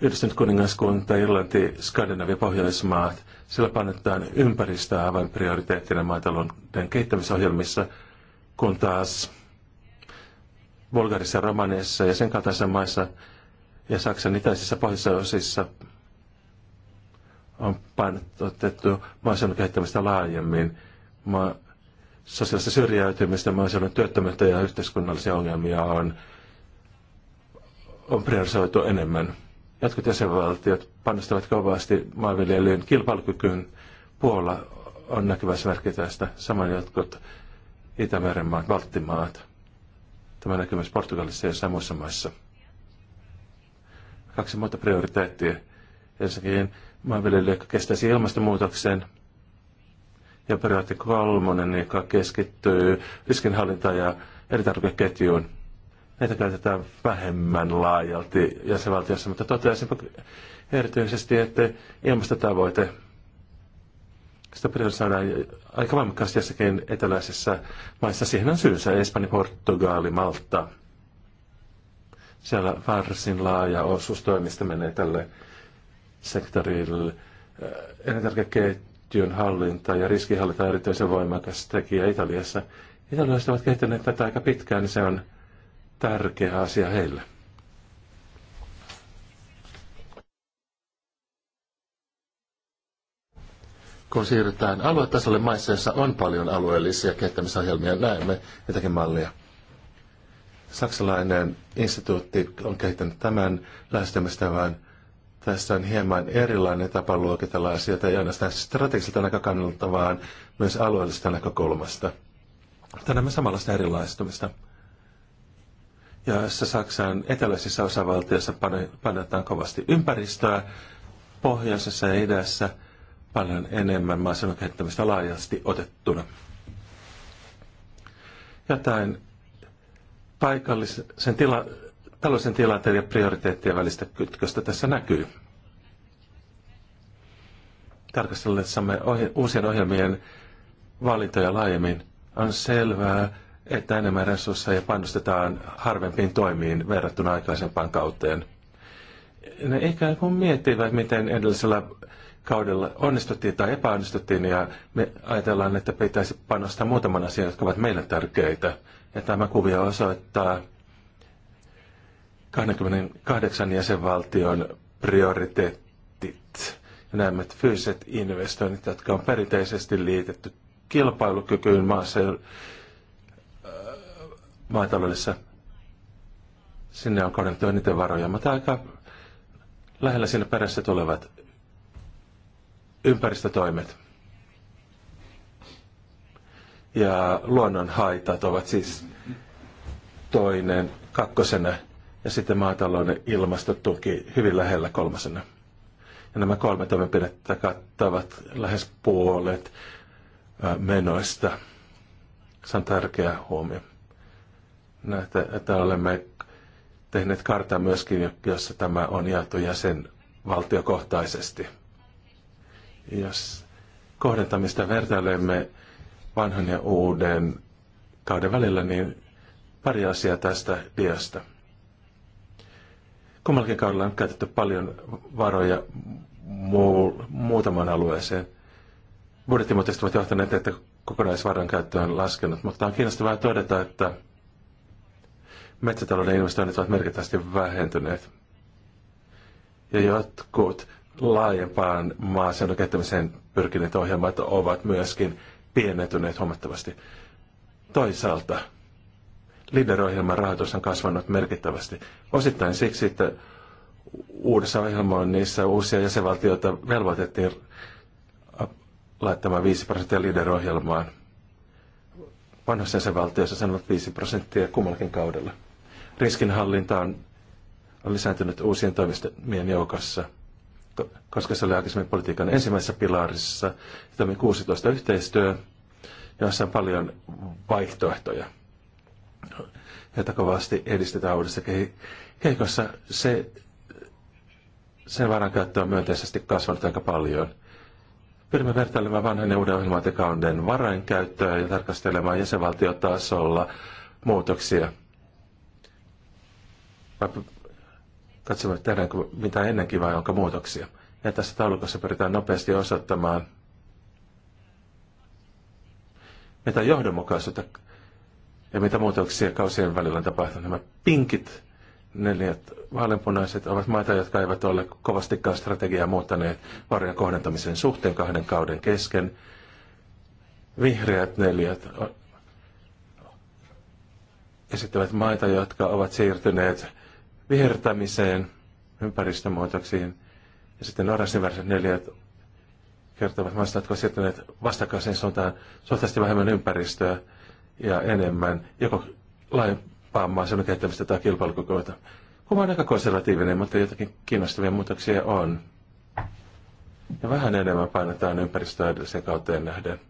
yhdistynyt kuningaskunta, Irlanti, Skandinavia, Pohjoismaat, sillä panettaan ympäristöä aivan prioriteettina maatalouden kehittämisohjelmissa, kun taas Bulgarissa, Romaniassa ja sen kaltaisissa maissa ja Saksan itäisissä pohjoisissa osissa on painotettu maaseudun kehittämistä laajemmin, ma- sosiaalista syrjäytymistä, maaseudun työttömyyttä ja yhteiskunnallisia ongelmia on on priorisoitu enemmän. Jotkut jäsenvaltiot panostavat kovasti maanviljelyyn kilpailukykyyn. Puola on näkyvässä merkki tästä. Samoin jotkut Itämeren maat, Baltimaat. Tämä näkyy myös Portugalissa ja jossain muissa maissa. Kaksi muuta prioriteettia. Ensinnäkin maanviljely, joka kestäisi ilmastonmuutokseen. Ja periaate kolmonen, joka keskittyy riskinhallintaan ja elintarvikeketjuun Näitä käytetään vähemmän laajalti jäsenvaltiossa, mutta toteaisin erityisesti, että ilmastotavoite, sitä saadaan aika voimakkaasti jossakin eteläisessä maissa. Siihen on syynsä Espanja, Portugali, Malta. Siellä varsin laaja osuus toimista menee tälle sektorille. Eh, energiaketjun hallinta ja riskihallinta on erityisen voimakas tekijä Italiassa. Italiassa ovat kehittäneet tätä aika pitkään, niin se on tärkeä asia heille. kun siirrytään aluetasolle maissa, joissa on paljon alueellisia kehittämisohjelmia, näemme jotakin mallia. Saksalainen instituutti on kehittänyt tämän lähestymistavan. Tässä on hieman erilainen tapa luokitella asioita, ei ainoastaan strategiselta näkökannalta, vaan myös alueellisesta näkökulmasta. Tänään me samanlaista erilaistumista joissa Saksan eteläisissä osavaltioissa panetaan kovasti ympäristöä, pohjoisessa ja idässä paljon enemmän maaseudun kehittämistä laajasti otettuna. Jotain paikallisen tila, taloudellisen tilanteen ja prioriteettien välistä kytköstä tässä näkyy. Tarkastellessamme ohje, uusien ohjelmien valintoja laajemmin on selvää, että enemmän resursseja panostetaan harvempiin toimiin verrattuna aikaisempaan kauteen. Ne ikään kuin miettivät, miten edellisellä kaudella onnistuttiin tai epäonnistuttiin, ja me ajatellaan, että pitäisi panostaa muutaman asian, jotka ovat meille tärkeitä. Ja tämä kuvio osoittaa 28 jäsenvaltion prioriteettit Ja näemme, että fyysiset investoinnit, jotka on perinteisesti liitetty kilpailukykyyn maassa, maataloudessa. Sinne on kohdennettu eniten varoja, mutta aika lähellä sinne perässä tulevat ympäristötoimet. Ja luonnon haitat ovat siis toinen, kakkosena ja sitten maatalouden ilmastotuki hyvin lähellä kolmasena. Ja nämä kolme toimenpidettä kattavat lähes puolet menoista. Se on tärkeä huomio näitä, että olemme tehneet kartan myöskin, jossa tämä on jaettu jäsenvaltiokohtaisesti. Jos kohdentamista vertailemme vanhan ja uuden kauden välillä, niin pari asiaa tästä diasta. Kummallakin kaudella on käytetty paljon varoja muu, muutamaan alueeseen. Budjettimuutokset ovat johtaneet, että kokonaisvaran käyttö on laskenut, mutta on kiinnostavaa todeta, että – metsätalouden investoinnit ovat merkittävästi vähentyneet. Ja jotkut laajempaan maaseudun kehittämiseen pyrkineet ohjelmat ovat myöskin pienentyneet huomattavasti. Toisaalta LIDER-ohjelman rahoitus on kasvanut merkittävästi. Osittain siksi, että uudessa ohjelmoinnissa uusia jäsenvaltioita velvoitettiin laittamaan 5 prosenttia LIDER-ohjelmaan. Vanhassa jäsenvaltiossa sanovat 5 prosenttia kummallakin kaudella riskinhallinta on, on lisääntynyt uusien toimistamien joukossa, koska se oli aikaisemmin politiikan ensimmäisessä pilarissa, se toimii 16 yhteistyö, jossa on paljon vaihtoehtoja, joita kovasti edistetään uudessa kehikossa. Se, sen varan käyttö on myönteisesti kasvanut aika paljon. Pyrimme vertailemaan vanhan ja uuden ohjelmointikauden varainkäyttöä ja tarkastelemaan jäsenvaltiotasolla muutoksia – katsomme, tehdäänkö mitä ennenkin vai onko muutoksia. Ja tässä taulukossa pyritään nopeasti osoittamaan, mitä johdonmukaisuutta ja mitä muutoksia kausien välillä on tapahtunut. Nämä pinkit neljät vaaleanpunaiset ovat maita, jotka eivät ole kovastikaan strategiaa muuttaneet varjon kohdentamisen suhteen kahden kauden kesken. Vihreät neljät esittävät maita, jotka ovat siirtyneet vihertämiseen, ympäristömuutoksiin ja sitten oranssinväriset neljät kertovat maasta, jotka ovat siirtyneet vastakkaiseen suuntaan suhteellisesti vähemmän ympäristöä ja enemmän joko laajempaa maaseudun kehittämistä tai kilpailukykyä. Kuva on aika konservatiivinen, mutta jotakin kiinnostavia muutoksia on. Ja vähän enemmän painetaan ympäristöä edelliseen kauteen nähden.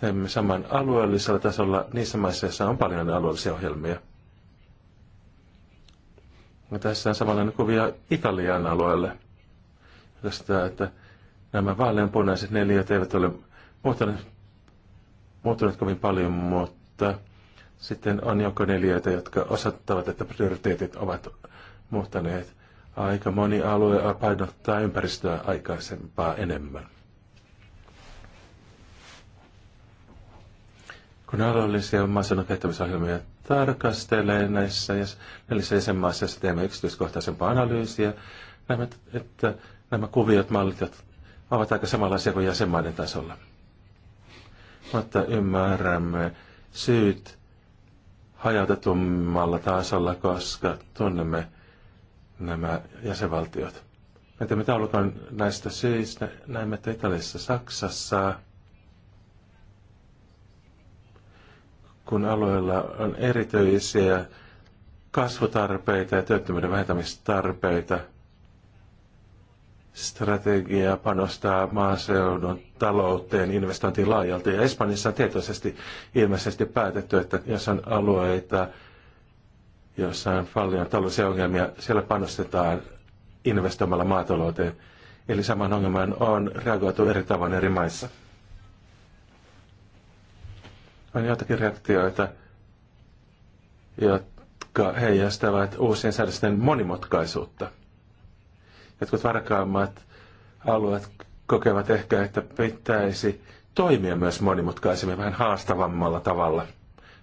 Teemme saman alueellisella tasolla niissä maissa, joissa on paljon alueellisia ohjelmia. No, tässä on samanlainen kuvia Italian alueelle. Tästä, että nämä vaaleanpunaiset neliöt eivät ole muuttuneet, muuttuneet kovin paljon, mutta sitten on joko neliöitä, jotka osattavat, että prioriteetit ovat muuttaneet. Aika moni alue painottaa ympäristöä aikaisempaa enemmän. Kun alueellisia maaseudun kehittämisohjelmia tarkastelee näissä ja näissä jäsenmaissa, jossa teemme yksityiskohtaisempaa analyysiä. Näemme, että nämä kuviot, mallit ovat aika samanlaisia kuin jäsenmaiden tasolla. Mutta ymmärrämme syyt hajautetummalla tasolla, koska tunnemme nämä jäsenvaltiot. Me mitä näistä syistä. Näemme, että Italiassa, Saksassa, kun alueella on erityisiä kasvutarpeita ja työttömyyden vähentämistarpeita. Strategia panostaa maaseudun talouteen investointiin laajalti. Ja Espanjassa on tietoisesti ilmeisesti päätetty, että jos on alueita, joissa on paljon taloudellisia ongelmia, siellä panostetaan investoimalla maatalouteen. Eli saman ongelman on reagoitu eri tavoin eri maissa on joitakin reaktioita, jotka heijastavat uusien säädösten monimutkaisuutta. Jotkut varkaammat alueet kokevat ehkä, että pitäisi toimia myös monimutkaisemmin, vähän haastavammalla tavalla.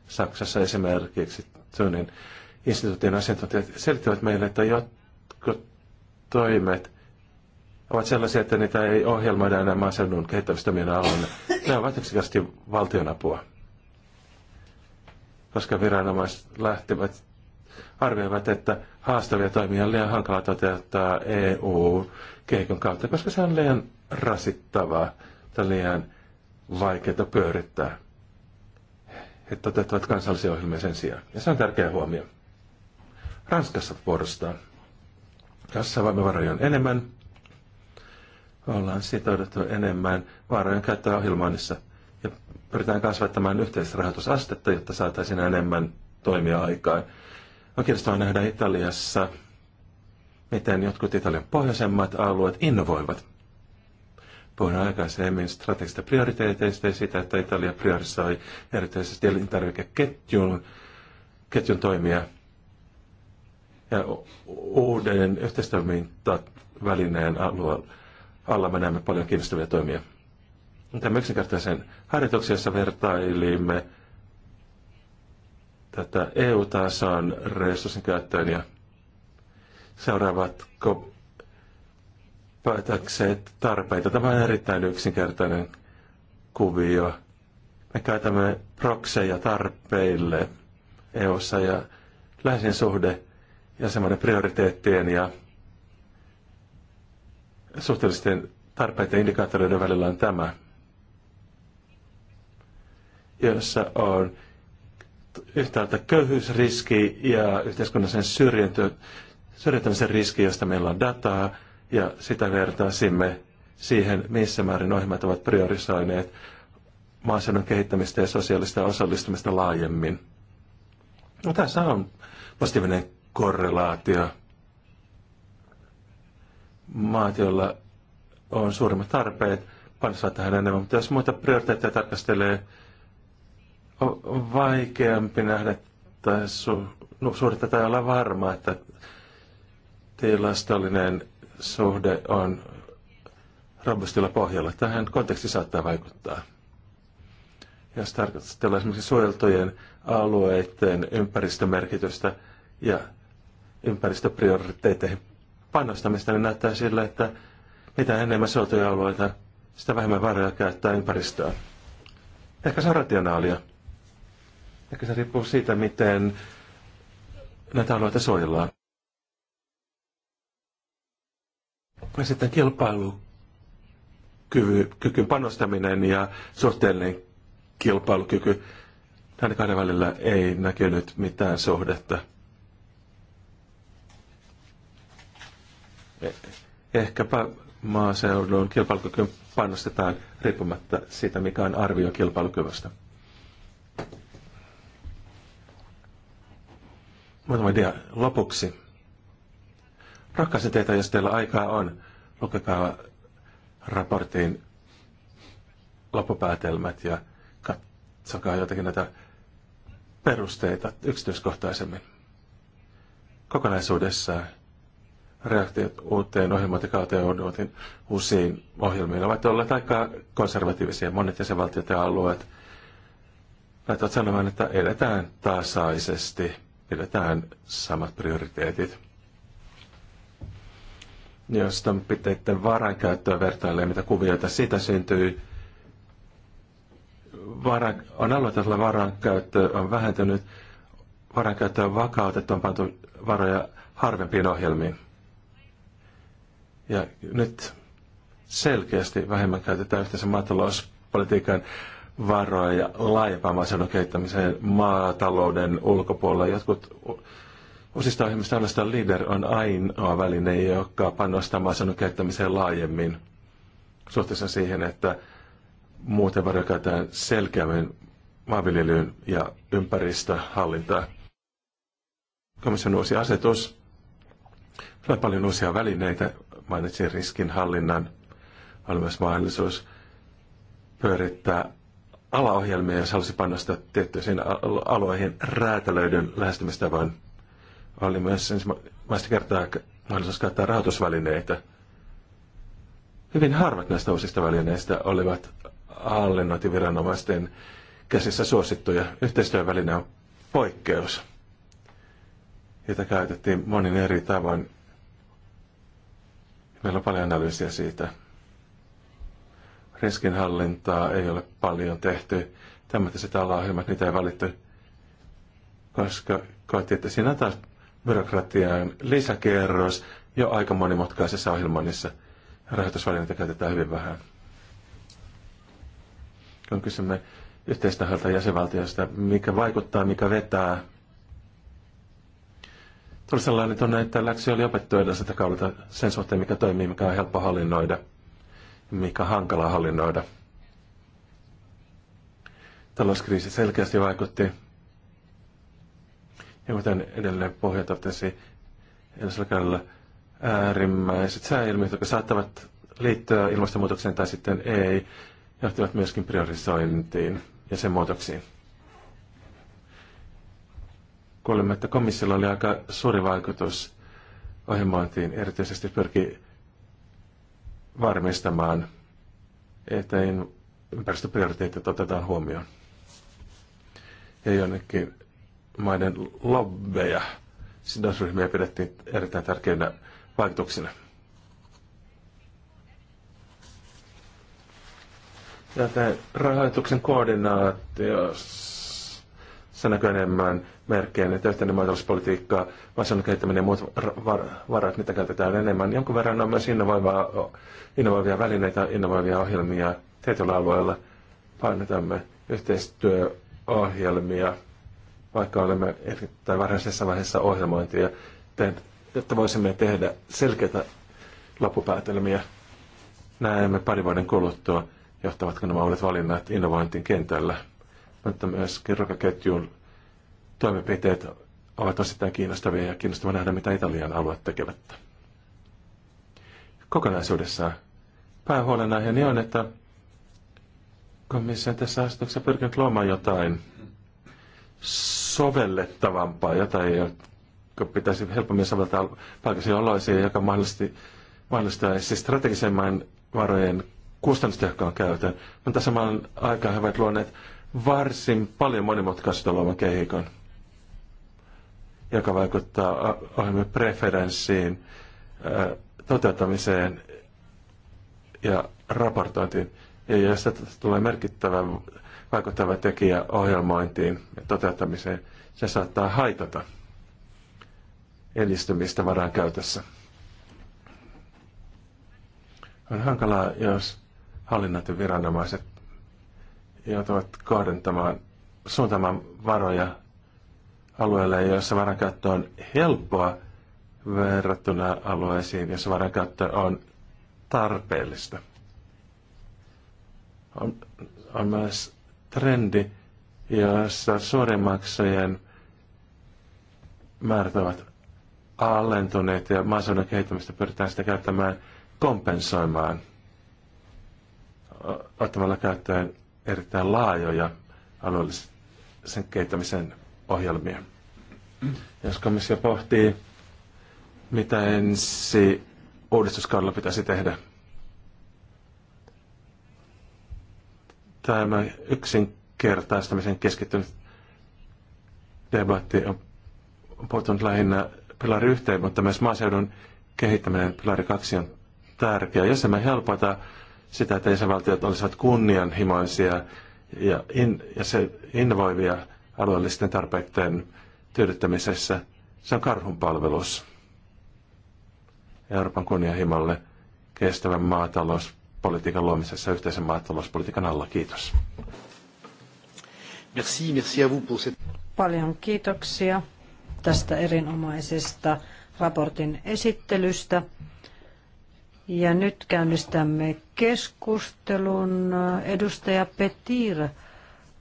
Saksassa esimerkiksi Tunin instituutin asiantuntijat selittävät meille, että jotkut toimet ovat sellaisia, että niitä ei ohjelmoida enää maaseudun kehittämistä alueella. Ne ovat yksinkertaisesti valtionapua koska viranomaiset lähtevät arvioivat, että haastavia toimia on liian hankala toteuttaa EU-kehikon kautta, koska se on liian rasittavaa tai liian vaikeaa pyörittää. He toteuttavat kansallisia ohjelmia sen sijaan. Ja se on tärkeä huomio. Ranskassa vuorostaan, jossa varoja on enemmän, ollaan sitouduttu enemmän varojen käyttöä ohjelmoinnissa pyritään kasvattamaan yhteisrahoitusastetta, jotta saataisiin enemmän toimia aikaan. Oikeastaan nähdään nähdä Italiassa, miten jotkut Italian pohjoisemmat alueet innovoivat. Puhun aikaisemmin strategisista prioriteeteista ja sitä, että Italia priorisoi erityisesti elintarvikeketjun ketjun toimia ja uuden yhteistoimintavälineen alueella alla me näemme paljon kiinnostavia toimia. Tämän yksinkertaisen harjoituksessa vertailimme tätä EU-tason resurssin käyttöön ja seuraavat päätökset tarpeita. Tämä on erittäin yksinkertainen kuvio. Me käytämme prokseja tarpeille EUssa ja läheisin suhde ja semmoinen prioriteettien ja suhteellisten tarpeiden indikaattoreiden välillä on tämä – jossa on yhtäältä köyhyysriski ja yhteiskunnallisen syrjäytymisen riski, josta meillä on dataa, ja sitä vertaisimme siihen, missä määrin ohjelmat ovat priorisoineet maaseudun kehittämistä ja sosiaalista osallistumista laajemmin. No, tässä on positiivinen korrelaatio. Maat, joilla on suurimmat tarpeet, panostaa tähän enemmän, mutta jos muita prioriteetteja tarkastelee, on vaikeampi nähdä tai su- no, suorittaa tai olla varma, että tilastollinen suhde on robustilla pohjalla. Tähän konteksti saattaa vaikuttaa. Jos tarkastellaan esimerkiksi suojeltujen alueiden ympäristömerkitystä ja ympäristöprioriteetteihin panostamista, niin näyttää sillä, että mitä enemmän suojeltuja alueita, sitä vähemmän varoja käyttää ympäristöä. Ehkä se on rationaalia. Ehkä se riippuu siitä, miten näitä alueita suojellaan. Ja sitten kyky panostaminen ja suhteellinen kilpailukyky. Näiden kahden välillä ei näkynyt mitään suhdetta. E- ehkäpä maaseudun kilpailukykyyn panostetaan riippumatta siitä, mikä on arvio kilpailukyvystä. Muutama idea lopuksi. Rakkaisin teitä, jos teillä aikaa on. Lukekaa raportin loppupäätelmät ja katsokaa jotakin näitä perusteita yksityiskohtaisemmin. Kokonaisuudessaan reaktiot uuteen ohjelmointikauteen odotin uusiin ohjelmiin ovat olleet aika konservatiivisia. Monet jäsenvaltiot ja alueet Laitat sanomaan, että eletään tasaisesti – pidetään samat prioriteetit. Jos toimenpiteiden varainkäyttöä vertailee, mitä kuvioita siitä syntyy, vara, on aloitella varankäyttö on vähentynyt, varankäyttö on vakautettu, on pantu varoja harvempiin ohjelmiin. Ja nyt selkeästi vähemmän käytetään yhteensä maatalouspolitiikan varoja laajempaan maaseudun kehittämiseen maatalouden ulkopuolella. Jotkut osista ohjelmista ainoastaan Leader on ainoa väline, joka panostaa maaseudun kehittämiseen laajemmin suhteessa siihen, että muuten varoja käytetään selkeämmin maanviljelyyn ja ympäristöhallintaan. Komission uusi asetus. Tulee paljon uusia välineitä. Mainitsin riskinhallinnan. On myös mahdollisuus pyörittää alaohjelmia, jos halusi panostaa tiettyihin alueihin räätälöidyn lähestymistavan. Oli myös ensimmäistä kertaa mahdollisuus käyttää rahoitusvälineitä. Hyvin harvat näistä uusista välineistä olivat hallinnointiviranomaisten käsissä suosittuja. Yhteistyöväline on poikkeus, jota käytettiin monin eri tavoin. Meillä on paljon analyysiä siitä riskinhallintaa ei ole paljon tehty. Tämmöiset alaohjelmat, niitä ei valittu, koska koettiin, että siinä on taas byrokratian lisäkerros jo aika monimutkaisessa ohjelmoinnissa. Rahoitusvalinnat käytetään hyvin vähän. Kun kysymme yhteistahoilta jäsenvaltiosta, mikä vaikuttaa, mikä vetää, tuli sellainen tunne, että läksy oli opettu sitä kaudelta sen suhteen, mikä toimii, mikä on helppo hallinnoida – mikä hankala hallinnoida. Talouskriisi selkeästi vaikutti. Ja kuten edelleen pohja totesi, ensimmäisellä äärimmäiset sääilmiöt, jotka saattavat liittyä ilmastonmuutokseen tai sitten ei, johtivat myöskin priorisointiin ja sen muutoksiin. Kuulimme, että komissiolla oli aika suuri vaikutus ohjelmointiin, erityisesti pyrkii varmistamaan, että ympäristöprioriteetit otetaan huomioon. Ja jonnekin maiden lobbeja, sidosryhmiä pidettiin erittäin tärkeinä vaikutuksina. Ja rahoituksen koordinaatiossa sanako enemmän merkkejä, että niin yhteinen niin maatalouspolitiikka, vaan kehittäminen ja muut varat, mitä käytetään enemmän. Jonkun verran on myös innovoivia, innovoivia välineitä, innovoivia ohjelmia Tietyllä alueella painetamme yhteistyöohjelmia, vaikka olemme erittäin varhaisessa vaiheessa ohjelmointia, jotta voisimme tehdä selkeitä loppupäätelmiä. Näemme pari vuoden kuluttua, johtavatko nämä uudet valinnat innovointin kentällä että myös ruokaketjun toimenpiteet ovat osittain kiinnostavia ja kiinnostava nähdä, mitä Italian alueet tekevät. Kokonaisuudessaan päähuolenaiheeni on, että komissio on tässä asetuksessa pyrkinyt luomaan jotain sovellettavampaa, jotain, joka pitäisi helpommin soveltaa paikallisiin oloisiin, joka mahdollisesti mahdollistaisi siis strategisemman varojen kustannustehokkaan käytön, mutta samaan aikaan he ovat luoneet varsin paljon monimutkaista luovan kehikon, joka vaikuttaa ohjelmien preferenssiin, toteuttamiseen ja raportointiin, ja jos tulee merkittävä vaikuttava tekijä ohjelmointiin ja toteuttamiseen, se saattaa haitata edistymistä varaan käytössä. On hankalaa, jos hallinnat ja viranomaiset joutuvat kohdentamaan, suuntamaan varoja alueelle, jossa varankäyttö on helppoa verrattuna alueisiin, jossa varankäyttö on tarpeellista. On, on myös trendi, jossa suorimaksojen määrät ovat alentuneet ja maaseudun kehittämistä pyritään sitä käyttämään kompensoimaan ottamalla käyttöön erittäin laajoja alueellisen kehittämisen ohjelmia. Jos komissio pohtii, mitä ensi uudistuskaudella pitäisi tehdä, tämä yksinkertaistamisen keskittynyt debatti on puhuttanut lähinnä pilari yhteen, mutta myös maaseudun kehittäminen pilari kaksi on tärkeä. Jos emme helpota sitä, että jäsenvaltiot olisivat kunnianhimoisia ja, in, ja se innovoivia alueellisten tarpeiden tyydyttämisessä. Se on karhun palvelus Euroopan kunnianhimolle kestävän maatalouspolitiikan luomisessa yhteisen maatalouspolitiikan alla. Kiitos. Merci, merci à vous pour cette... Paljon kiitoksia tästä erinomaisesta raportin esittelystä. Ja nyt käynnistämme keskustelun. Edustaja Petir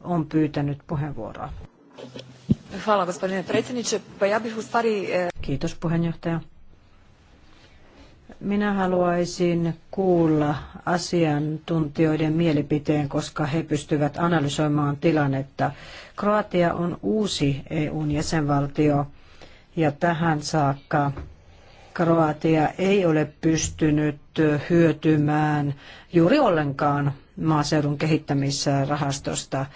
on pyytänyt puheenvuoroa. Hvala, gospodine predsjedniče. E, Kiitos, puheenjohtaja. Minä haluaisin kuulla asiantuntijoiden mielipiteen, koska he pystyvät analysoimaan tilannetta. Kroatia on uusi eu jäsenvaltio ja tähän saakka Kroatia ei ole pystynyt hyötymään juuri ollenkaan maaseudun kehittämisrahastosta.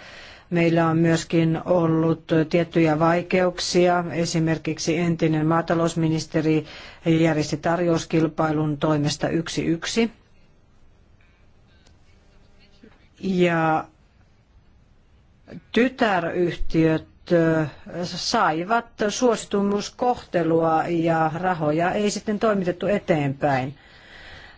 Meillä on myöskin ollut tiettyjä vaikeuksia. Esimerkiksi entinen maatalousministeri järjesti tarjouskilpailun toimesta yksi yksi Ja tytäryhtiöt saivat suositumuskohtelua ja rahoja ei sitten toimitettu eteenpäin.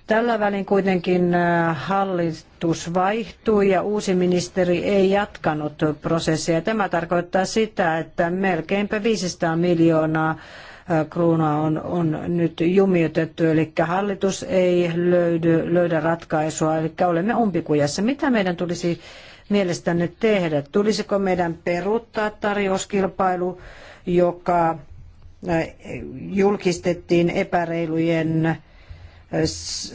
Tällä välin kuitenkin äh, hallitus vaihtui ja uusi ministeri ei jatkanut prosessia. Tämä tarkoittaa sitä, että melkeinpä 500 miljoonaa äh, kruunaa on, on nyt jumiutettu, eli hallitus ei löydy, löydä ratkaisua, eli olemme umpikujassa. Mitä meidän tulisi mielestänne tehdä? Tulisiko meidän peruuttaa tarjouskilpailu, joka äh, julkistettiin epäreilujen äh,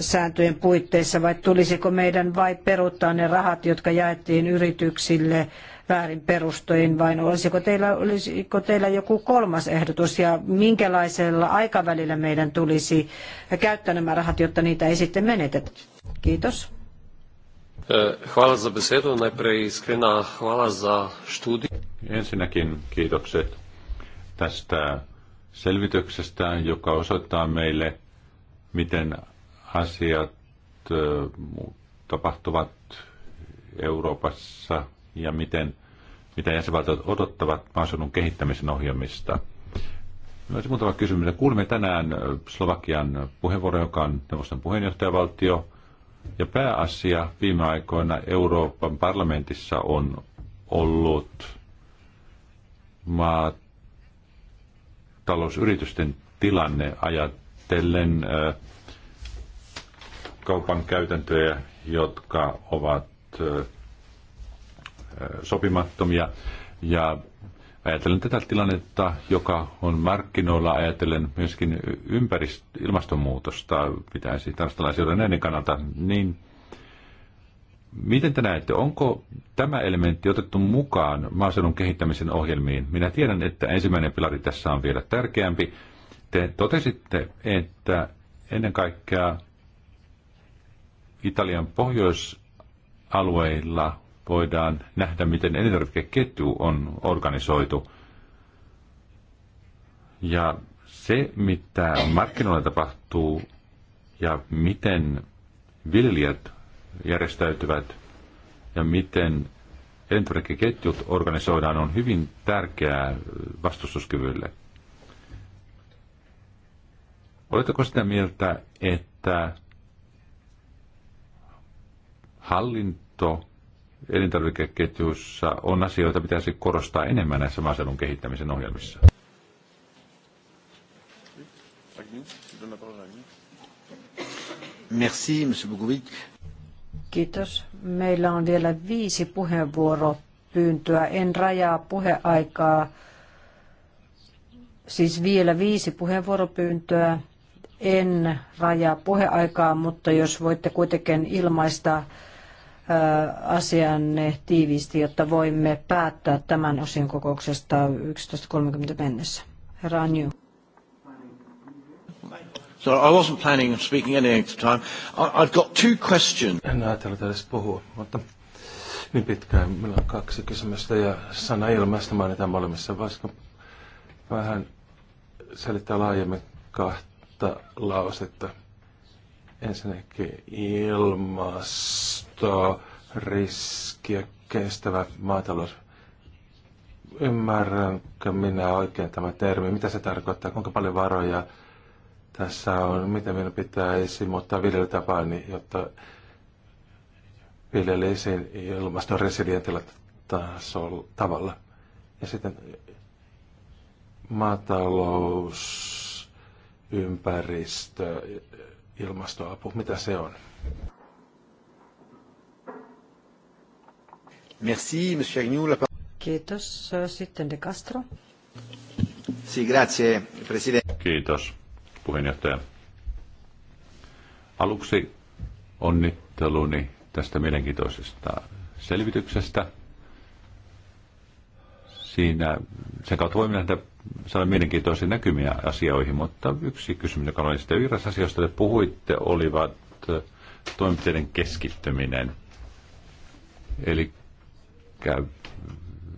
sääntöjen puitteissa vai tulisiko meidän vai peruuttaa ne rahat, jotka jaettiin yrityksille väärin perustoin vai olisiko teillä, olisiko teillä joku kolmas ehdotus ja minkälaisella aikavälillä meidän tulisi käyttää nämä rahat, jotta niitä ei sitten menetetä? Kiitos. E, hvala za besedo. Najprej iskrena hvala za študij. Ensinnäkin kiitokset tästä selvityksestä, joka osoittaa meille, miten asiat e, tapahtuvat Euroopassa ja miten, mitä jäsenvaltiot odottavat maaseudun kehittämisen ohjelmista. Olisi muutama kysymys. Kuulimme tänään Slovakian puheenvuoron, joka on neuvoston puheenjohtajavaltio. Ja pääasia viime aikoina Euroopan parlamentissa on ollut maatalousyritysten tilanne ajatellen kaupan käytäntöjä, jotka ovat sopimattomia ja Ajatellen tätä tilannetta, joka on markkinoilla, ajatellen myöskin ympärist- ilmastonmuutosta, pitäisi tarkastella asioita näiden niin kannalta, niin Miten te näette, onko tämä elementti otettu mukaan maaseudun kehittämisen ohjelmiin? Minä tiedän, että ensimmäinen pilari tässä on vielä tärkeämpi. Te totesitte, että ennen kaikkea Italian pohjoisalueilla voidaan nähdä, miten elintarvikeketju on organisoitu. Ja se, mitä markkinoilla tapahtuu ja miten viljelijät järjestäytyvät ja miten elintarvikeketjut organisoidaan, on hyvin tärkeää vastustuskyvylle. Oletteko sitä mieltä, että hallinto elintarvikeketjussa on asioita, pitäisi korostaa enemmän näissä maaseudun kehittämisen ohjelmissa? Merci, Monsieur Kiitos. Meillä on vielä viisi puheenvuoropyyntöä. En rajaa puheaikaa. Siis vielä viisi puheenvuoropyyntöä. En rajaa puheaikaa, mutta jos voitte kuitenkin ilmaista asianne tiiviisti, jotta voimme päättää tämän osion kokouksesta 11.30 mennessä. Herra Anju. So I wasn't planning on speaking any extra time. I've got two questions. En ajatellut edes puhua, mutta niin pitkään. Meillä on kaksi kysymystä ja sana ilmaista mainitaan molemmissa. Voisiko vähän selittää laajemmin kahta lausetta? Ensinnäkin ilmasto, riski ja kestävä maatalous. Ymmärränkö minä oikein tämä termi? Mitä se tarkoittaa? Kuinka paljon varoja tässä on? Mitä minun pitäisi muuttaa viljelytapaani, jotta viljelisin ilmastoresilientillä tasolla, tavalla? Ja sitten maatalous, ympäristö, ilmastoapu, mitä se on? Merci, monsieur Agnew. Kiitos. Sitten De Castro. Si, grazie, presidente. Kiitos, puheenjohtaja. Aluksi onnitteluni tästä mielenkiintoisesta selvityksestä. Siinä sen kautta voimme nähdä saada mielenkiintoisia näkymiä asioihin, mutta yksi kysymys, joka oli sitten yhdessä asioista, että puhuitte, olivat äh, toimenpiteiden keskittyminen. Eli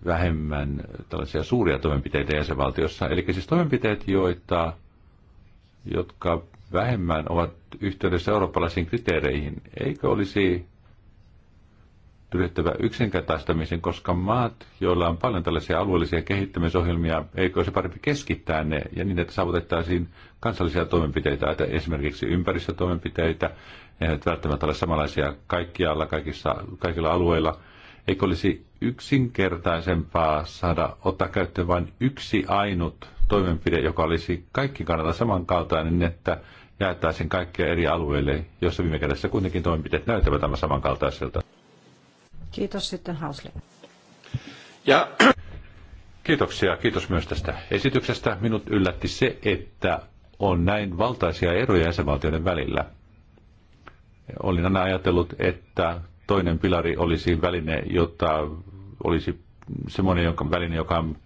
vähemmän tällaisia suuria toimenpiteitä jäsenvaltiossa. Eli siis toimenpiteet, joita, jotka vähemmän ovat yhteydessä eurooppalaisiin kriteereihin. Eikö olisi pyrittävä yksinkertaistamisen, koska maat, joilla on paljon tällaisia alueellisia kehittämisohjelmia, eikö se parempi keskittää ne ja niin, että saavutettaisiin kansallisia toimenpiteitä, että esimerkiksi ympäristötoimenpiteitä, ne nyt välttämättä ole samanlaisia kaikkialla, kaikissa, kaikilla alueilla. Eikö olisi yksinkertaisempaa saada ottaa käyttöön vain yksi ainut toimenpide, joka olisi kaikki kannalta samankaltainen, niin että jaettaisiin kaikkia eri alueille, joissa viime kädessä kuitenkin toimenpiteet näyttävät tämän samankaltaiselta. Kiitos sitten Hausle. Ja kiitoksia. Kiitos myös tästä esityksestä. Minut yllätti se, että on näin valtaisia eroja jäsenvaltioiden välillä. Olin aina ajatellut, että toinen pilari olisi väline, jota olisi semmoinen jonka väline, joka on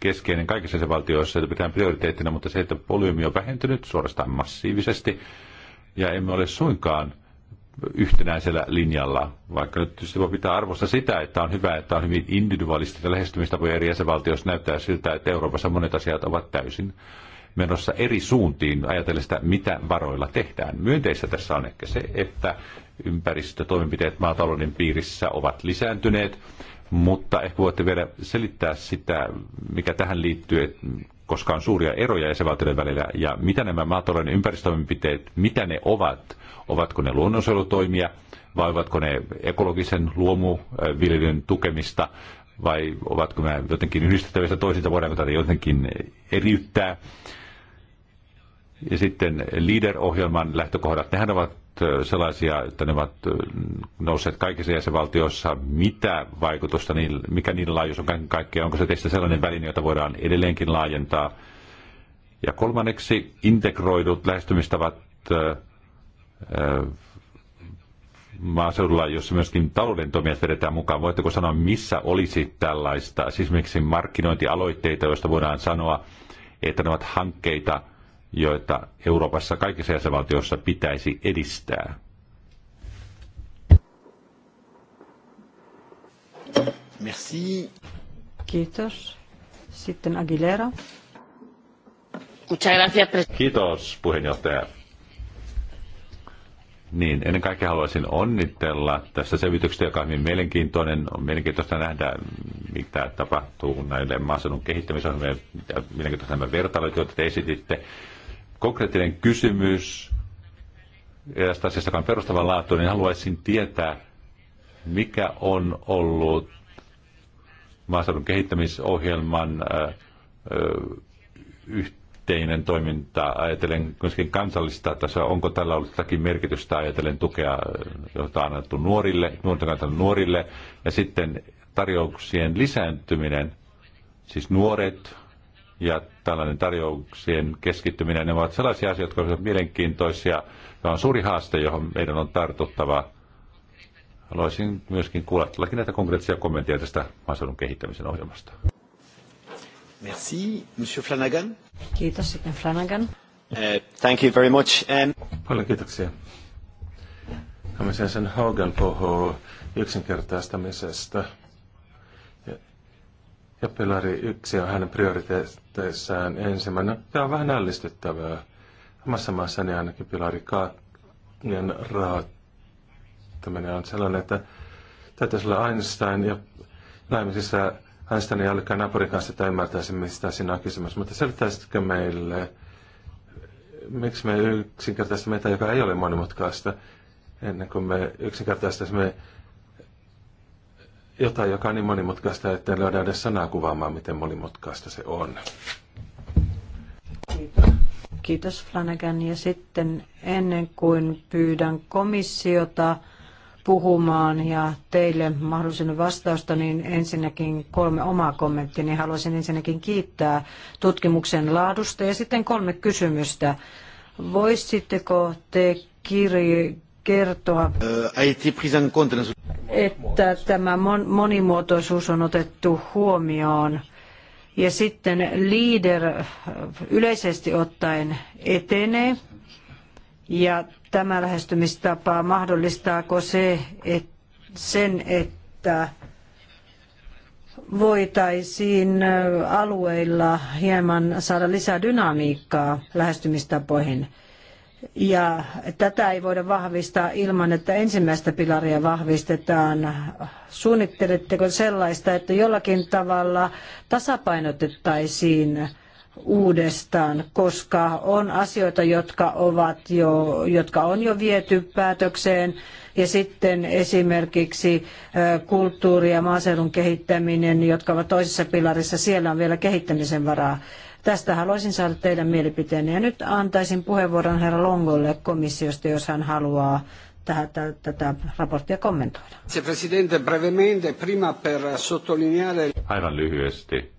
keskeinen kaikissa jäsenvaltioissa, jota pitää prioriteettina, mutta se, että volyymi on vähentynyt suorastaan massiivisesti, ja emme ole suinkaan yhtenäisellä linjalla, vaikka nyt tietysti voi pitää arvosta sitä, että on hyvä, että on hyvin individualistisia lähestymistapoja eri jäsenvaltioissa. Näyttää siltä, että Euroopassa monet asiat ovat täysin menossa eri suuntiin ajatellen sitä, mitä varoilla tehdään. Myönteistä tässä on ehkä se, että ympäristötoimenpiteet maatalouden piirissä ovat lisääntyneet, mutta ehkä voitte vielä selittää sitä, mikä tähän liittyy, että koska on suuria eroja jäsenvaltioiden välillä. Ja mitä nämä maatalouden ympäristötoimenpiteet, mitä ne ovat? Ovatko ne luonnonsuojelutoimia vai ovatko ne ekologisen luomuviljelyn tukemista vai ovatko ne jotenkin yhdistettävissä toisista voidaanko tätä jotenkin eriyttää? Ja sitten leader-ohjelman lähtökohdat, nehän ovat sellaisia, että ne ovat nousseet kaikissa jäsenvaltioissa. Mitä vaikutusta, niillä, mikä niiden laajuus on kaiken kaikkiaan? Onko se teistä sellainen väline, jota voidaan edelleenkin laajentaa? Ja kolmanneksi integroidut lähestymistavat maaseudulla, jossa myöskin talouden toimijat vedetään mukaan. Voitteko sanoa, missä olisi tällaista, siis miksi markkinointialoitteita, joista voidaan sanoa, että ne ovat hankkeita – joita Euroopassa kaikissa jäsenvaltioissa pitäisi edistää? Merci. Kiitos. Sitten Aguilera. Kiitos puheenjohtaja. Niin, ennen kaikkea haluaisin onnitella tässä selvityksestä, joka on hyvin mielenkiintoinen. On mielenkiintoista nähdä, mitä tapahtuu näille maaseudun kehittämisohjelmille ja mielenkiintoista nämä vertailut, joita te esititte konkreettinen kysymys eräästä asiasta, joka on perustavanlaatuinen, niin haluaisin tietää, mikä on ollut maaseudun kehittämisohjelman yhteinen toiminta ajatellen myöskin kansallista tasoa. Onko tällä ollut jotakin merkitystä ajatellen tukea, jota on annettu nuorille, nuorten nuorille, ja sitten tarjouksien lisääntyminen, siis nuoret, ja tällainen tarjouksien keskittyminen, ne ovat sellaisia asioita, jotka ovat mielenkiintoisia. Tämä on suuri haaste, johon meidän on tartuttava. Haluaisin myöskin kuulla tälläkin näitä konkreettisia kommentteja tästä maaseudun kehittämisen ohjelmasta. Merci, Monsieur Flanagan. Kiitos sitten Flanagan. Uh, thank you very much. Um... Paljon kiitoksia. Hamisen sen Hogan puhuu yksinkertaistamisesta. Ja pilari yksi on hänen prioriteetteissään ensimmäinen. Tämä on vähän ällistyttävää. Omassa maassani ainakin pilari kakkonen rahoittaminen on sellainen, että täytyisi olla Einstein ja naimisissa Einsteinin olekaan naapurin kanssa, että ymmärtäisi, mistä siinä on kysymys. Mutta selittäisitkö meille, miksi me yksinkertaisesti meitä, joka ei ole monimutkaista, ennen kuin me me jotain, joka on niin monimutkaista, että löydä edes sanaa kuvaamaan, miten monimutkaista se on. Kiitos. Kiitos Flanagan. Ja sitten ennen kuin pyydän komissiota puhumaan ja teille mahdollisen vastausta, niin ensinnäkin kolme omaa kommenttia. Niin haluaisin ensinnäkin kiittää tutkimuksen laadusta ja sitten kolme kysymystä. Voisitteko te kirj- kertoa, eh, että tämä monimuotoisuus on otettu huomioon. Ja sitten leader eh, yleisesti ottaen etenee. Ja tämä lähestymistapa mahdollistaako se et, sen, että voitaisiin eh, alueilla hieman saada lisää dynamiikkaa lähestymistapoihin. Ja tätä ei voida vahvistaa ilman, että ensimmäistä pilaria vahvistetaan. Suunnitteletteko sellaista, että jollakin tavalla tasapainotettaisiin uudestaan, koska on asioita, jotka, ovat jo, jotka on jo viety päätökseen, ja sitten esimerkiksi kulttuuri ja maaseudun kehittäminen, jotka ovat toisessa pilarissa, siellä on vielä kehittämisen varaa. Tästä haluaisin saada teidän mielipiteenne. Ja nyt antaisin puheenvuoron herra Longolle komissiosta, jos hän haluaa tätä, tätä raporttia kommentoida. Presidente, brevemente, prima per sottolineare... Aivan lyhyesti.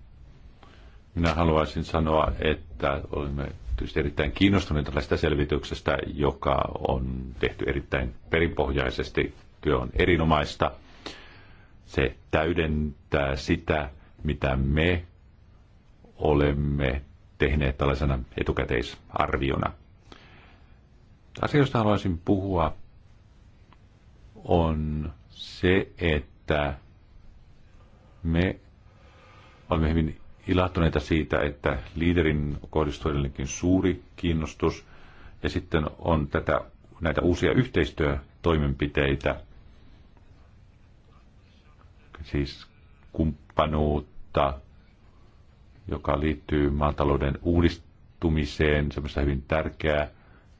Minä haluaisin sanoa, että olemme tietysti erittäin kiinnostuneita tästä selvityksestä, joka on tehty erittäin perinpohjaisesti. Työ on erinomaista. Se täydentää sitä, mitä me olemme tehneet tällaisena etukäteisarviona. Asia, josta haluaisin puhua, on se, että me olemme hyvin ilahtuneita siitä, että liiderin kohdistuu edelleenkin suuri kiinnostus, ja sitten on tätä, näitä uusia yhteistyötoimenpiteitä, siis kumppanuutta, joka liittyy maatalouden uudistumiseen, semmoista hyvin tärkeää.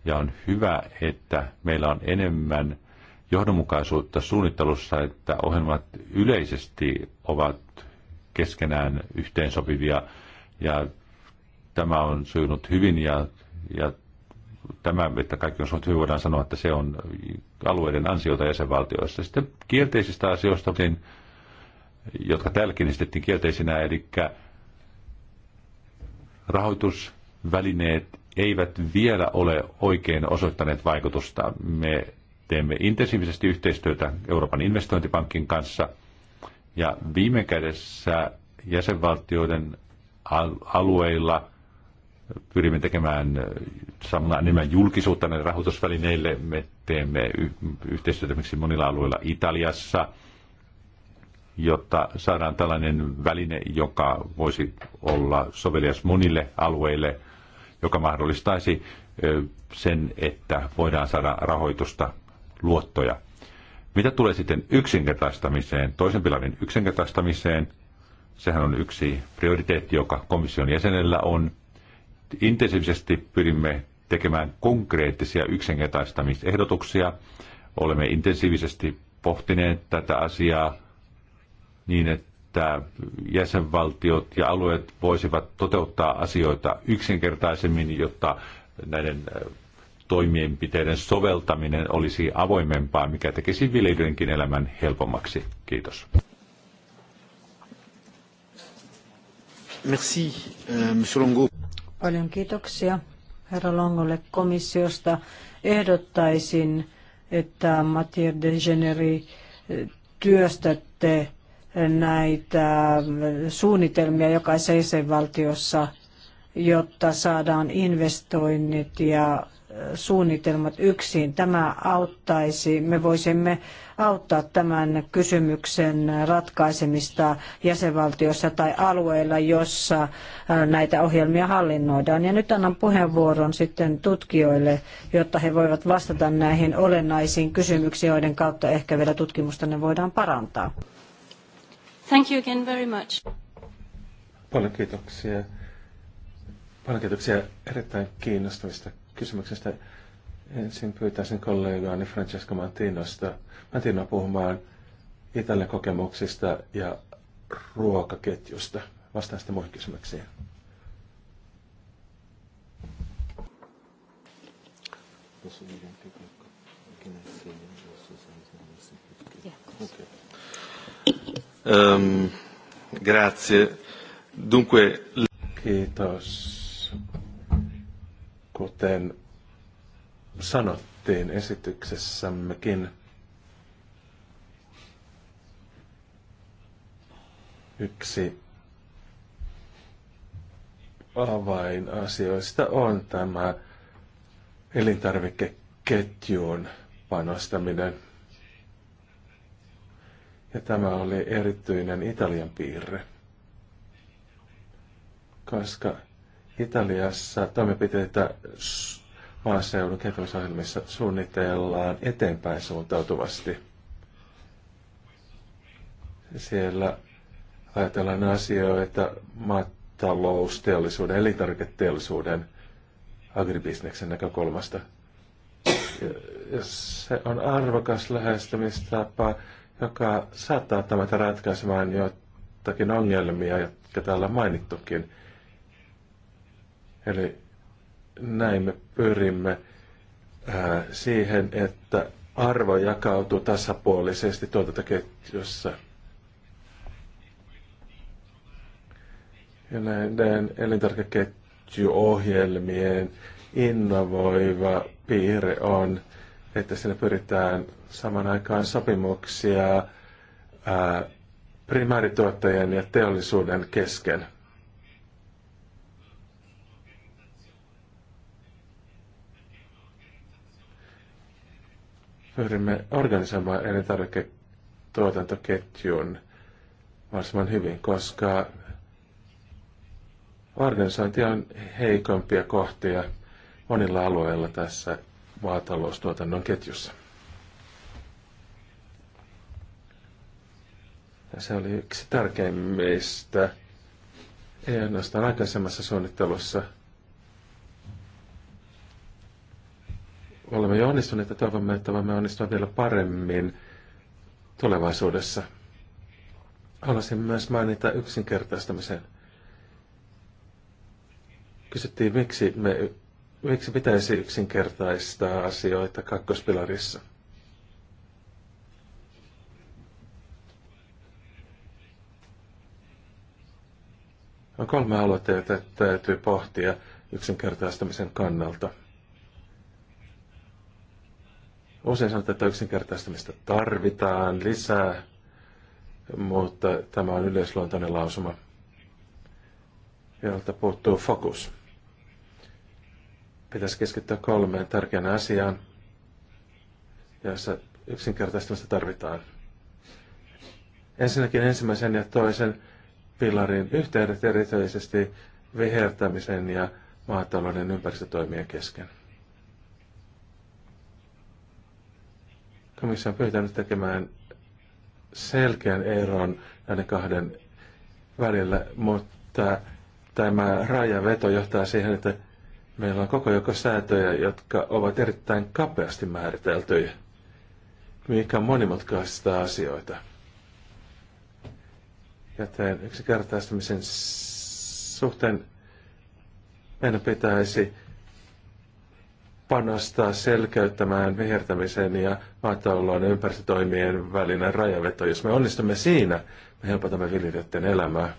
Ja on hyvä, että meillä on enemmän johdonmukaisuutta suunnittelussa, että ohjelmat yleisesti ovat keskenään yhteensopivia ja tämä on sujunut hyvin ja, ja tämä, että kaikki on sujunut hyvin, voidaan sanoa, että se on alueiden ansiota jäsenvaltioissa. Sitten kielteisistä asioista, jotka tälläkin esitettiin kielteisinä, eli rahoitusvälineet eivät vielä ole oikein osoittaneet vaikutusta. Me teemme intensiivisesti yhteistyötä Euroopan investointipankin kanssa ja viime kädessä jäsenvaltioiden alueilla – pyrimme tekemään samalla enemmän julkisuutta näille rahoitusvälineille. Me teemme yhteistyötä esimerkiksi monilla alueilla Italiassa, jotta saadaan tällainen väline, joka voisi olla sovelias monille alueille, joka mahdollistaisi sen, että voidaan saada rahoitusta luottoja. Mitä tulee sitten yksinkertaistamiseen, toisen pilarin yksinkertaistamiseen, sehän on yksi prioriteetti, joka komission jäsenellä on. Intensiivisesti pyrimme tekemään konkreettisia yksinkertaistamisehdotuksia. Olemme intensiivisesti pohtineet tätä asiaa niin, että jäsenvaltiot ja alueet voisivat toteuttaa asioita yksinkertaisemmin, jotta näiden äh, toimienpiteiden soveltaminen olisi avoimempaa, mikä tekisi viljelijöidenkin elämän helpommaksi. Kiitos. Merci, euh, monsieur Longo. Paljon kiitoksia herra Longolle komissiosta. Ehdottaisin, että Mathieu de Generi äh, työstätte näitä suunnitelmia jokaisessa jäsenvaltiossa, jotta saadaan investoinnit ja suunnitelmat yksin. Tämä auttaisi, me voisimme auttaa tämän kysymyksen ratkaisemista jäsenvaltiossa tai alueilla, jossa näitä ohjelmia hallinnoidaan. Ja nyt annan puheenvuoron sitten tutkijoille, jotta he voivat vastata näihin olennaisiin kysymyksiin, joiden kautta ehkä vielä tutkimusta ne voidaan parantaa. Thank you again very much. Paljon kiitoksia. Paljon kiitoksia erittäin kiinnostavista kysymyksistä. Ensin pyytäisin kollegaani Francesca Mantinosta, Mantino puhumaan Italian kokemuksista ja ruokaketjusta. Vastaan sitten muihin kysymyksiin. Okay. Um, grazie. Dunque... Kiitos. Kuten sanottiin esityksessämmekin, yksi avainasioista on tämä elintarvikeketjuun panostaminen. Ja tämä oli erityinen Italian piirre, koska Italiassa toimenpiteitä maaseudun kehitysohjelmissa suunnitellaan eteenpäin suuntautuvasti. Siellä ajatellaan asioita maatalousteollisuuden, elintarviketeollisuuden, agribisneksen näkökulmasta. Ja se on arvokas lähestymistapa joka saattaa auttaa meitä ratkaisemaan joitakin ongelmia, jotka täällä on mainittukin. Eli näin me pyrimme ää, siihen, että arvo jakautuu tasapuolisesti tuotantoketjussa. Ja näiden elintarkeketjuohjelmien innovoiva piirre on, että siinä pyritään saman aikaan sopimuksia ää, primäärituottajien ja teollisuuden kesken. Pyrimme organisoimaan elintarviketuotantoketjun mahdollisimman hyvin, koska organisointi on heikompia kohtia monilla alueilla tässä maataloustuotannon ketjussa. Ja se oli yksi tärkeimmistä, ei ainoastaan aikaisemmassa suunnittelussa. Olemme jo onnistuneet ja toivomme, että voimme onnistua vielä paremmin tulevaisuudessa. Haluaisin myös mainita yksinkertaistamisen. Kysyttiin, miksi me Miksi pitäisi yksinkertaistaa asioita kakkospilarissa? On kolme aloitetta, joita täytyy pohtia yksinkertaistamisen kannalta. Usein sanotaan, että yksinkertaistamista tarvitaan lisää, mutta tämä on yleisluontoinen lausuma, jolta puuttuu fokus pitäisi keskittyä kolmeen tärkeään asiaan, joissa yksinkertaistamista tarvitaan. Ensinnäkin ensimmäisen ja toisen pilarin yhteydet erityisesti vihertämisen ja maatalouden ympäristötoimien kesken. Komissio on pyytänyt tekemään selkeän eron näiden kahden välillä, mutta tämä rajaveto johtaa siihen, että Meillä on koko joko sääntöjä, jotka ovat erittäin kapeasti määriteltyjä, mikä monimutkaista asioita. Joten yksinkertaistamisen suhteen meidän pitäisi panostaa selkeyttämään vihertämisen ja maatalouden ympäristötoimien välinen rajaveto. Jos me onnistumme siinä, me helpotamme viljelijöiden elämää.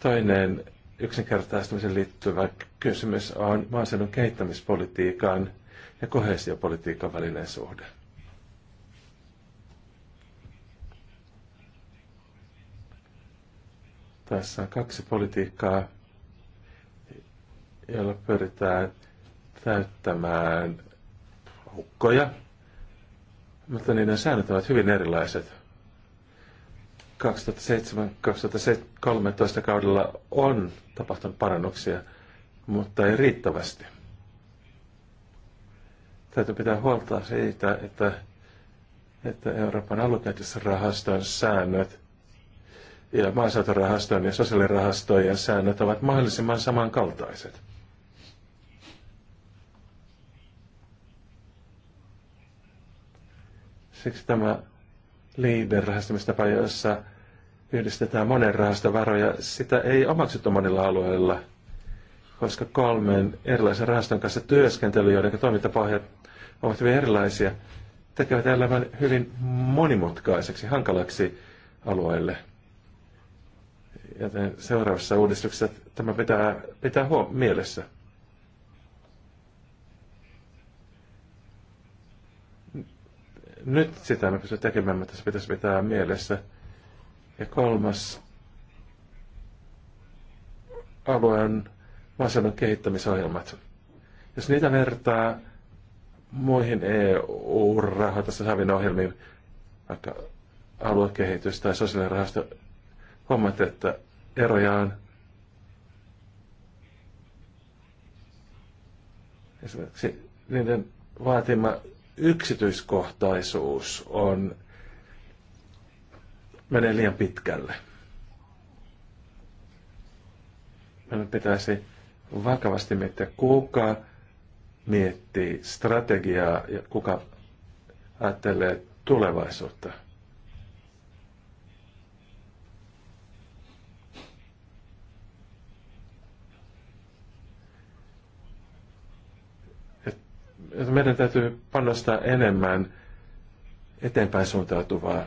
Toinen yksinkertaistamisen liittyvä kysymys on maaseudun kehittämispolitiikan ja kohesiopolitiikan välinen suhde. Tässä on kaksi politiikkaa, joilla pyritään täyttämään aukkoja, mutta niiden säännöt ovat hyvin erilaiset. 2007-2013 kaudella on tapahtunut parannuksia, mutta ei riittävästi. Täytyy pitää huolta siitä, että, että Euroopan rahaston säännöt ja maaseuturahastojen ja sosiaalirahastojen säännöt ovat mahdollisimman samankaltaiset. Siksi tämä liiden rahastamistapa jossa yhdistetään monen rahasta varoja, sitä ei omaksuttu monilla alueilla, koska kolmen erilaisen rahaston kanssa työskentely, joiden toimintapohjat ovat hyvin erilaisia, tekevät elämän hyvin monimutkaiseksi, hankalaksi alueille. Joten seuraavassa uudistuksessa tämä pitää pitää huom- mielessä. Nyt sitä me pystymme tekemään, mutta se pitäisi pitää mielessä – ja kolmas alue on maaseudun kehittämisohjelmat. Jos niitä vertaa muihin EU-rahoitusta saavin ohjelmiin, vaikka aluekehitys tai rahasto, huomaatte, että eroja on esimerkiksi niiden vaatima yksityiskohtaisuus on menee liian pitkälle. Meidän pitäisi vakavasti miettiä, kuka miettii strategiaa ja kuka ajattelee tulevaisuutta. meidän täytyy panostaa enemmän eteenpäin suuntautuvaa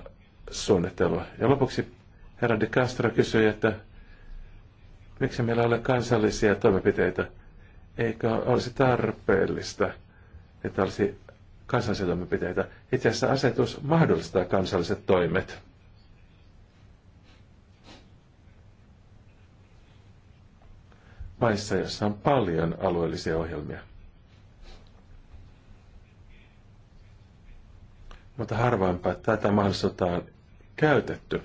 suunnittelua. Ja lopuksi herra de Castro kysyi, että miksi meillä ei ole kansallisia toimenpiteitä, eikä olisi tarpeellista, että olisi kansallisia toimenpiteitä. Itse asiassa asetus mahdollistaa kansalliset toimet. maissa, joissa on paljon alueellisia ohjelmia. Mutta harvaanpa tätä on käytetty.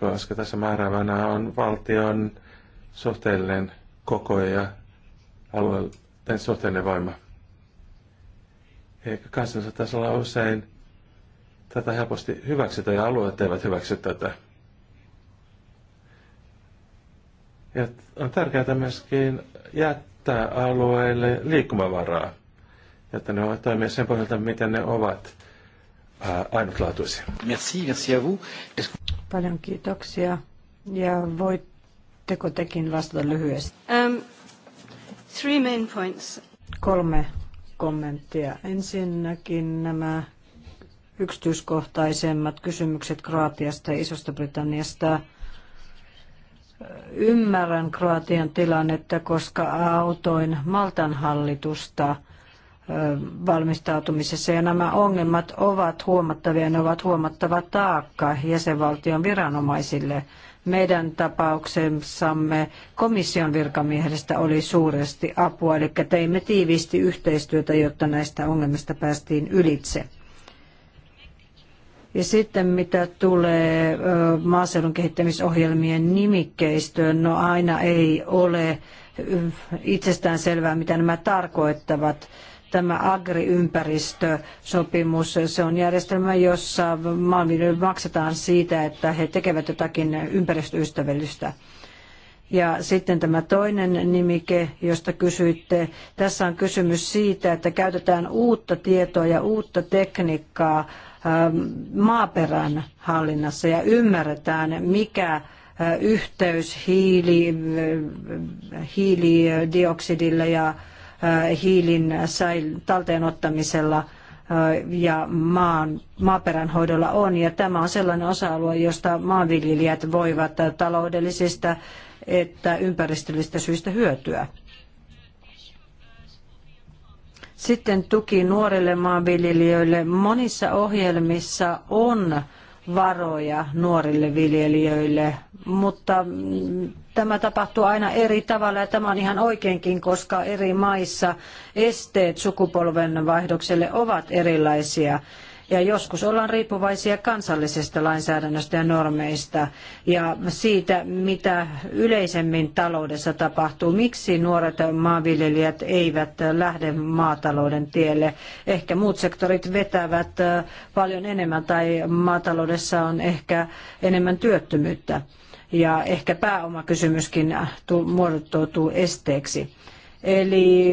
Koska tässä määräävänä on valtion suhteellinen koko ja alueen suhteellinen voima. Eikä kansallisella tasolla usein tätä helposti hyväksytä ja alueet eivät hyväksy tätä. Ja on tärkeää myöskin jättää alueelle liikkumavaraa että ne ovat toimia sen pohjalta, miten ne ovat ainutlaatuisia. Merci, merci à vous. Paljon kiitoksia. Ja voitteko tekin vastata lyhyesti? Um, three main points. Kolme kommenttia. Ensinnäkin nämä yksityiskohtaisemmat kysymykset Kroatiasta ja Isosta Britanniasta. Ymmärrän Kroatian tilannetta, koska autoin Maltan hallitusta – valmistautumisessa ja nämä ongelmat ovat huomattavia, ne ovat huomattava taakka jäsenvaltion viranomaisille. Meidän tapauksessamme komission virkamiehestä oli suuresti apua, eli teimme tiiviisti yhteistyötä, jotta näistä ongelmista päästiin ylitse. Ja sitten mitä tulee maaseudun kehittämisohjelmien nimikkeistöön, no aina ei ole itsestään selvää, mitä nämä tarkoittavat tämä agriympäristösopimus. Se on järjestelmä, jossa maanviljelijöille maksetaan siitä, että he tekevät jotakin ympäristöystävällistä. Ja sitten tämä toinen nimike, josta kysyitte. Tässä on kysymys siitä, että käytetään uutta tietoa ja uutta tekniikkaa ähm, maaperän hallinnassa ja ymmärretään, mikä äh, yhteys hiili, äh, hiilidioksidilla ja Äh, hiilin talteenottamisella äh, ja maan, maaperän hoidolla on. Ja tämä on sellainen osa-alue, josta maanviljelijät voivat äh, taloudellisista että ympäristöllisistä syistä hyötyä. Sitten tuki nuorille maanviljelijöille. Monissa ohjelmissa on varoja nuorille viljelijöille, mutta Tämä tapahtuu aina eri tavalla ja tämä on ihan oikeinkin, koska eri maissa esteet sukupolven vaihdokselle ovat erilaisia ja joskus ollaan riippuvaisia kansallisesta lainsäädännöstä ja normeista ja siitä, mitä yleisemmin taloudessa tapahtuu. Miksi nuoret maanviljelijät eivät lähde maatalouden tielle? Ehkä muut sektorit vetävät äh, paljon enemmän tai maataloudessa on ehkä enemmän työttömyyttä ja ehkä pääomakysymyskin muodottuu esteeksi. Eli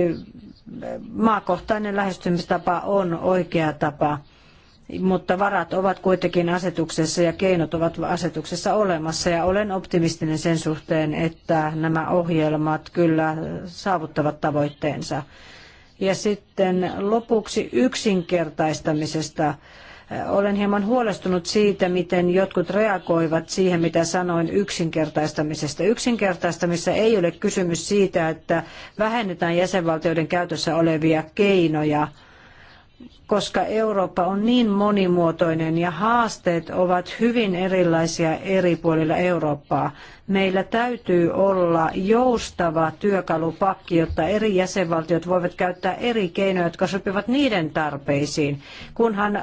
maakohtainen lähestymistapa on oikea tapa, mutta varat ovat kuitenkin asetuksessa ja keinot ovat asetuksessa olemassa ja olen optimistinen sen suhteen, että nämä ohjelmat kyllä saavuttavat tavoitteensa. Ja sitten lopuksi yksinkertaistamisesta olen hieman huolestunut siitä, miten jotkut reagoivat siihen, mitä sanoin yksinkertaistamisesta. Yksinkertaistamissa ei ole kysymys siitä, että vähennetään jäsenvaltioiden käytössä olevia keinoja – koska Eurooppa on niin monimuotoinen ja haasteet ovat hyvin erilaisia eri puolilla Eurooppaa. Meillä täytyy olla joustava työkalupakki, jotta eri jäsenvaltiot voivat käyttää eri keinoja, jotka sopivat niiden tarpeisiin, kunhan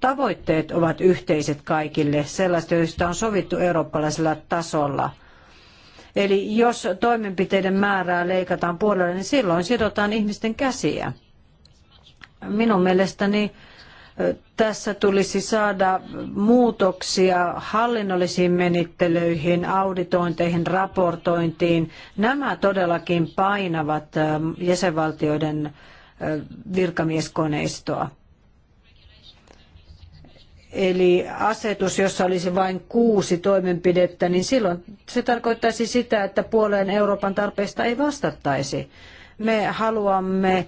tavoitteet ovat yhteiset kaikille, sellaista, joista on sovittu eurooppalaisella tasolla. Eli jos toimenpiteiden määrää leikataan puolella, niin silloin sidotaan ihmisten käsiä minun mielestäni tässä tulisi saada muutoksia hallinnollisiin menettelyihin, auditointeihin, raportointiin. Nämä todellakin painavat jäsenvaltioiden virkamieskoneistoa. Eli asetus, jossa olisi vain kuusi toimenpidettä, niin silloin se tarkoittaisi sitä, että puoleen Euroopan tarpeista ei vastattaisi. Me haluamme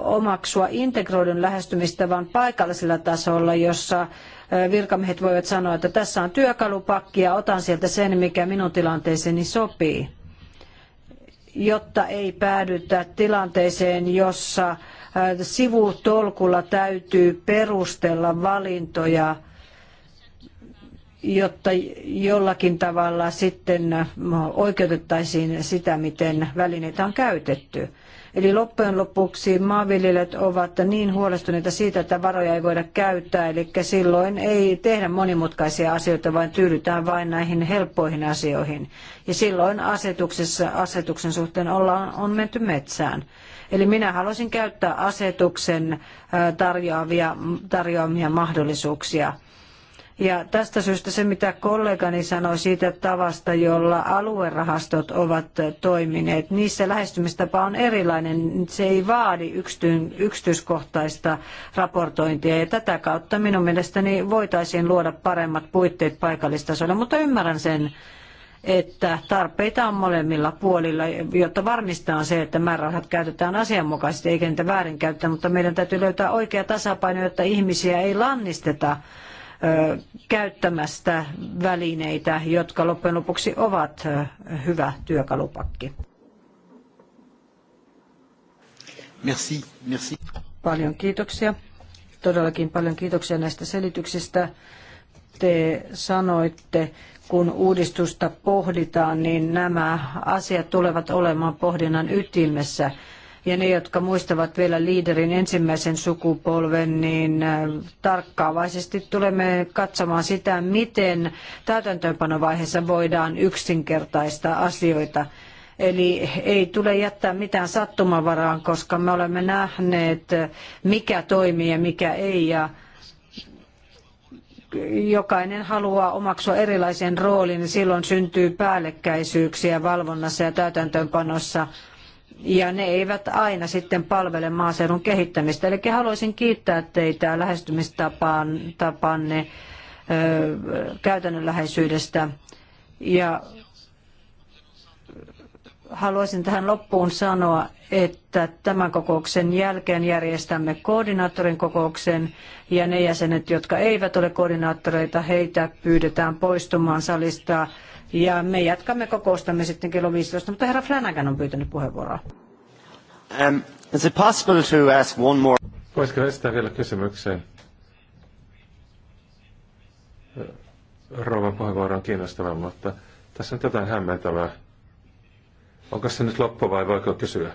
omaksua integroidun lähestymistavan paikallisella tasolla, jossa virkamiehet voivat sanoa, että tässä on työkalupakki ja otan sieltä sen, mikä minun tilanteeseeni sopii, jotta ei päädytä tilanteeseen, jossa sivutolkulla täytyy perustella valintoja, jotta jollakin tavalla sitten oikeutettaisiin sitä, miten välineitä on käytetty. Eli loppujen lopuksi maanviljelijät ovat niin huolestuneita siitä, että varoja ei voida käyttää, eli silloin ei tehdä monimutkaisia asioita, vaan tyydytään vain näihin helppoihin asioihin. Ja silloin asetuksessa, asetuksen suhteen ollaan, on menty metsään. Eli minä haluaisin käyttää asetuksen tarjoavia, tarjoamia mahdollisuuksia – ja tästä syystä se, mitä kollegani sanoi siitä tavasta, jolla aluerahastot ovat toimineet, niissä lähestymistapa on erilainen. Se ei vaadi yksityiskohtaista raportointia ja tätä kautta minun mielestäni voitaisiin luoda paremmat puitteet paikallistasolle, mutta ymmärrän sen että tarpeita on molemmilla puolilla, jotta varmistetaan se, että määrärahat käytetään asianmukaisesti eikä niitä väärinkäyttää, mutta meidän täytyy löytää oikea tasapaino, jotta ihmisiä ei lannisteta käyttämästä välineitä, jotka loppujen lopuksi ovat hyvä työkalupakki. Merci, merci. Paljon kiitoksia. Todellakin paljon kiitoksia näistä selityksistä. Te sanoitte, kun uudistusta pohditaan, niin nämä asiat tulevat olemaan pohdinnan ytimessä. Ja ne, jotka muistavat vielä liiderin ensimmäisen sukupolven, niin äh, tarkkaavaisesti tulemme katsomaan sitä, miten täytäntöönpanovaiheessa voidaan yksinkertaistaa asioita. Eli ei tule jättää mitään sattumavaraan, koska me olemme nähneet, mikä toimii ja mikä ei. Ja jokainen haluaa omaksua erilaisen roolin, niin silloin syntyy päällekkäisyyksiä valvonnassa ja täytäntöönpanossa ja ne eivät aina sitten palvele maaseudun kehittämistä. Eli haluaisin kiittää teitä lähestymistapanne käytännönläheisyydestä ja haluaisin tähän loppuun sanoa, että tämän kokouksen jälkeen järjestämme koordinaattorin kokouksen ja ne jäsenet, jotka eivät ole koordinaattoreita, heitä pyydetään poistumaan salista ja me jatkamme kokoustamme sitten kello 15, mutta herra Flanagan on pyytänyt puheenvuoroa. Um, is it possible to ask one more? Voisiko esittää vielä kysymykseen Rouvan puheenvuoro on kiinnostava, mutta tässä on jotain hämmentävää. Onko se nyt loppu vai voiko kysyä?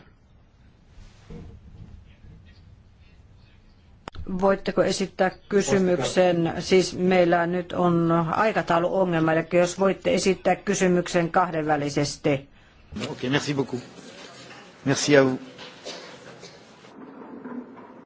Voitteko esittää kysymyksen, siis meillä nyt on aikatauluongelma, eli jos voitte esittää kysymyksen kahdenvälisesti. Okei, no, okay, merci beaucoup. Merci à vous.